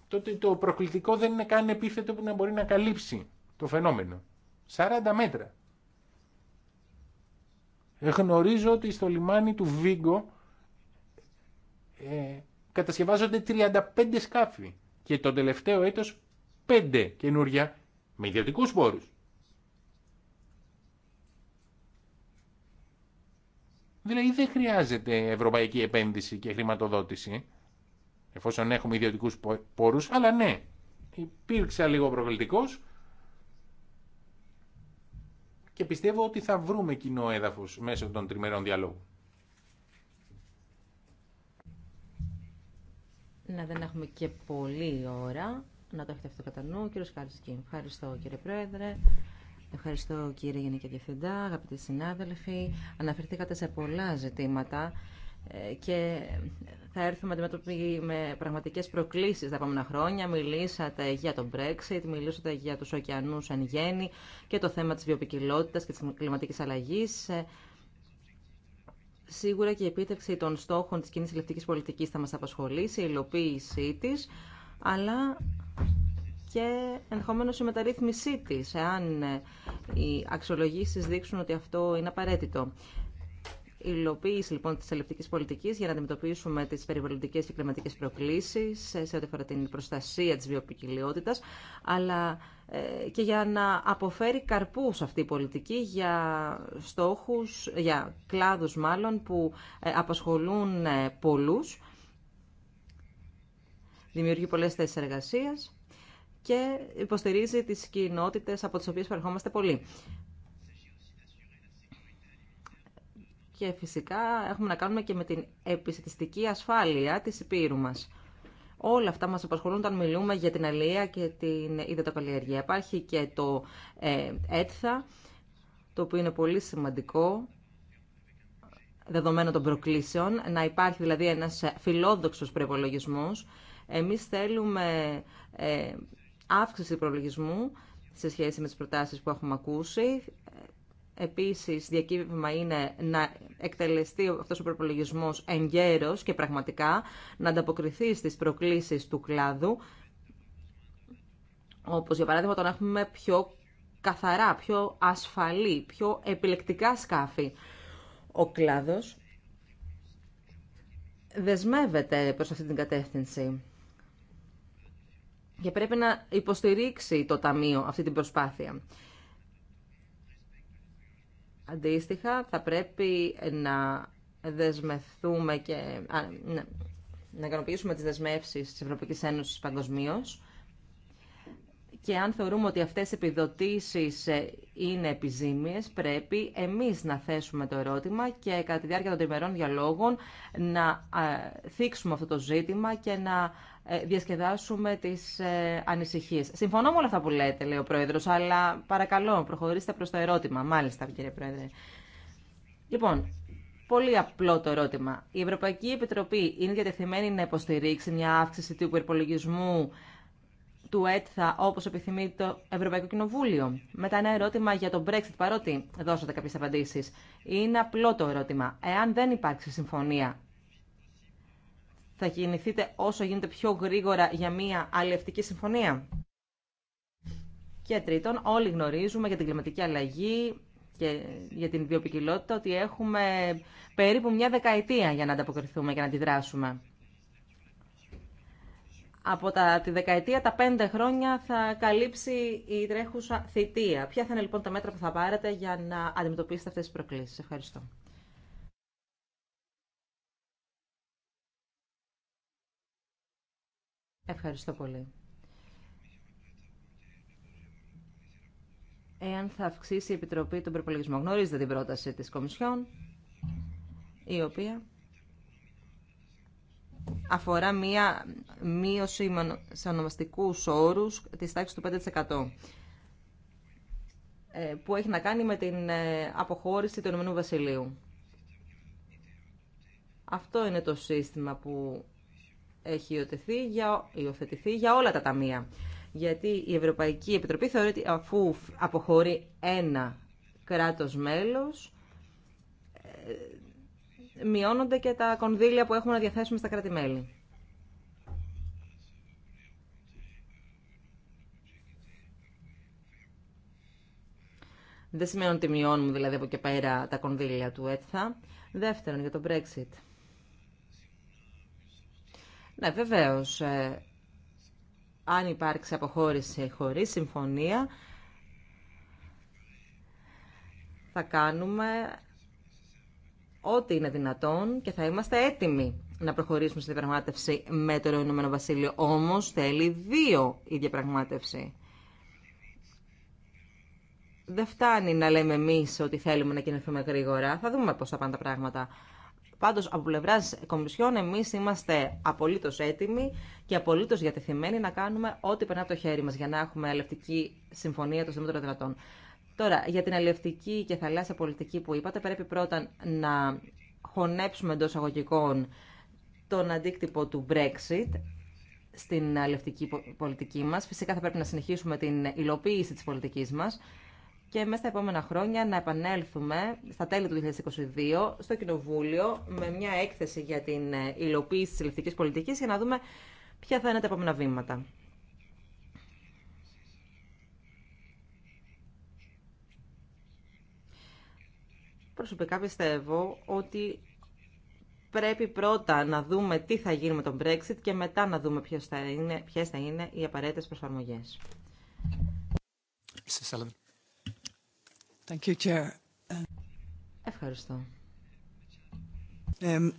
τότε το προκλητικό δεν είναι καν επίθετο που να μπορεί να καλύψει το φαινόμενο. 40 μέτρα. Γνωρίζω ότι στο λιμάνι του Βίγκο ε, κατασκευάζονται 35 σκάφη και το τελευταίο έτος 5 καινούρια με ιδιωτικού πόρους. Δηλαδή δεν χρειάζεται ευρωπαϊκή επένδυση και χρηματοδότηση, εφόσον έχουμε ιδιωτικούς πόρους, αλλά ναι, υπήρξα λίγο προκλητικός και πιστεύω ότι θα βρούμε κοινό έδαφος μέσω των τριμερών διαλόγων. Να δεν έχουμε και πολλή ώρα. Να το έχετε αυτό κατά νου. Κύριο Σκάλσκι, ευχαριστώ κύριε Πρόεδρε. Ευχαριστώ κύριε Γενική Διευθυντά, αγαπητοί συνάδελφοι. Αναφερθήκατε σε πολλά ζητήματα ε, και θα έρθουμε αντιμέτωποι με πραγματικές προκλήσεις τα επόμενα χρόνια. Μιλήσατε για το Brexit, μιλήσατε για τους ωκεανούς εν γέννη και το θέμα της βιοποικιλότητας και της κλιματικής αλλαγής. Ε, σίγουρα και η επίτευξη των στόχων της κοινή ελευθερικής πολιτικής θα μας απασχολήσει, η υλοποίησή της, αλλά και ενδεχομένω η μεταρρύθμισή τη, εάν ε, οι αξιολογήσεις δείξουν ότι αυτό είναι απαραίτητο. Η υλοποίηση λοιπόν τη ελευθερικής πολιτική για να αντιμετωπίσουμε τι περιβαλλοντικέ και κλιματικέ προκλήσει ε, σε ό,τι αφορά την προστασία τη βιοποικιλότητα, αλλά ε, και για να αποφέρει καρπού αυτή η πολιτική για στόχους, για κλάδους μάλλον που απασχολούν πολλούς, δημιουργεί πολλές θέσεις εργασίας και υποστηρίζει τις κοινότητες από τις οποίες προερχόμαστε πολύ. Και φυσικά έχουμε να κάνουμε και με την επιστηστική ασφάλεια της υπήρου μας. Όλα αυτά μας απασχολούν όταν μιλούμε για την αλληλεία και την ιδετοκαλλιεργία. Υπάρχει και το ε, έτθα, το οποίο είναι πολύ σημαντικό, δεδομένο των προκλήσεων, να υπάρχει δηλαδή ένας φιλόδοξος προπολογισμό. Εμείς θέλουμε ε, αύξηση προλογισμού σε σχέση με τις προτάσεις που έχουμε ακούσει. Επίσης, διακύβευμα είναι να εκτελεστεί αυτός ο προπολογισμός και πραγματικά να ανταποκριθεί στις προκλήσεις του κλάδου, όπως για παράδειγμα το να έχουμε πιο καθαρά, πιο ασφαλή, πιο επιλεκτικά σκάφη. Ο κλάδος δεσμεύεται προς αυτή την κατεύθυνση και πρέπει να υποστηρίξει το Ταμείο αυτή την προσπάθεια. Αντίστοιχα, θα πρέπει να δεσμευτούμε και να, να ικανοποιήσουμε τις δεσμεύσεις της Ευρωπαϊκής Ένωσης παγκοσμίω. Και αν θεωρούμε ότι αυτές οι επιδοτήσεις ε, είναι επιζήμιες, πρέπει εμείς να θέσουμε το ερώτημα και κατά τη διάρκεια των τριμερών διαλόγων να ε, θίξουμε αυτό το ζήτημα και να ε, διασκεδάσουμε τις ε, ανησυχίε. Συμφωνώ με όλα αυτά που λέτε, λέει ο Πρόεδρο, αλλά παρακαλώ προχωρήστε προ το ερώτημα. Μάλιστα, κύριε Πρόεδρε. Λοιπόν, πολύ απλό το ερώτημα. Η Ευρωπαϊκή Επιτροπή είναι διατεθειμένη να υποστηρίξει μια αύξηση του υπερπολογισμού του ΕΤΘΑ όπως επιθυμεί το Ευρωπαϊκό Κοινοβούλιο. Μετά ένα ερώτημα για τον Brexit, παρότι δώσατε κάποιες απαντήσεις. Είναι απλό το ερώτημα. Εάν δεν υπάρξει συμφωνία θα κινηθείτε όσο γίνεται πιο γρήγορα για μια αλληλευτική συμφωνία. Και τρίτον, όλοι γνωρίζουμε για την κλιματική αλλαγή και για την βιοπικιλότητα ότι έχουμε περίπου μια δεκαετία για να ανταποκριθούμε και να αντιδράσουμε. Από τα, τη δεκαετία, τα πέντε χρόνια θα καλύψει η τρέχουσα θητεία. Ποια θα είναι λοιπόν τα μέτρα που θα πάρετε για να αντιμετωπίσετε αυτές τις προκλήσεις. Ευχαριστώ. Ευχαριστώ πολύ. Εάν θα αυξήσει η Επιτροπή τον προπολογισμό. Γνωρίζετε την πρόταση της Κομισιόν, η οποία αφορά μία μείωση σε ονομαστικούς όρους της τάξης του 5% ε, που έχει να κάνει με την ε, αποχώρηση του Ηνωμένου Βασιλείου. Αυτό είναι το σύστημα που έχει υιοθετηθεί για, υιοθετηθεί για όλα τα ταμεία. Γιατί η Ευρωπαϊκή Επιτροπή θεωρεί ότι αφού αποχωρεί ένα κράτος μέλος, ε, μειώνονται και τα κονδύλια που έχουμε να διαθέσουμε στα κράτη-μέλη. Δεν σημαίνει ότι μειώνουμε δηλαδή από και πέρα τα κονδύλια του ΕΤΘΑ. Δεύτερον, για το Brexit. Ναι, βεβαίως. Ε, αν υπάρξει αποχώρηση χωρίς συμφωνία, θα κάνουμε ό,τι είναι δυνατόν και θα είμαστε έτοιμοι να προχωρήσουμε στη διαπραγμάτευση με το Ηνωμένο Βασίλειο. Όμως θέλει δύο η διαπραγμάτευση. Δεν φτάνει να λέμε εμείς ότι θέλουμε να κινηθούμε γρήγορα. Θα δούμε πώς θα πάνε τα πράγματα. Πάντως, από πλευρά Κομισιόν, εμείς είμαστε απολύτως έτοιμοι και απολύτως διατεθειμένοι να κάνουμε ό,τι περνά από το χέρι μας για να έχουμε αλληλευτική συμφωνία των συντομότερων δυνατών. Τώρα, για την αλληλευτική και θαλάσσια πολιτική που είπατε, πρέπει πρώτα να χωνέψουμε εντό αγωγικών τον αντίκτυπο του Brexit στην αλληλευτική πολιτική μας. Φυσικά θα πρέπει να συνεχίσουμε την υλοποίηση της πολιτικής μας και μέσα στα επόμενα χρόνια να επανέλθουμε στα τέλη του 2022 στο Κοινοβούλιο με μια έκθεση για την ε, υλοποίηση της ελευθερικής πολιτικής για να δούμε ποια θα είναι τα επόμενα βήματα. Προσωπικά πιστεύω ότι πρέπει πρώτα να δούμε τι θα γίνει με τον Brexit και μετά να δούμε ποιες θα είναι, ποιες θα είναι οι απαραίτητες προσαρμογές. Σε Thank you, Ευχαριστώ. Um,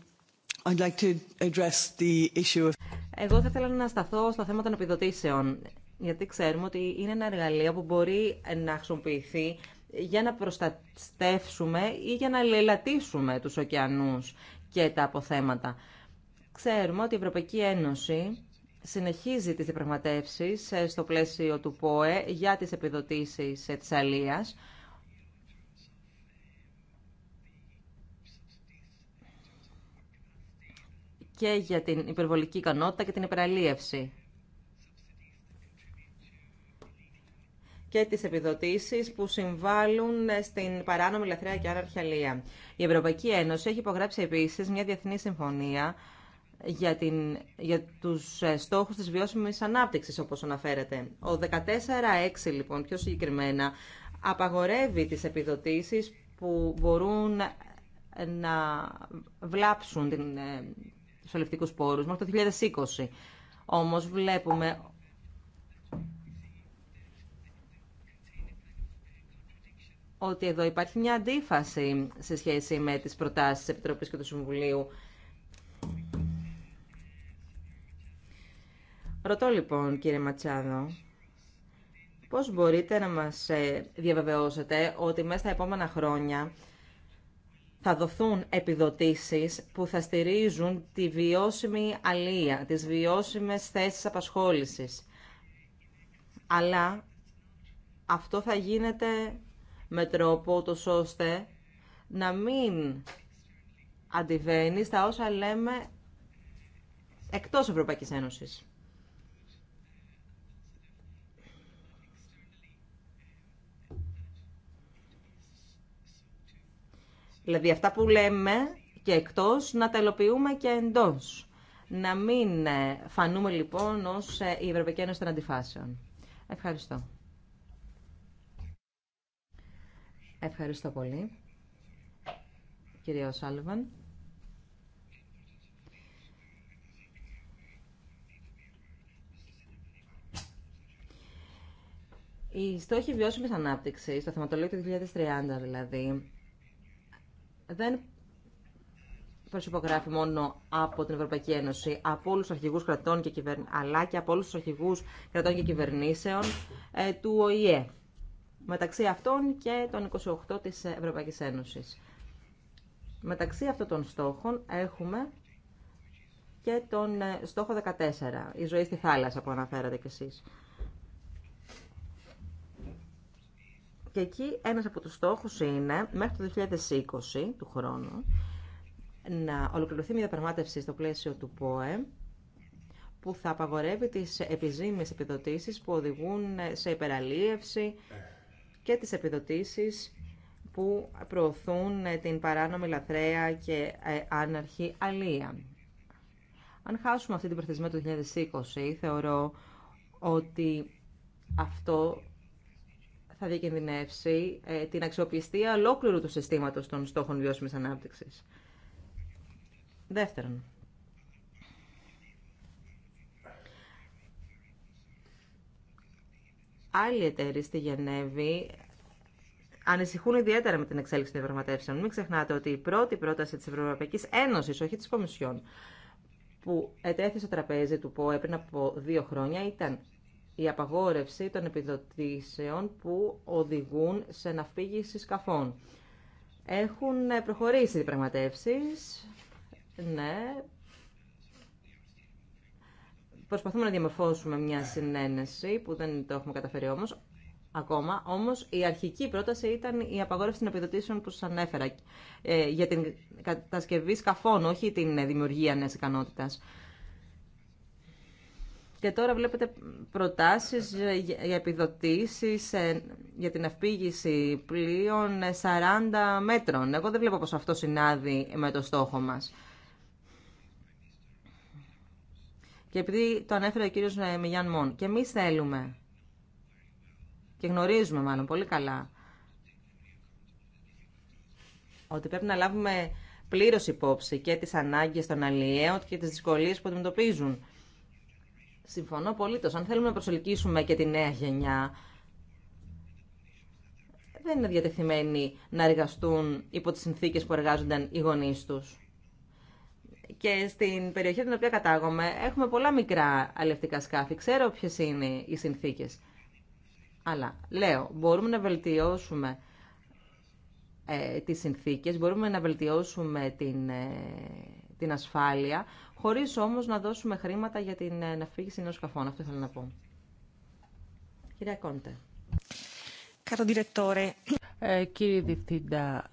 Εγώ θα ήθελα να σταθώ στο θέμα των επιδοτήσεων, γιατί ξέρουμε ότι είναι ένα εργαλείο που μπορεί να χρησιμοποιηθεί για να προστατεύσουμε ή για να λελατίσουμε τους ωκεανούς και τα αποθέματα. Ξέρουμε ότι η Ευρωπαϊκή Ένωση συνεχίζει τις διαπραγματεύσεις ε, στο πλαίσιο του ΠΟΕ για τις επιδοτήσεις ε, της αλίας. και για την υπερβολική ικανότητα και την υπεραλίευση. και τις επιδοτήσεις που συμβάλλουν στην παράνομη λαθρέα και άναρχη Η Ευρωπαϊκή Ένωση έχει υπογράψει επίσης μια διεθνή συμφωνία για, την, για τους ε, στόχους της βιώσιμης ανάπτυξης, όπως αναφέρεται. Ο 14-6, λοιπόν, πιο συγκεκριμένα, απαγορεύει τις επιδοτήσεις που μπορούν να βλάψουν την ε, αλευτικούς πόρου μέχρι το 2020. Όμω βλέπουμε ότι εδώ υπάρχει μια αντίφαση σε σχέση με τις προτάσεις της Επιτροπής και του Συμβουλίου. Ρωτώ λοιπόν κύριε Ματσάδο, πώς μπορείτε να μας ε, διαβεβαιώσετε ότι μέσα στα επόμενα χρόνια θα δοθούν επιδοτήσεις που θα στηρίζουν τη βιώσιμη αλία, τις βιώσιμες θέσεις απασχόλησης. Αλλά αυτό θα γίνεται με τρόπο το ώστε να μην αντιβαίνει στα όσα λέμε εκτός Ευρωπαϊκής Ένωσης. Δηλαδή αυτά που λέμε και εκτός να τα ελοποιούμε και εντός. Να μην ε, φανούμε λοιπόν ως ε, η Ευρωπαϊκή Ένωση των Αντιφάσεων. Ευχαριστώ. Ευχαριστώ πολύ. κύριε Σάλβαν. Οι στόχοι βιώσιμη ανάπτυξη, στο θεματολόγιο του 2030 δηλαδή, δεν προσυπογράφει μόνο από την Ευρωπαϊκή Ένωση, από κρατών και κυβερνήσεων, αλλά και από όλου του αρχηγού κρατών και κυβερνήσεων του ΟΗΕ. Μεταξύ αυτών και των 28 της Ευρωπαϊκής Ένωσης. Μεταξύ αυτών των στόχων έχουμε και τον ε, στόχο 14, η ζωή στη θάλασσα που αναφέρατε κι εσείς. Και εκεί ένας από τους στόχους είναι μέχρι το 2020 του χρόνου να ολοκληρωθεί μια διαπραγμάτευση στο πλαίσιο του ΠΟΕ που θα απαγορεύει τις επιζήμιες επιδοτήσεις που οδηγούν σε υπεραλίευση και τις επιδοτήσεις που προωθούν την παράνομη λαθρέα και ε, άναρχη αλία. Αν χάσουμε αυτή την προθεσμία του 2020, θεωρώ ότι αυτό θα διακινδυνεύσει ε, την αξιοπιστία ολόκληρου του συστήματος των στόχων βιώσιμης ανάπτυξης. Δεύτερον, άλλοι εταίροι στη Γενέβη ανησυχούν ιδιαίτερα με την εξέλιξη των διαπραγματεύσεων. Μην ξεχνάτε ότι η πρώτη πρόταση της Ευρωπαϊκής Ένωσης, όχι της Κομισιόν, που ετέθησε στο τραπέζι του ΠΟΕ πριν από δύο χρόνια ήταν η απαγόρευση των επιδοτήσεων που οδηγούν σε ναυπήγηση σκαφών. Έχουν προχωρήσει οι πραγματεύσεις. Ναι. Προσπαθούμε να διαμορφώσουμε μια συνένεση που δεν το έχουμε καταφέρει όμως. Ακόμα, όμως η αρχική πρόταση ήταν η απαγόρευση των επιδοτήσεων που σας ανέφερα ε, για την κατασκευή σκαφών, όχι την δημιουργία νέας ικανότητας. Και τώρα βλέπετε προτάσεις για επιδοτήσεις ε, για την αυπήγηση πλοίων 40 ε, μέτρων. Εγώ δεν βλέπω πως αυτό συνάδει με το στόχο μας. Και επειδή το ανέφερε ο κύριος ε, Μιγιάν Μον, και εμείς θέλουμε και γνωρίζουμε μάλλον πολύ καλά ότι πρέπει να λάβουμε πλήρως υπόψη και τις ανάγκες των αλλιέων και τις δυσκολίες που αντιμετωπίζουν. Συμφωνώ απολύτω. Αν θέλουμε να προσελκύσουμε και τη νέα γενιά, δεν είναι διατεθειμένοι να εργαστούν υπό τι συνθήκες που εργάζονταν οι γονεί τους. Και στην περιοχή την οποία κατάγομαι έχουμε πολλά μικρά αλευτικά σκάφη. Ξέρω ποιε είναι οι συνθήκες. Αλλά λέω, μπορούμε να βελτιώσουμε ε, τις συνθήκες, μπορούμε να βελτιώσουμε την ε, την ασφάλεια, χωρίς όμως να δώσουμε χρήματα για την ε, ναυπήγηση νοσκαφών. Αυτό ήθελα να πω. Κυρία Κόντε. Ε, κύριε Διευθύντα,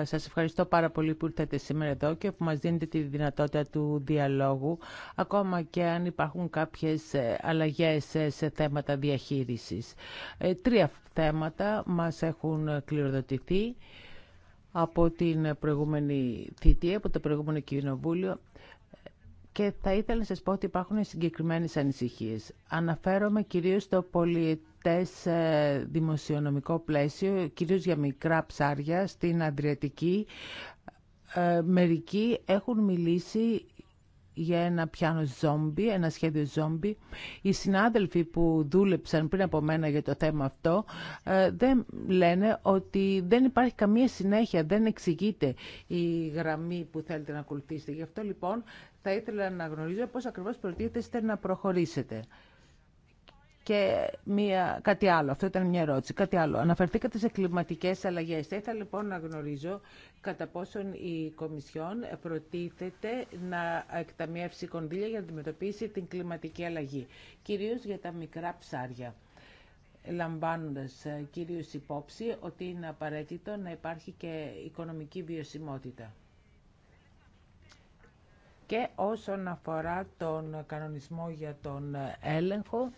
ε, σας ευχαριστώ πάρα πολύ που ήρθατε σήμερα εδώ και που μας δίνετε τη δυνατότητα του διαλόγου, ακόμα και αν υπάρχουν κάποιες ε, αλλαγές ε, σε θέματα διαχείρισης. Ε, τρία θέματα μας έχουν κληροδοτηθεί από την προηγούμενη θητεία, από το προηγούμενο κοινοβούλιο και θα ήθελα να σας πω ότι υπάρχουν συγκεκριμένες ανησυχίες. Αναφέρομαι κυρίως στο πολιετές ε, δημοσιονομικό πλαίσιο, κυρίως για μικρά ψάρια στην Αντριατική. Ε, μερικοί έχουν μιλήσει για ένα πιάνο ζόμπι, ένα σχέδιο ζόμπι. Οι συνάδελφοι που δούλεψαν πριν από μένα για το θέμα αυτό ε, δεν λένε ότι δεν υπάρχει καμία συνέχεια, δεν εξηγείται η γραμμή που θέλετε να ακολουθήσετε. Γι' αυτό λοιπόν θα ήθελα να γνωρίζω πώς ακριβώς προτίθεστε να προχωρήσετε. Και μία, κάτι άλλο, αυτό ήταν μια ερώτηση, κάτι άλλο. Αναφερθήκατε σε κλιματικές αλλαγές. Θα ήθελα λοιπόν να γνωρίζω κατά πόσον η Κομισιόν προτίθεται να εκταμιεύσει κονδύλια για να αντιμετωπίσει την κλιματική αλλαγή, κυρίως για τα μικρά ψάρια λαμβάνοντας ε, κυρίως υπόψη ότι είναι απαραίτητο να υπάρχει και οικονομική βιωσιμότητα. Και όσον αφορά τον κανονισμό για τον έλεγχο,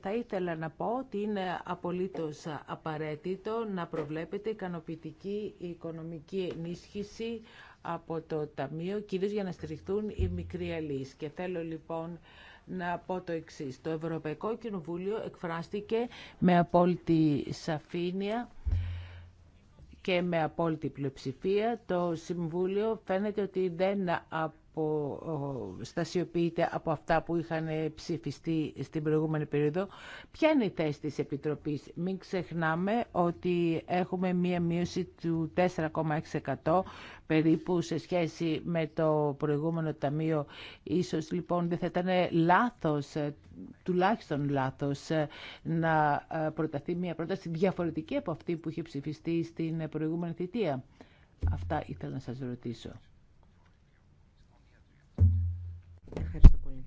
θα ήθελα να πω ότι είναι απολύτως απαραίτητο να προβλέπεται ικανοποιητική οικονομική ενίσχυση από το Ταμείο, κυρίως για να στηριχτούν οι μικροί αλείς. Και θέλω λοιπόν να πω το εξή. Το Ευρωπαϊκό Κοινοβούλιο εκφράστηκε με απόλυτη σαφήνεια και με απόλυτη πλειοψηφία. Το Συμβούλιο φαίνεται ότι δεν που στασιοποιείται από αυτά που είχαν ψηφιστεί στην προηγούμενη περίοδο. Ποια είναι η θέση της Επιτροπής. Μην ξεχνάμε ότι έχουμε μία μείωση του 4,6% περίπου σε σχέση με το προηγούμενο ταμείο. Ίσως λοιπόν δεν θα ήταν λάθος, τουλάχιστον λάθος, να ε, προταθεί μία πρόταση διαφορετική από αυτή που είχε ψηφιστεί στην προηγούμενη θητεία. Αυτά ήθελα να σας ρωτήσω. Ευχαριστώ πολύ.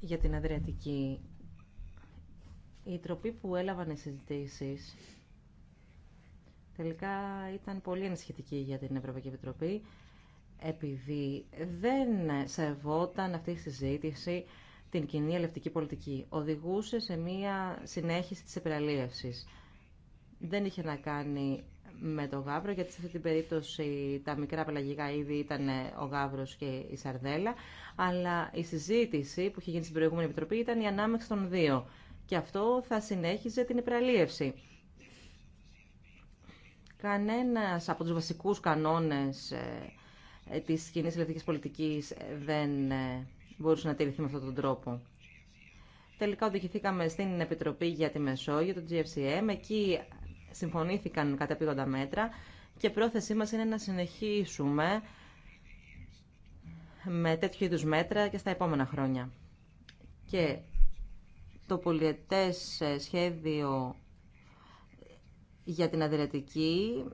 Για την Αδριατική, η τροπή που έλαβαν οι συζητήσει τελικά ήταν πολύ ενισχυτική για την Ευρωπαϊκή Επιτροπή επειδή δεν σεβόταν αυτή η συζήτηση την κοινή ελευτική πολιτική. Οδηγούσε σε μία συνέχιση της επηραλίευσης. Δεν είχε να κάνει με το γάβρο, γιατί σε αυτή την περίπτωση τα μικρά πελαγικά είδη ήταν ο γάβρος και η σαρδέλα, αλλά η συζήτηση που είχε γίνει στην προηγούμενη επιτροπή ήταν η ανάμεξη των δύο. Και αυτό θα συνέχιζε την υπεραλίευση. Κανένας από τους βασικούς κανόνες ε, της κοινή ελευθερικής πολιτικής δεν ε, μπορούσε να τηρηθεί με αυτόν τον τρόπο. Τελικά οδηγηθήκαμε στην Επιτροπή για τη Μεσόγειο, το GFCM. Εκεί συμφωνήθηκαν κατά κατεπήγοντα μέτρα και πρόθεσή μας είναι να συνεχίσουμε με τέτοιου είδους μέτρα και στα επόμενα χρόνια. Και το πολιετές σχέδιο για την Αδριατική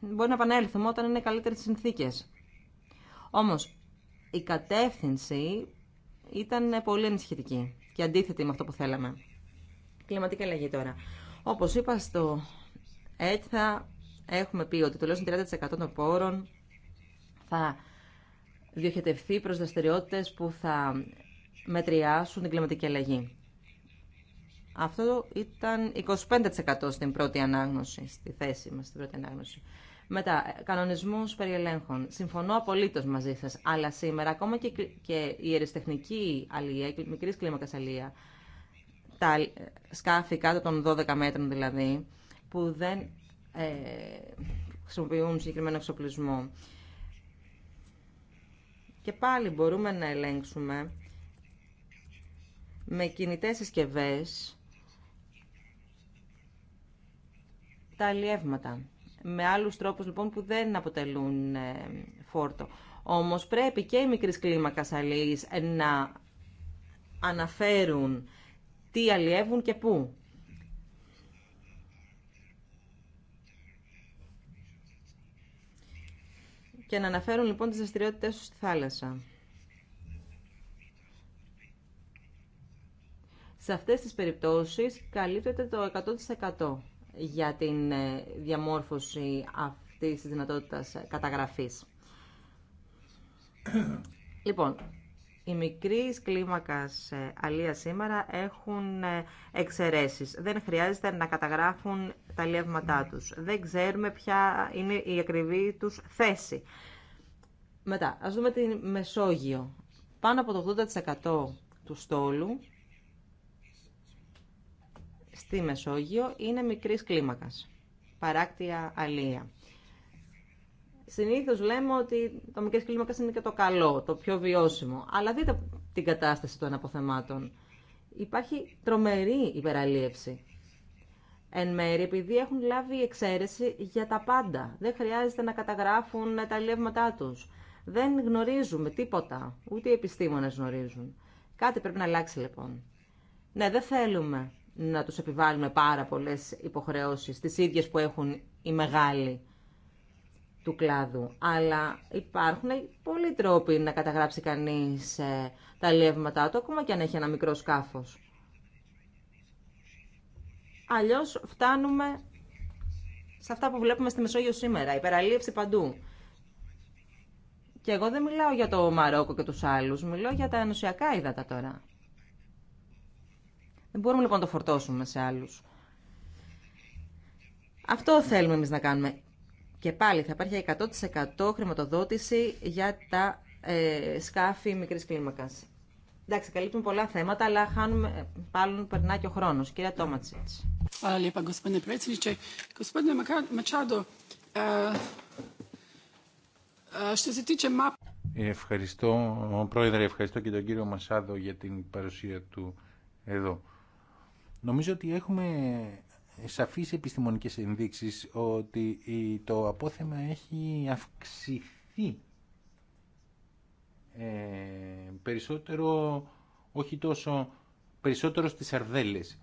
μπορεί να επανέλθουμε όταν είναι καλύτερες συνθήκες. Όμως, η κατεύθυνση ήταν πολύ ενισχυτική και αντίθετη με αυτό που θέλαμε. Κλιματική αλλαγή τώρα. Όπως είπα στο ΕΤΘΑ έχουμε πει ότι λέω 30% των πόρων θα διοχετευθεί προς δραστηριότητε που θα μετριάσουν την κλιματική αλλαγή. Αυτό ήταν 25% στην πρώτη ανάγνωση, στη θέση μας στην πρώτη ανάγνωση. Μετά, κανονισμούς περιελέγχων. Συμφωνώ απολύτως μαζί σας, αλλά σήμερα ακόμα και, η αεριστεχνική αλληλεία, η μικρής κλίμακας αλληλεία, τα σκάφη κάτω των 12 μέτρων δηλαδή, που δεν ε, χρησιμοποιούν συγκεκριμένο εξοπλισμό. Και πάλι μπορούμε να ελέγξουμε με κινητές συσκευές τα αλλιεύματα. Με άλλους τρόπους λοιπόν που δεν αποτελούν ε, φόρτο. Όμως πρέπει και οι μικρές κλίμακας να αναφέρουν τι αλλιεύουν και πού. Και να αναφέρουν λοιπόν τις δραστηριότητε στη θάλασσα. Σε αυτές τις περιπτώσεις καλύπτεται το 100% για την ε, διαμόρφωση αυτής της δυνατότητας καταγραφής. Λοιπόν, οι μικρή κλίμακα ε, αλία σήμερα έχουν ε, εξαιρέσει. Δεν χρειάζεται να καταγράφουν τα λεύματά ναι. τους. Δεν ξέρουμε ποια είναι η ακριβή τους θέση. Μετά, ας δούμε τη Μεσόγειο. Πάνω από το 80% του στόλου στη Μεσόγειο είναι μικρής κλίμακας. Παράκτια αλία Συνήθως λέμε ότι το μικρές κλίμακε είναι και το καλό, το πιο βιώσιμο. Αλλά δείτε την κατάσταση των αποθεμάτων. Υπάρχει τρομερή υπεραλίευση. Εν μέρη επειδή έχουν λάβει εξαίρεση για τα πάντα. Δεν χρειάζεται να καταγράφουν τα αλλιεύματά τους. Δεν γνωρίζουμε τίποτα. Ούτε οι επιστήμονες γνωρίζουν. Κάτι πρέπει να αλλάξει λοιπόν. Ναι, δεν θέλουμε να τους επιβάλλουμε πάρα πολλές υποχρεώσεις, τις ίδιες που έχουν οι μεγάλοι του κλάδου. Αλλά υπάρχουν πολλοί τρόποι να καταγράψει κανείς ε, τα λεύματά του, ακόμα και αν έχει ένα μικρό σκάφος. Αλλιώς φτάνουμε σε αυτά που βλέπουμε στη Μεσόγειο σήμερα, υπεραλίευση παντού. Και εγώ δεν μιλάω για το Μαρόκο και τους άλλους, μιλάω για τα ενωσιακά ύδατα τώρα. Δεν μπορούμε λοιπόν να το φορτώσουμε σε άλλους. Αυτό θέλουμε εμείς να κάνουμε. Και πάλι θα υπάρχει 100% χρηματοδότηση για τα ε, σκάφη μικρή κλίμακα. Εντάξει, καλύπτουμε πολλά θέματα, αλλά χάνουμε, ε, πάλι περνά και ο χρόνο. Κυρία Τόματσιτ. Eh, eh, ευχαριστώ, Πρόεδρε, ευχαριστώ και τον κύριο Μασάδο για την παρουσία του εδώ. Νομίζω ότι έχουμε σαφείς επιστημονικές ενδείξεις ότι το απόθεμα έχει αυξηθεί ε, περισσότερο, όχι τόσο, περισσότερο στις αρδέλες.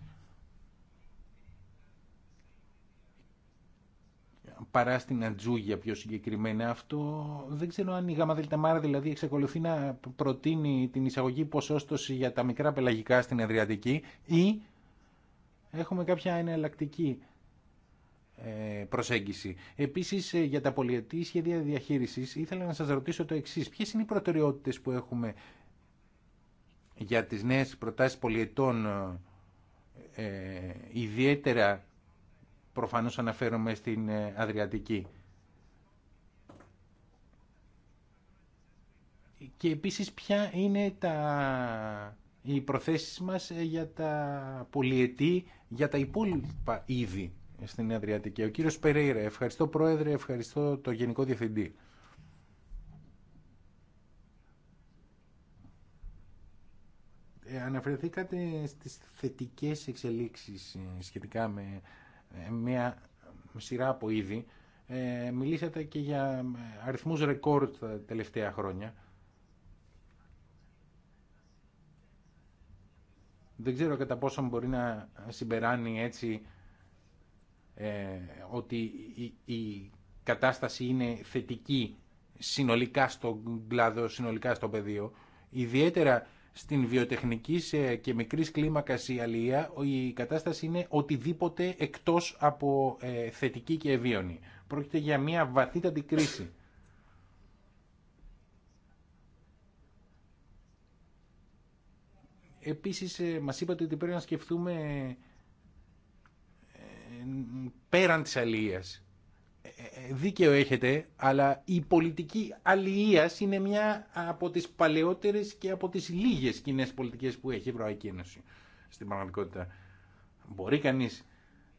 παρά στην Ατζούγια πιο συγκεκριμένα. Αυτό δεν ξέρω αν η ΓΑΜΑ δηλαδή εξακολουθεί να προτείνει την εισαγωγή ποσόστοση για τα μικρά πελαγικά στην Αδριατική ή έχουμε κάποια εναλλακτική ε, προσέγγιση. Επίσης, ε, για τα πολιετή σχέδια διαχείρισης, ήθελα να σας ρωτήσω το εξής. Ποιες είναι οι προτεραιότητες που έχουμε για τις νέες προτάσεις πολιετών, ε, ιδιαίτερα προφανώς αναφέρομαι στην Αδριατική. Και επίσης ποια είναι τα οι προθέσει μας ε, για τα πολιετή, για τα υπόλοιπα είδη στην Αδριατική. Ο κύριο Περέιρα, ευχαριστώ Πρόεδρε, ευχαριστώ το Γενικό Διευθυντή. Ε, αναφερθήκατε στις θετικές εξελίξεις ε, σχετικά με μια σειρά από είδη. μιλήσατε και για αριθμούς ρεκόρ τα τελευταία χρόνια. Δεν ξέρω κατά πόσο μπορεί να συμπεράνει έτσι ε, ότι η, κατάσταση είναι θετική συνολικά στον κλάδο, συνολικά στο πεδίο. Ιδιαίτερα στην βιοτεχνική και μικρή κλίμακα η αλληλεία η κατάσταση είναι οτιδήποτε εκτός από ε, θετική και ευίωνη. Πρόκειται για μια βαθύτατη κρίση Επίσης ε, μα είπατε ότι πρέπει να σκεφτούμε ε, πέραν της αλληλείας. Ε, δίκαιο έχετε, αλλά η πολιτική αλληλείας είναι μια από τις παλαιότερες και από τις λίγες κοινέ πολιτικές που έχει η Ευρωπαϊκή Ένωση στην πραγματικότητα. Μπορεί κανείς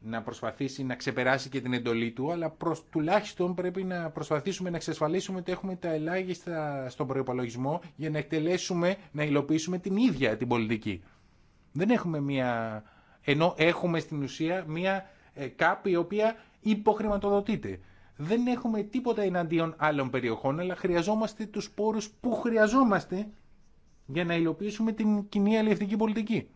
να προσπαθήσει να ξεπεράσει και την εντολή του, αλλά προς, τουλάχιστον πρέπει να προσπαθήσουμε να εξασφαλίσουμε ότι έχουμε τα ελάχιστα στον προπολογισμό για να εκτελέσουμε, να υλοποιήσουμε την ίδια την πολιτική. Δεν έχουμε μία, ενώ έχουμε στην ουσία μία ε, κάπη η οποία υποχρηματοδοτείται. Δεν έχουμε τίποτα εναντίον άλλων περιοχών, αλλά χρειαζόμαστε τους πόρους που χρειαζόμαστε για να υλοποιήσουμε την κοινή αλληλευτική πολιτική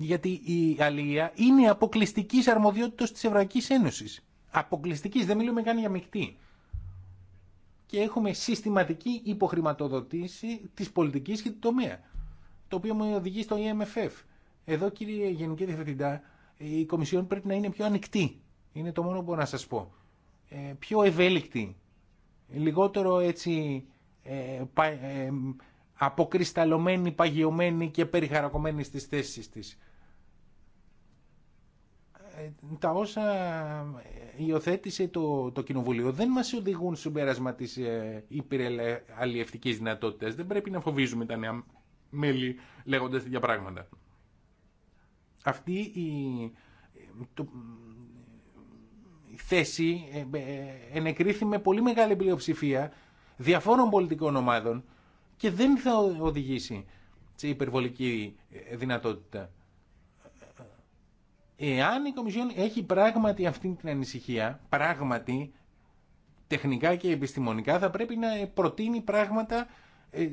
γιατί η αλληλεία είναι αποκλειστική αρμοδιότητα τη Ευρωπαϊκή Ένωση. Αποκλειστική, δεν μιλούμε καν για μεικτή. Και έχουμε συστηματική υποχρηματοδοτήση τη πολιτική και του τομέα, το οποίο μου οδηγεί στο EMFF. Εδώ κύριε Γενική Διευθυντά, η Κομισιόν πρέπει να είναι πιο ανοιχτή. Είναι το μόνο που μπορώ να σα πω. Ε, πιο ευέλικτη. Λιγότερο έτσι ε, πα, ε, αποκρισταλωμένη, παγιωμένη και περιχαρακωμένη στις θέσεις τη τα όσα ε, υιοθέτησε το, το Κοινοβουλίο δεν μας οδηγούν στο πέρασμα της ε, δυνατότητα. δυνατότητας. Δεν πρέπει να φοβίζουμε τα νέα μέλη λέγοντας τέτοια πράγματα. Αυτή η, θέση ε, ε, ενεκρίθη με πολύ μεγάλη πλειοψηφία διαφόρων πολιτικών ομάδων και δεν θα οδηγήσει σε υπερβολική ε, δυνατότητα. Εάν η Κομισιόν έχει πράγματι αυτή την ανησυχία, πράγματι, τεχνικά και επιστημονικά, θα πρέπει να προτείνει πράγματα ε,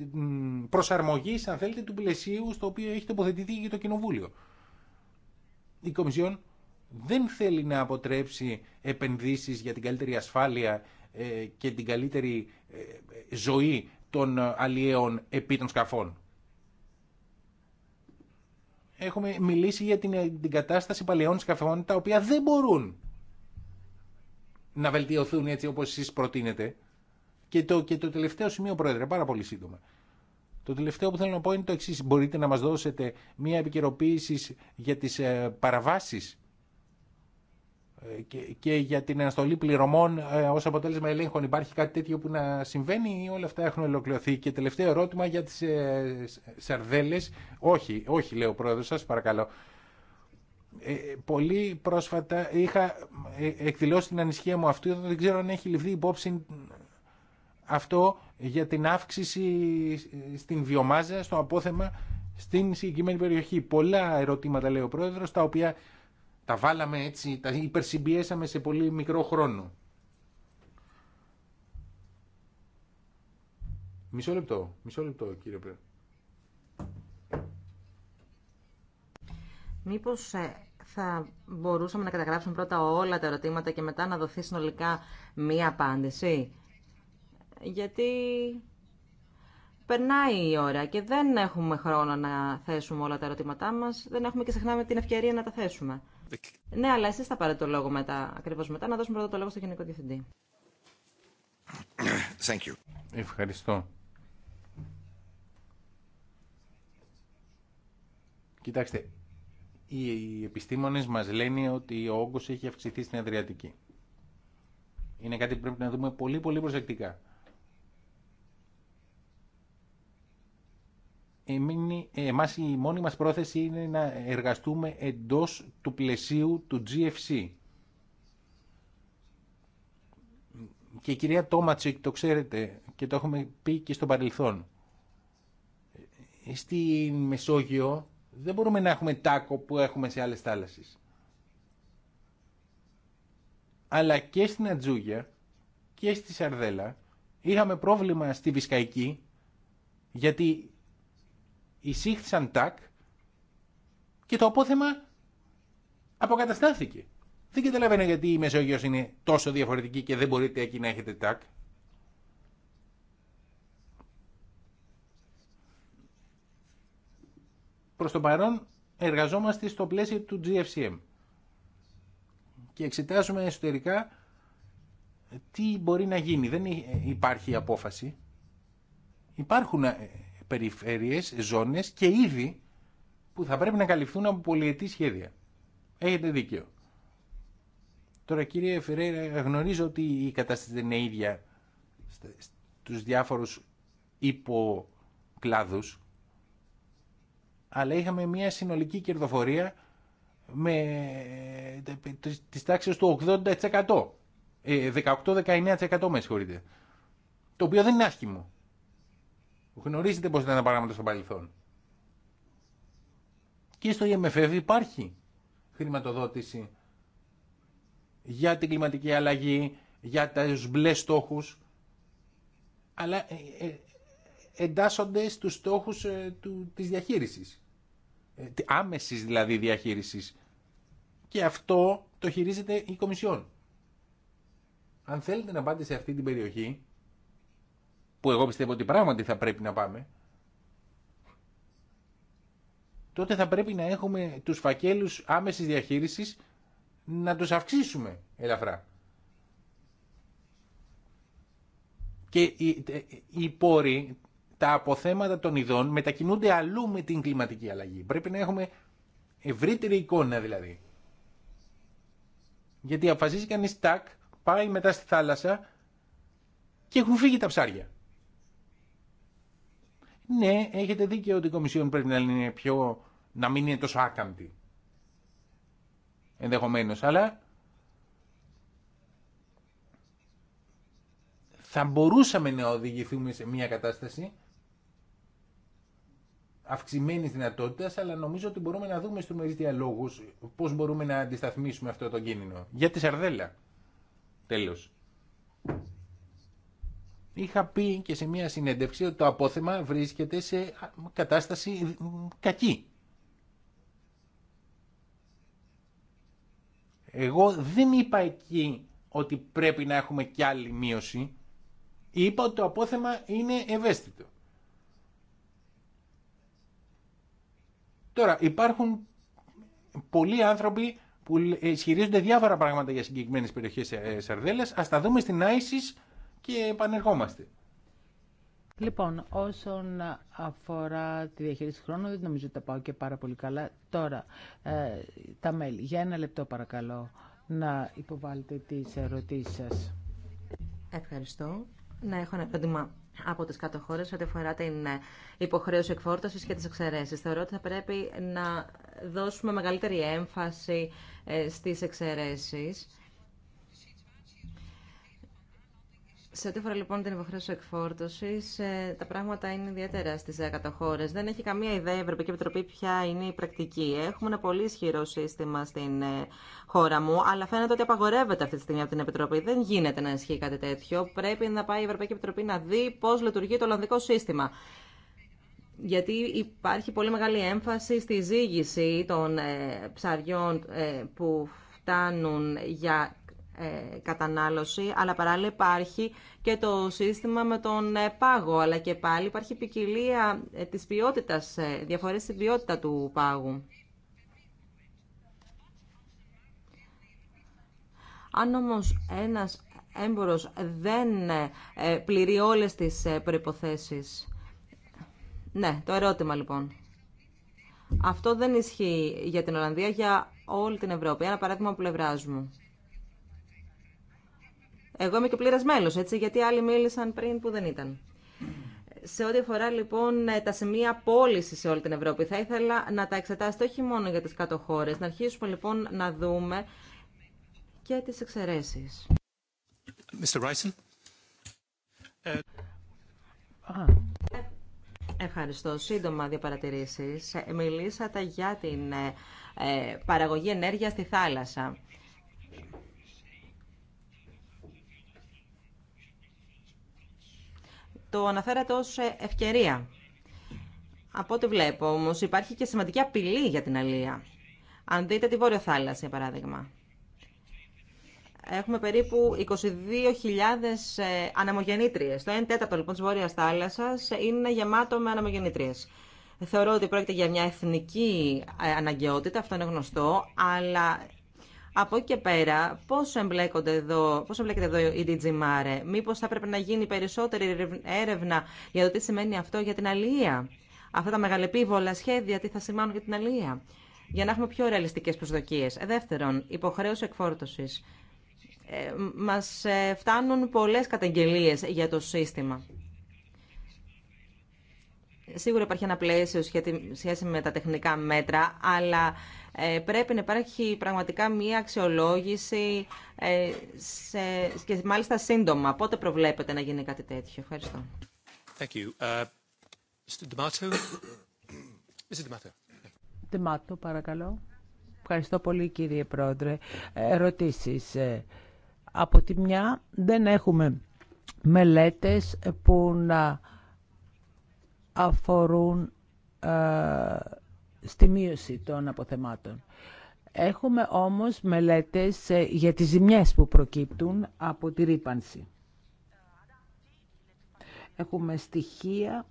προσαρμογής, αν θέλετε, του πλαισίου στο οποίο έχει τοποθετηθεί και το Κοινοβούλιο. Η Κομισιόν δεν θέλει να αποτρέψει επενδύσεις για την καλύτερη ασφάλεια ε, και την καλύτερη ε, ζωή των αλλιέων επί των σκαφών έχουμε μιλήσει για την, την κατάσταση παλαιών σκαφών τα οποία δεν μπορούν να βελτιωθούν έτσι όπως εσείς προτείνετε. Και το, και το τελευταίο σημείο, Πρόεδρε, πάρα πολύ σύντομα. Το τελευταίο που θέλω να πω είναι το εξή. Μπορείτε να μας δώσετε μία επικαιροποίηση για τις ε, παραβάσεις ε, και για την αναστολή πληρωμών ε, ως αποτέλεσμα ελέγχων υπάρχει κάτι τέτοιο που να συμβαίνει ή όλα αυτά έχουν ολοκληρωθεί. Και τελευταίο ερώτημα για τις ε, σαρδέλες. Όχι, όχι λέει ο πρόεδρος σας παρακαλώ. πολύ πρόσφατα είχα εκδηλώσει την ανησυχία μου αυτού, δεν ξέρω αν έχει ληφθεί υπόψη αυτό για την αύξηση στην βιομάζα, στο απόθεμα, στην συγκεκριμένη περιοχή. Πολλά ερωτήματα λέει ο πρόεδρος, τα οποία τα βάλαμε έτσι, τα υπερσυμπιέσαμε σε πολύ μικρό χρόνο. Μισό λεπτό, μισό λεπτό κύριε Πρέ. Μήπως ε, θα μπορούσαμε να καταγράψουμε πρώτα όλα τα ερωτήματα και μετά να δοθεί συνολικά μία απάντηση. Γιατί περνάει η ώρα και δεν έχουμε χρόνο να θέσουμε όλα τα ερωτήματά μας, δεν έχουμε και συχνά την ευκαιρία να τα θέσουμε. Ναι, αλλά εσείς θα πάρετε το λόγο μετά, ακριβώς μετά. Να δώσουμε πρώτα το λόγο στο Γενικό Διευθυντή. Thank you. Ευχαριστώ. Κοιτάξτε, οι επιστήμονες μας λένε ότι ο όγκος έχει αυξηθεί στην Αδριατική. Είναι κάτι που πρέπει να δούμε πολύ πολύ προσεκτικά. Ε, ε, εμάς η μόνη μας πρόθεση είναι να εργαστούμε εντός του πλαισίου του GFC. Και η κυρία Τόματσικ το ξέρετε και το έχουμε πει και στο παρελθόν. Ε, στη Μεσόγειο δεν μπορούμε να έχουμε τάκο που έχουμε σε άλλες θάλασσες. Αλλά και στην Ατζούγια και στη Σαρδέλα είχαμε πρόβλημα στη Βυσκαϊκή γιατί εισήχθησαν τάκ και το απόθεμα αποκαταστάθηκε. Δεν καταλαβαίνω γιατί η Μεσόγειος είναι τόσο διαφορετική και δεν μπορείτε εκεί να έχετε τάκ. Προς το παρόν εργαζόμαστε στο πλαίσιο του GFCM και εξετάζουμε εσωτερικά τι μπορεί να γίνει. Δεν υπάρχει απόφαση. Υπάρχουν ε, περιφέρειες, ζώνες και είδη που θα πρέπει να καλυφθούν από πολιετή σχέδια. Έχετε δίκιο. Τώρα κύριε Φερέρα γνωρίζω ότι η κατάσταση δεν είναι ίδια στους διάφορους υποκλάδους αλλά είχαμε μια συνολική κερδοφορία με ε, τις τάξεις του 80%. 18-19% ε, με συγχωρείτε. Το οποίο δεν είναι άσχημο. Γνωρίζετε πώς ήταν τα πράγματα στο παρελθόν. Και στο IMF e υπάρχει χρηματοδότηση για την κλιματική αλλαγή, για του μπλε στόχου. αλλά ε, ε, εντάσσονται στους στόχους ε, τη της διαχείρισης. Άμεσης δηλαδή διαχείριση. Και αυτό το χειρίζεται η Κομισιόν. Αν θέλετε να πάτε σε αυτή την περιοχή, που εγώ πιστεύω ότι πράγματι θα πρέπει να πάμε, τότε θα πρέπει να έχουμε τους φακέλους άμεσης διαχείρισης να τους αυξήσουμε ελαφρά. Και οι, οι πόροι, τα αποθέματα των ειδών μετακινούνται αλλού με την κλιματική αλλαγή. Πρέπει να έχουμε ευρύτερη εικόνα δηλαδή. Γιατί αποφασίζει κανείς τάκ, πάει μετά στη θάλασσα και έχουν φύγει τα ψάρια. Ναι, έχετε δίκιο ότι η Κομισιόν πρέπει να είναι πιο. να μην είναι τόσο άκαμπτη. Ενδεχομένω, αλλά. Θα μπορούσαμε να οδηγηθούμε σε μια κατάσταση αυξημένη δυνατότητα, αλλά νομίζω ότι μπορούμε να δούμε στου μερίδια διαλόγου πώ μπορούμε να αντισταθμίσουμε αυτό το κίνδυνο. Για τη Σαρδέλα. Τέλο. Είχα πει και σε μια συνέντευξη ότι το απόθεμα βρίσκεται σε κατάσταση κακή. Εγώ δεν είπα εκεί ότι πρέπει να έχουμε κι άλλη μείωση. Είπα ότι το απόθεμα είναι ευαίσθητο. Τώρα υπάρχουν πολλοί άνθρωποι που ε, ισχυρίζονται διάφορα πράγματα για συγκεκριμένες περιοχές ε, σαρδέλας. Ας τα δούμε στην ISIS και επανερχόμαστε. Λοιπόν, όσον αφορά τη διαχείριση χρόνου, δεν νομίζω ότι τα πάω και πάρα πολύ καλά. Τώρα, ε, τα μέλη. Για ένα λεπτό παρακαλώ να υποβάλλετε τις ερωτήσεις σας. Ευχαριστώ. Να έχω ένα ερώτημα από τις κάτω χώρες ό,τι αφορά την ε, υποχρέωση εκφόρτωσης και τις εξαιρέσεις. Θεωρώ ότι θα πρέπει να δώσουμε μεγαλύτερη έμφαση ε, στις εξαιρέσεις Σε ό,τι αφορά λοιπόν την υποχρέωση εκφόρτωση, ε, τα πράγματα είναι ιδιαίτερα στι 10 χώρε. Δεν έχει καμία ιδέα η Ευρωπαϊκή Επιτροπή ποια είναι η πρακτική. Έχουμε ένα πολύ ισχυρό σύστημα στην ε, χώρα μου, αλλά φαίνεται ότι απαγορεύεται αυτή τη στιγμή από την Επιτροπή. Δεν γίνεται να ισχύει κάτι τέτοιο. Πρέπει να πάει η Ευρωπαϊκή Επιτροπή να δει πώ λειτουργεί το Ολλανδικό σύστημα. Γιατί υπάρχει πολύ μεγάλη έμφαση στη ζήγηση των ε, ψαριών που φτάνουν για ε, κατανάλωση, αλλά παράλληλα υπάρχει και το σύστημα με τον ε, πάγο, αλλά και πάλι υπάρχει ποικιλία ε, της ποιότητας, διαφορές στην ποιότητα του πάγου. Αν όμως ένας έμπορος δεν πληρεί όλες τις προϋποθέσεις. Ναι, το ερώτημα λοιπόν. Αυτό δεν ισχύει για την Ολλανδία, για όλη την Ευρώπη. Ένα παράδειγμα μου. Εγώ είμαι και πλήρες μέλο, έτσι, γιατί άλλοι μίλησαν πριν που δεν ήταν. Σε ό,τι αφορά λοιπόν ε, τα σημεία πώληση σε όλη την Ευρώπη, θα ήθελα να τα εξετάσετε όχι μόνο για τις κάτω να αρχίσουμε λοιπόν να δούμε και τις εξαιρεσει. Mr. Ευχαριστώ. Σύντομα δύο παρατηρήσεις. Ε, μιλήσατε για την ε, παραγωγή ενέργεια στη θάλασσα. το αναφέρατε ως ε, ευκαιρία. Από ό,τι βλέπω όμω υπάρχει και σημαντική απειλή για την αλία. Αν δείτε τη Βόρεια Θάλασσα, για παράδειγμα. Έχουμε περίπου 22.000 ε, αναμογεννήτριε. Το 1 τέταρτο λοιπόν τη Βόρεια Θάλασσα είναι γεμάτο με αναμογεννήτριε. Θεωρώ ότι πρόκειται για μια εθνική ε, αναγκαιότητα, αυτό είναι γνωστό, αλλά από εκεί και πέρα, πόσο, εμπλέκονται εδώ, πόσο εμπλέκεται εδώ η DG Mare, μήπως θα πρέπει να γίνει περισσότερη έρευνα για το τι σημαίνει αυτό για την αλληλεία. Αυτά τα μεγαλεπίβολα σχέδια, τι θα σημάνουν για την αλληλεία. Για να έχουμε πιο ρεαλιστικές προσδοκίες. δεύτερον, υποχρέωση εκφόρτωσης. Ε, μας ε, φτάνουν πολλές καταγγελίες για το σύστημα σίγουρα υπάρχει ένα πλαίσιο σχέση με τα τεχνικά μέτρα, αλλά ε, πρέπει να υπάρχει πραγματικά μία αξιολόγηση ε, και μάλιστα σύντομα. Πότε προβλέπετε να γίνει κάτι τέτοιο. Ευχαριστώ. Thank you. Uh, Mr. D'Amato. Mr. παρακαλώ. Ευχαριστώ πολύ κύριε Πρόεδρε. Ερωτήσεις. Ε, από τη μια δεν έχουμε μελέτες που να αφορούν ε, στη μείωση των αποθεμάτων. Έχουμε όμως μελέτες ε, για τις ζημιές που προκύπτουν από τη ρήπανση. Έχουμε στοιχεία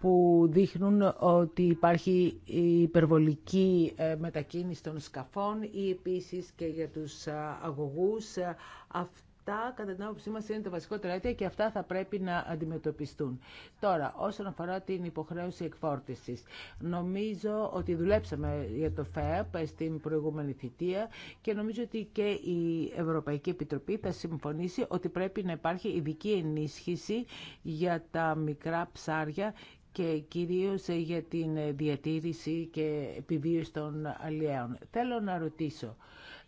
που δείχνουν ότι υπάρχει υπερβολική ε, μετακίνηση των σκαφών ή επίσης και για τους αγωγούς. Τα κατά την άποψή μα, είναι τα βασικότερα αίτια και αυτά θα πρέπει να αντιμετωπιστούν. Τώρα, όσον αφορά την υποχρέωση εκφόρτηση, νομίζω ότι δουλέψαμε για το ΦΕΠ στην προηγούμενη θητεία και νομίζω ότι και η Ευρωπαϊκή Επιτροπή θα συμφωνήσει ότι πρέπει να υπάρχει ειδική ενίσχυση για τα μικρά ψάρια και κυρίως για την διατήρηση και επιβίωση των αλλιέων. Θέλω να ρωτήσω.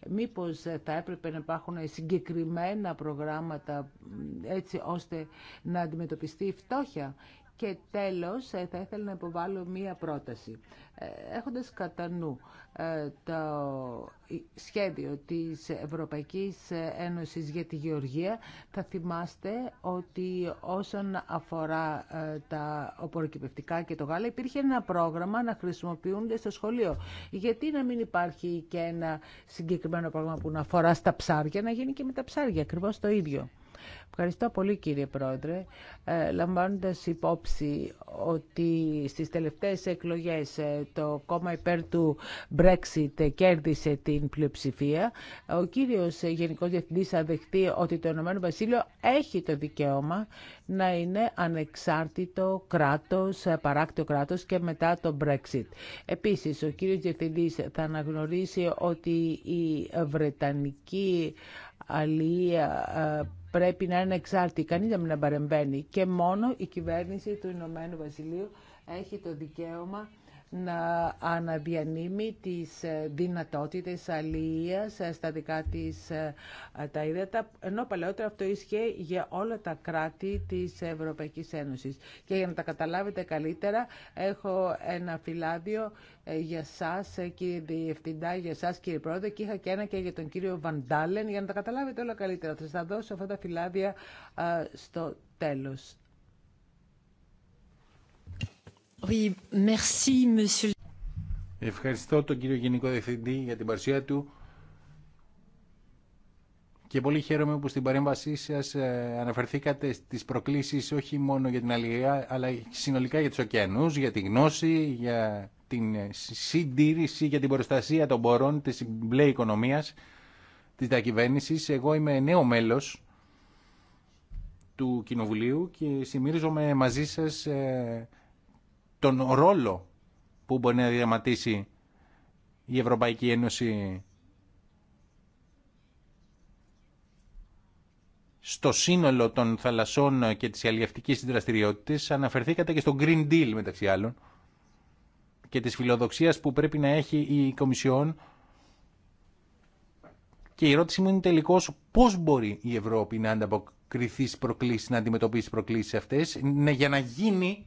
Μήπως θα έπρεπε να υπάρχουν συγκεκριμένα προγράμματα έτσι ώστε να αντιμετωπιστεί η φτώχεια και τέλος, ε, θα ήθελα να υποβάλω μία πρόταση. Ε, έχοντας κατά νου ε, το σχέδιο της Ευρωπαϊκής Ένωσης για τη Γεωργία, θα θυμάστε ότι όσον αφορά τα οποροκυπευτικά και το γάλα, υπήρχε ένα πρόγραμμα να χρησιμοποιούνται στο σχολείο. Γιατί να μην υπάρχει και ένα συγκεκριμένο πρόγραμμα που να αφορά στα ψάρια, να γίνει και με τα ψάρια, ακριβώς το ίδιο. Ευχαριστώ πολύ κύριε Πρόεδρε. Ε, λαμβάνοντας υπόψη ότι στις τελευταίες εκλογές ε, το κόμμα υπέρ του Brexit κέρδισε την πλειοψηφία, ο κύριος ε, Γενικός Διευθυντής θα δεχτεί ότι το Ηνωμένο Βασίλειο έχει το δικαίωμα να είναι ανεξάρτητο κράτος, ε, παράκτιο κράτος και μετά το Brexit. Επίσης, ο κύριος Διευθυντής θα αναγνωρίσει ότι η Βρετανική αλληλεία πρέπει να είναι εξάρτητη, κανείς δεν να παρεμβαίνει και μόνο η κυβέρνηση του Ηνωμένου Βασιλείου έχει το δικαίωμα να αναδιανύμει τις ε, δυνατότητες αλληλείας ε, στα δικά της ε, τα ίδια, ενώ παλαιότερα αυτό ίσχυε για όλα τα κράτη της Ευρωπαϊκής Ένωσης. Και για να τα καταλάβετε καλύτερα, έχω ένα φυλάδιο για σας κύριε Διευθυντά, για σας κύριε Πρόεδρε και είχα και ένα και για τον κύριο Βαντάλεν για να τα καταλάβετε όλα καλύτερα. Θα σας δώσω αυτά τα φυλάδια στο τέλος. Ευχαριστώ τον κύριο Γενικό Διευθυντή για την παρουσία του και πολύ χαίρομαι που στην παρέμβασή σας ε, αναφερθήκατε στις προκλήσεις όχι μόνο για την αλληλεία αλλά συνολικά για τους ωκεανούς, για τη γνώση, για την συντήρηση, για την προστασία των πορών της μπλε οικονομίας, της διακυβέρνησης. Εγώ είμαι νέο μέλος του Κοινοβουλίου και συμμύριζομαι μαζί σας ε, τον ρόλο που μπορεί να διαματίσει η Ευρωπαϊκή Ένωση στο σύνολο των θαλασσών και της αλλιευτικής δραστηριότητας αναφερθήκατε και στο Green Deal μεταξύ άλλων και της φιλοδοξίας που πρέπει να έχει η Κομισιόν και η ερώτηση μου είναι τελικώς πώς μπορεί η Ευρώπη να ανταποκριθεί στις προκλήσεις, να αντιμετωπίσει τις προκλήσεις αυτές ναι, για να γίνει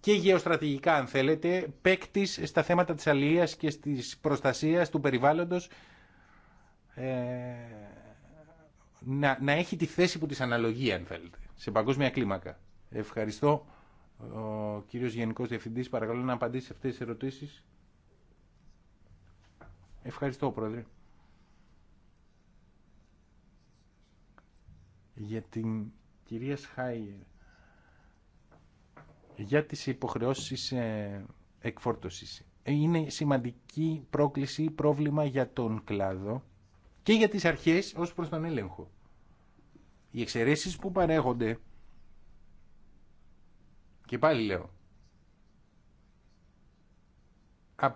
και γεωστρατηγικά αν θέλετε παίκτη στα θέματα της αλληλείας και της προστασίας του περιβάλλοντος ε, να, να έχει τη θέση που της αναλογεί αν θέλετε σε παγκόσμια κλίμακα. Ευχαριστώ ο κύριος Γενικός Διευθυντής παρακαλώ να απαντήσει σε αυτές τις ερωτήσεις. Ευχαριστώ πρόεδρε. Για την κυρία Σχάιερ για τις υποχρεώσεις ε, εκφόρτωσης. Ε, είναι σημαντική πρόκληση, πρόβλημα για τον κλάδο και για τις αρχές ως προς τον έλεγχο. Οι εξαιρέσεις που παρέχονται, και πάλι λέω,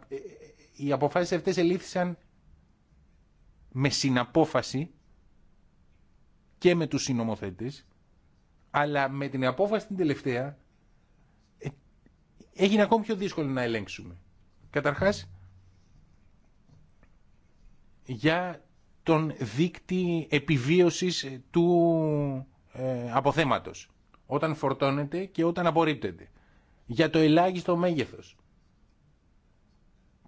ε, οι αποφάσεις αυτές ελήφθησαν με συναπόφαση και με τους συνομοθέτες, αλλά με την απόφαση την τελευταία έγινε ακόμη πιο δύσκολο να ελέγξουμε. Καταρχάς, για τον δίκτυ επιβίωσης του ε, αποθέματος. Όταν φορτώνεται και όταν απορρίπτεται. Για το ελάχιστο μέγεθος.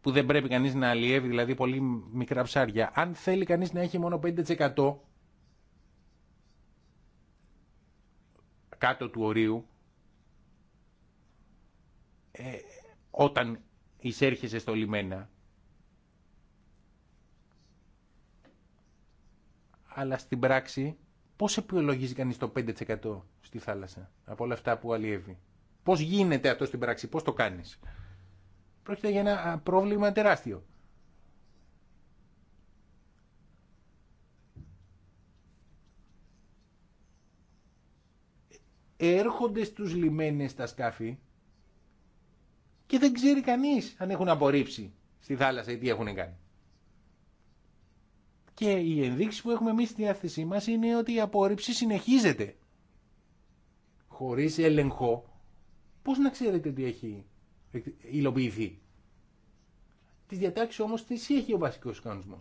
Που δεν πρέπει κανείς να αλλιεύει, δηλαδή πολύ μικρά ψάρια. Αν θέλει κανείς να έχει μόνο 5% κάτω του ορίου, ε, όταν εισέρχεσαι στο λιμένα. Αλλά στην πράξη, πώς επιλογίζει κανείς το 5% στη θάλασσα από όλα αυτά που αλλιεύει. Πώς γίνεται αυτό στην πράξη, πώς το κάνεις. Πρόκειται για ένα πρόβλημα τεράστιο. Ε, έρχονται στους λιμένες τα σκάφη και δεν ξέρει κανείς αν έχουν απορρίψει στη θάλασσα ή τι έχουν κάνει. Και η ενδείξει που έχουμε εμεί στη διάθεσή μα είναι ότι η απόρριψη συνεχίζεται. Χωρί έλεγχο, πώ να ξέρετε τι έχει υλοποιηθεί. Τι διατάξει όμω τι έχει ο βασικό κανονισμό.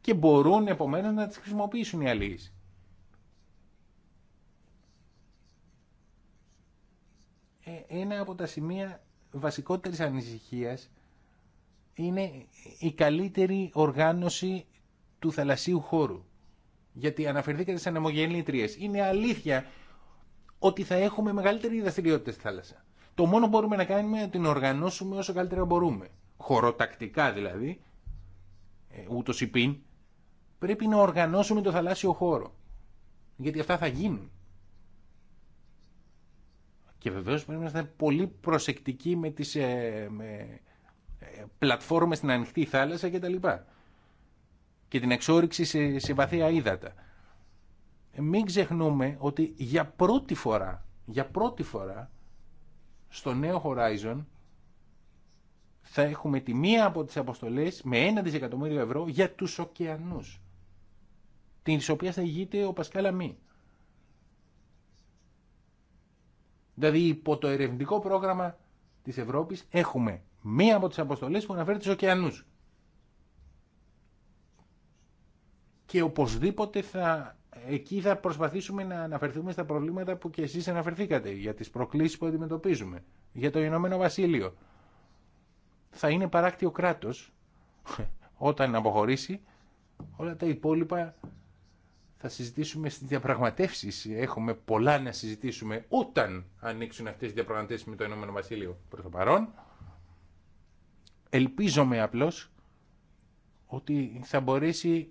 Και μπορούν επομένω να τι χρησιμοποιήσουν οι αλλοί. Ε, ένα από τα σημεία βασικότερης ανησυχίας είναι η καλύτερη οργάνωση του θαλασσίου χώρου. Γιατί αναφερθήκατε σαν αιμογεννήτριες. Είναι αλήθεια ότι θα έχουμε μεγαλύτερη δραστηριότητα στη θάλασσα. Το μόνο που μπορούμε να κάνουμε είναι να την οργανώσουμε όσο καλύτερα μπορούμε. Χωροτακτικά δηλαδή, ε, ούτω ή πρέπει να οργανώσουμε το θαλάσσιο χώρο. Γιατί αυτά θα γίνουν. Και βεβαίως πρέπει να είμαστε πολύ προσεκτικοί με τις ε, ε, πλατφόρμες στην ανοιχτή θάλασσα και τα λοιπά. Και την εξόριξη σε, σε βαθία ύδατα. Ε, μην ξεχνούμε ότι για πρώτη φορά, για πρώτη φορά στο νέο Horizon θα έχουμε τη μία από τις αποστολές με ένα δισεκατομμύριο ευρώ για τους ωκεανούς. Την οποία θα ηγείται ο Πασκάλα Μη. Δηλαδή υπό το ερευνητικό πρόγραμμα της Ευρώπης έχουμε μία από τις αποστολές που αναφέρει του ωκεανούς. Και οπωσδήποτε θα, εκεί θα προσπαθήσουμε να αναφερθούμε στα προβλήματα που και εσείς αναφερθήκατε, για τις προκλήσεις που αντιμετωπίζουμε, για το Ηνωμένο Βασίλειο. Θα είναι παράκτιο κράτος όταν αποχωρήσει όλα τα υπόλοιπα θα συζητήσουμε στις διαπραγματεύσεις. Έχουμε πολλά να συζητήσουμε όταν ανοίξουν αυτές οι διαπραγματεύσεις με το Ηνωμένο Βασίλειο προς το παρόν. Ελπίζομαι απλώς ότι θα μπορέσει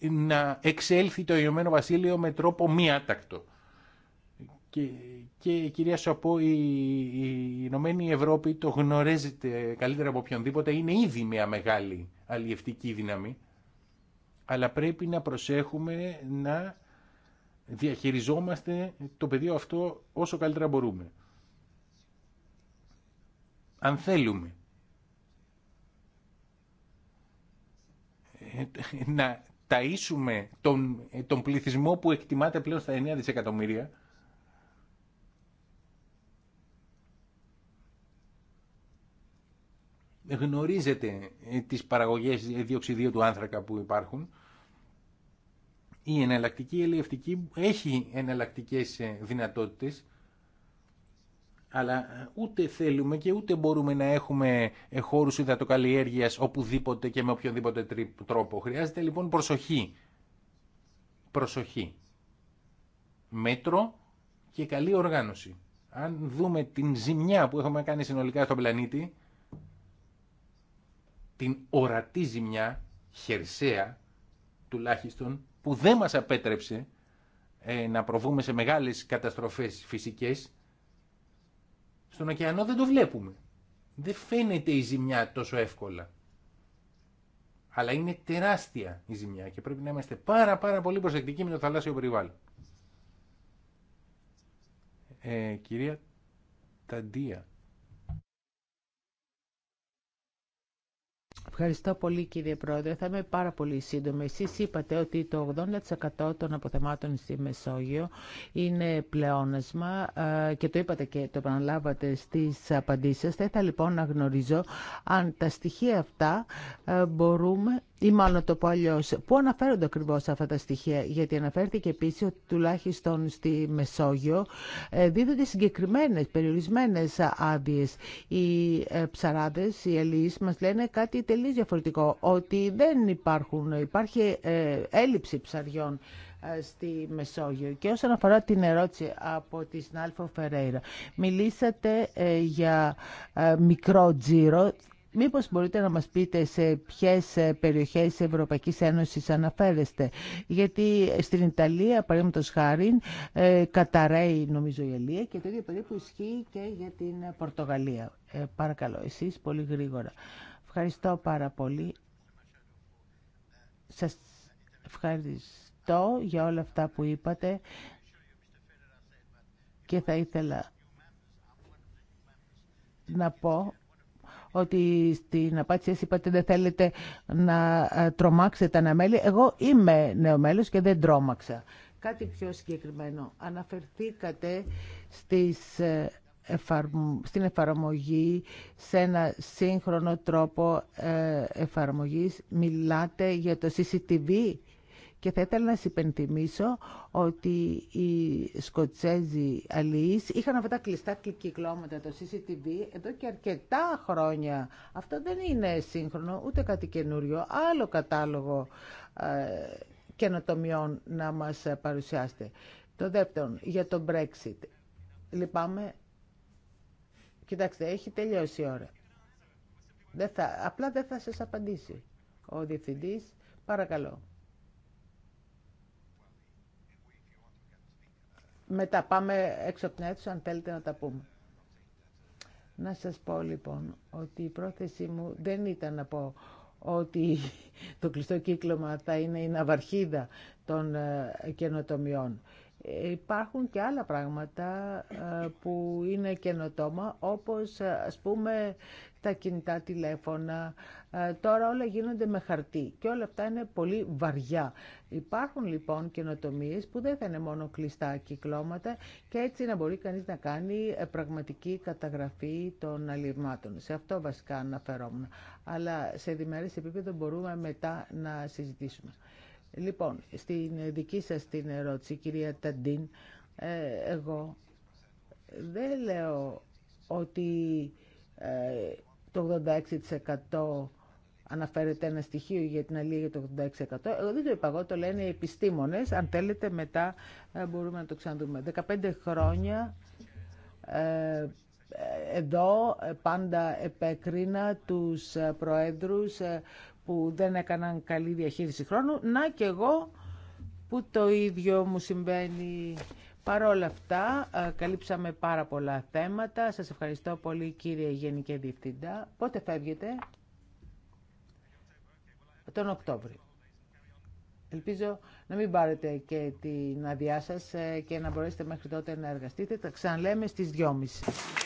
να εξέλθει το Ηνωμένο Βασίλειο με τρόπο μη άτακτο. Και, και κυρία Σαπό, η, η Ηνωμένη Ευρώπη το γνωρίζετε καλύτερα από οποιονδήποτε, είναι ήδη μια μεγάλη αλλιευτική δύναμη αλλά πρέπει να προσέχουμε να διαχειριζόμαστε το πεδίο αυτό όσο καλύτερα μπορούμε. Αν θέλουμε να ταΐσουμε τον, τον πληθυσμό που εκτιμάται πλέον στα 9 δισεκατομμύρια, γνωρίζετε τις παραγωγές διοξιδίου του άνθρακα που υπάρχουν, η εναλλακτική ελιευτική έχει εναλλακτικέ ε, δυνατότητες αλλά ε, ούτε θέλουμε και ούτε μπορούμε να έχουμε ε, χώρους υδατοκαλλιέργεια οπουδήποτε και με οποιοδήποτε τρόπο. Χρειάζεται λοιπόν προσοχή. Προσοχή. Μέτρο και καλή οργάνωση. Αν δούμε την ζημιά που έχουμε κάνει συνολικά στον πλανήτη, την ορατή ζημιά, χερσαία τουλάχιστον, που δεν μας απέτρεψε ε, να προβούμε σε μεγάλες καταστροφές φυσικές, στον ωκεανό δεν το βλέπουμε. Δεν φαίνεται η ζημιά τόσο εύκολα. Αλλά είναι τεράστια η ζημιά και πρέπει να είμαστε πάρα πάρα πολύ προσεκτικοί με το θαλάσσιο περιβάλλον. Ε, κυρία Ταντία. Ευχαριστώ πολύ κύριε Πρόεδρε. Θα είμαι πάρα πολύ σύντομη. Εσείς είπατε ότι το 80% των αποθεμάτων στη Μεσόγειο είναι πλεόνασμα ε, και το είπατε και το επαναλάβατε στις απαντήσεις. Θα ήθελα λοιπόν να γνωρίζω αν τα στοιχεία αυτά ε, μπορούμε ή μάλλον το πω αλλιώ, πού αναφέρονται ακριβώς αυτά τα στοιχεία, γιατί αναφέρθηκε επίση ότι τουλάχιστον στη Μεσόγειο ε, δίδονται συγκεκριμένες, περιορισμένες άδειε. Οι ε, ψαράδες, οι ελίες μα λένε κάτι τελείω διαφορετικό, ότι δεν υπάρχουν, υπάρχει ε, έλλειψη ψαριών στη Μεσόγειο. Και όσον αφορά την ερώτηση από τη Σνάλφο Φερέιρα, μιλήσατε για μικρό τζίρο. Μήπως μπορείτε να μας πείτε σε ποιες ε, περιοχές της Ευρωπαϊκής Ένωσης αναφέρεστε. Γιατί στην Ιταλία, παραδείγματος χάρη, ε, καταραίει νομίζω η Ελία και το ίδιο περίπου ισχύει και για την Πορτογαλία. Ε, παρακαλώ, εσείς πολύ γρήγορα. Ευχαριστώ πάρα πολύ. Σας ευχαριστώ για όλα αυτά που είπατε και θα ήθελα να πω ότι στην απάντησή σας είπατε δεν θέλετε να ε, τρομάξετε ένα μέλη. Εγώ είμαι νέο και δεν τρόμαξα. Κάτι πιο συγκεκριμένο. Αναφερθήκατε στις ε, στην εφαρμογή σε ένα σύγχρονο τρόπο ε, εφαρμογής. Μιλάτε για το CCTV και θα ήθελα να σα υπενθυμίσω ότι οι Σκοτσέζοι αλληλείς είχαν αυτά τα κλειστά κυκλώματα, το CCTV, εδώ και αρκετά χρόνια. Αυτό δεν είναι σύγχρονο, ούτε κάτι καινούριο. Άλλο κατάλογο ε, καινοτομιών να μας παρουσιάσετε. Το δεύτερο, για το Brexit. Λυπάμαι. Κοιτάξτε, έχει τελειώσει η ώρα. Δεν θα, απλά δεν θα σας απαντήσει ο διευθυντής. Παρακαλώ. μετά πάμε έξω από την αίθουσα αν θέλετε να τα πούμε. Να σας πω λοιπόν ότι η πρόθεσή μου δεν ήταν να πω ότι το κλειστό κύκλωμα θα είναι η ναυαρχίδα των ε, καινοτομιών. Υπάρχουν και άλλα πράγματα ε, που είναι καινοτόμα, όπως ε, ας πούμε τα κινητά τηλέφωνα. Ε, τώρα όλα γίνονται με χαρτί και όλα αυτά είναι πολύ βαριά. Υπάρχουν λοιπόν καινοτομίε που δεν θα είναι μόνο κλειστά κυκλώματα και έτσι να μπορεί κανείς να κάνει πραγματική καταγραφή των αλληλευμάτων. Σε αυτό βασικά αναφερόμουν. Αλλά σε διμερές επίπεδο μπορούμε μετά να συζητήσουμε. Λοιπόν, στην δική σας την ερώτηση, κυρία Ταντίν, ε, εγώ δεν λέω ότι ε, το 86% αναφέρεται ένα στοιχείο για την αλληλεία για το 86%. Εγώ δεν το είπα εγώ, το λένε οι επιστήμονες. Αν θέλετε μετά ε, μπορούμε να το ξαναδούμε. 15 χρόνια ε, εδώ πάντα επέκρινα τους προέδρους που δεν έκαναν καλή διαχείριση χρόνου. Να και εγώ που το ίδιο μου συμβαίνει. Παρ' όλα αυτά, ε, καλύψαμε πάρα πολλά θέματα. Σας ευχαριστώ πολύ κύριε Γενική Διευθύντα. Πότε φεύγετε? Τον Οκτώβριο. Ελπίζω να μην πάρετε και την αδειά σας ε, και να μπορέσετε μέχρι τότε να εργαστείτε. Τα ξαναλέμε στις 2.30.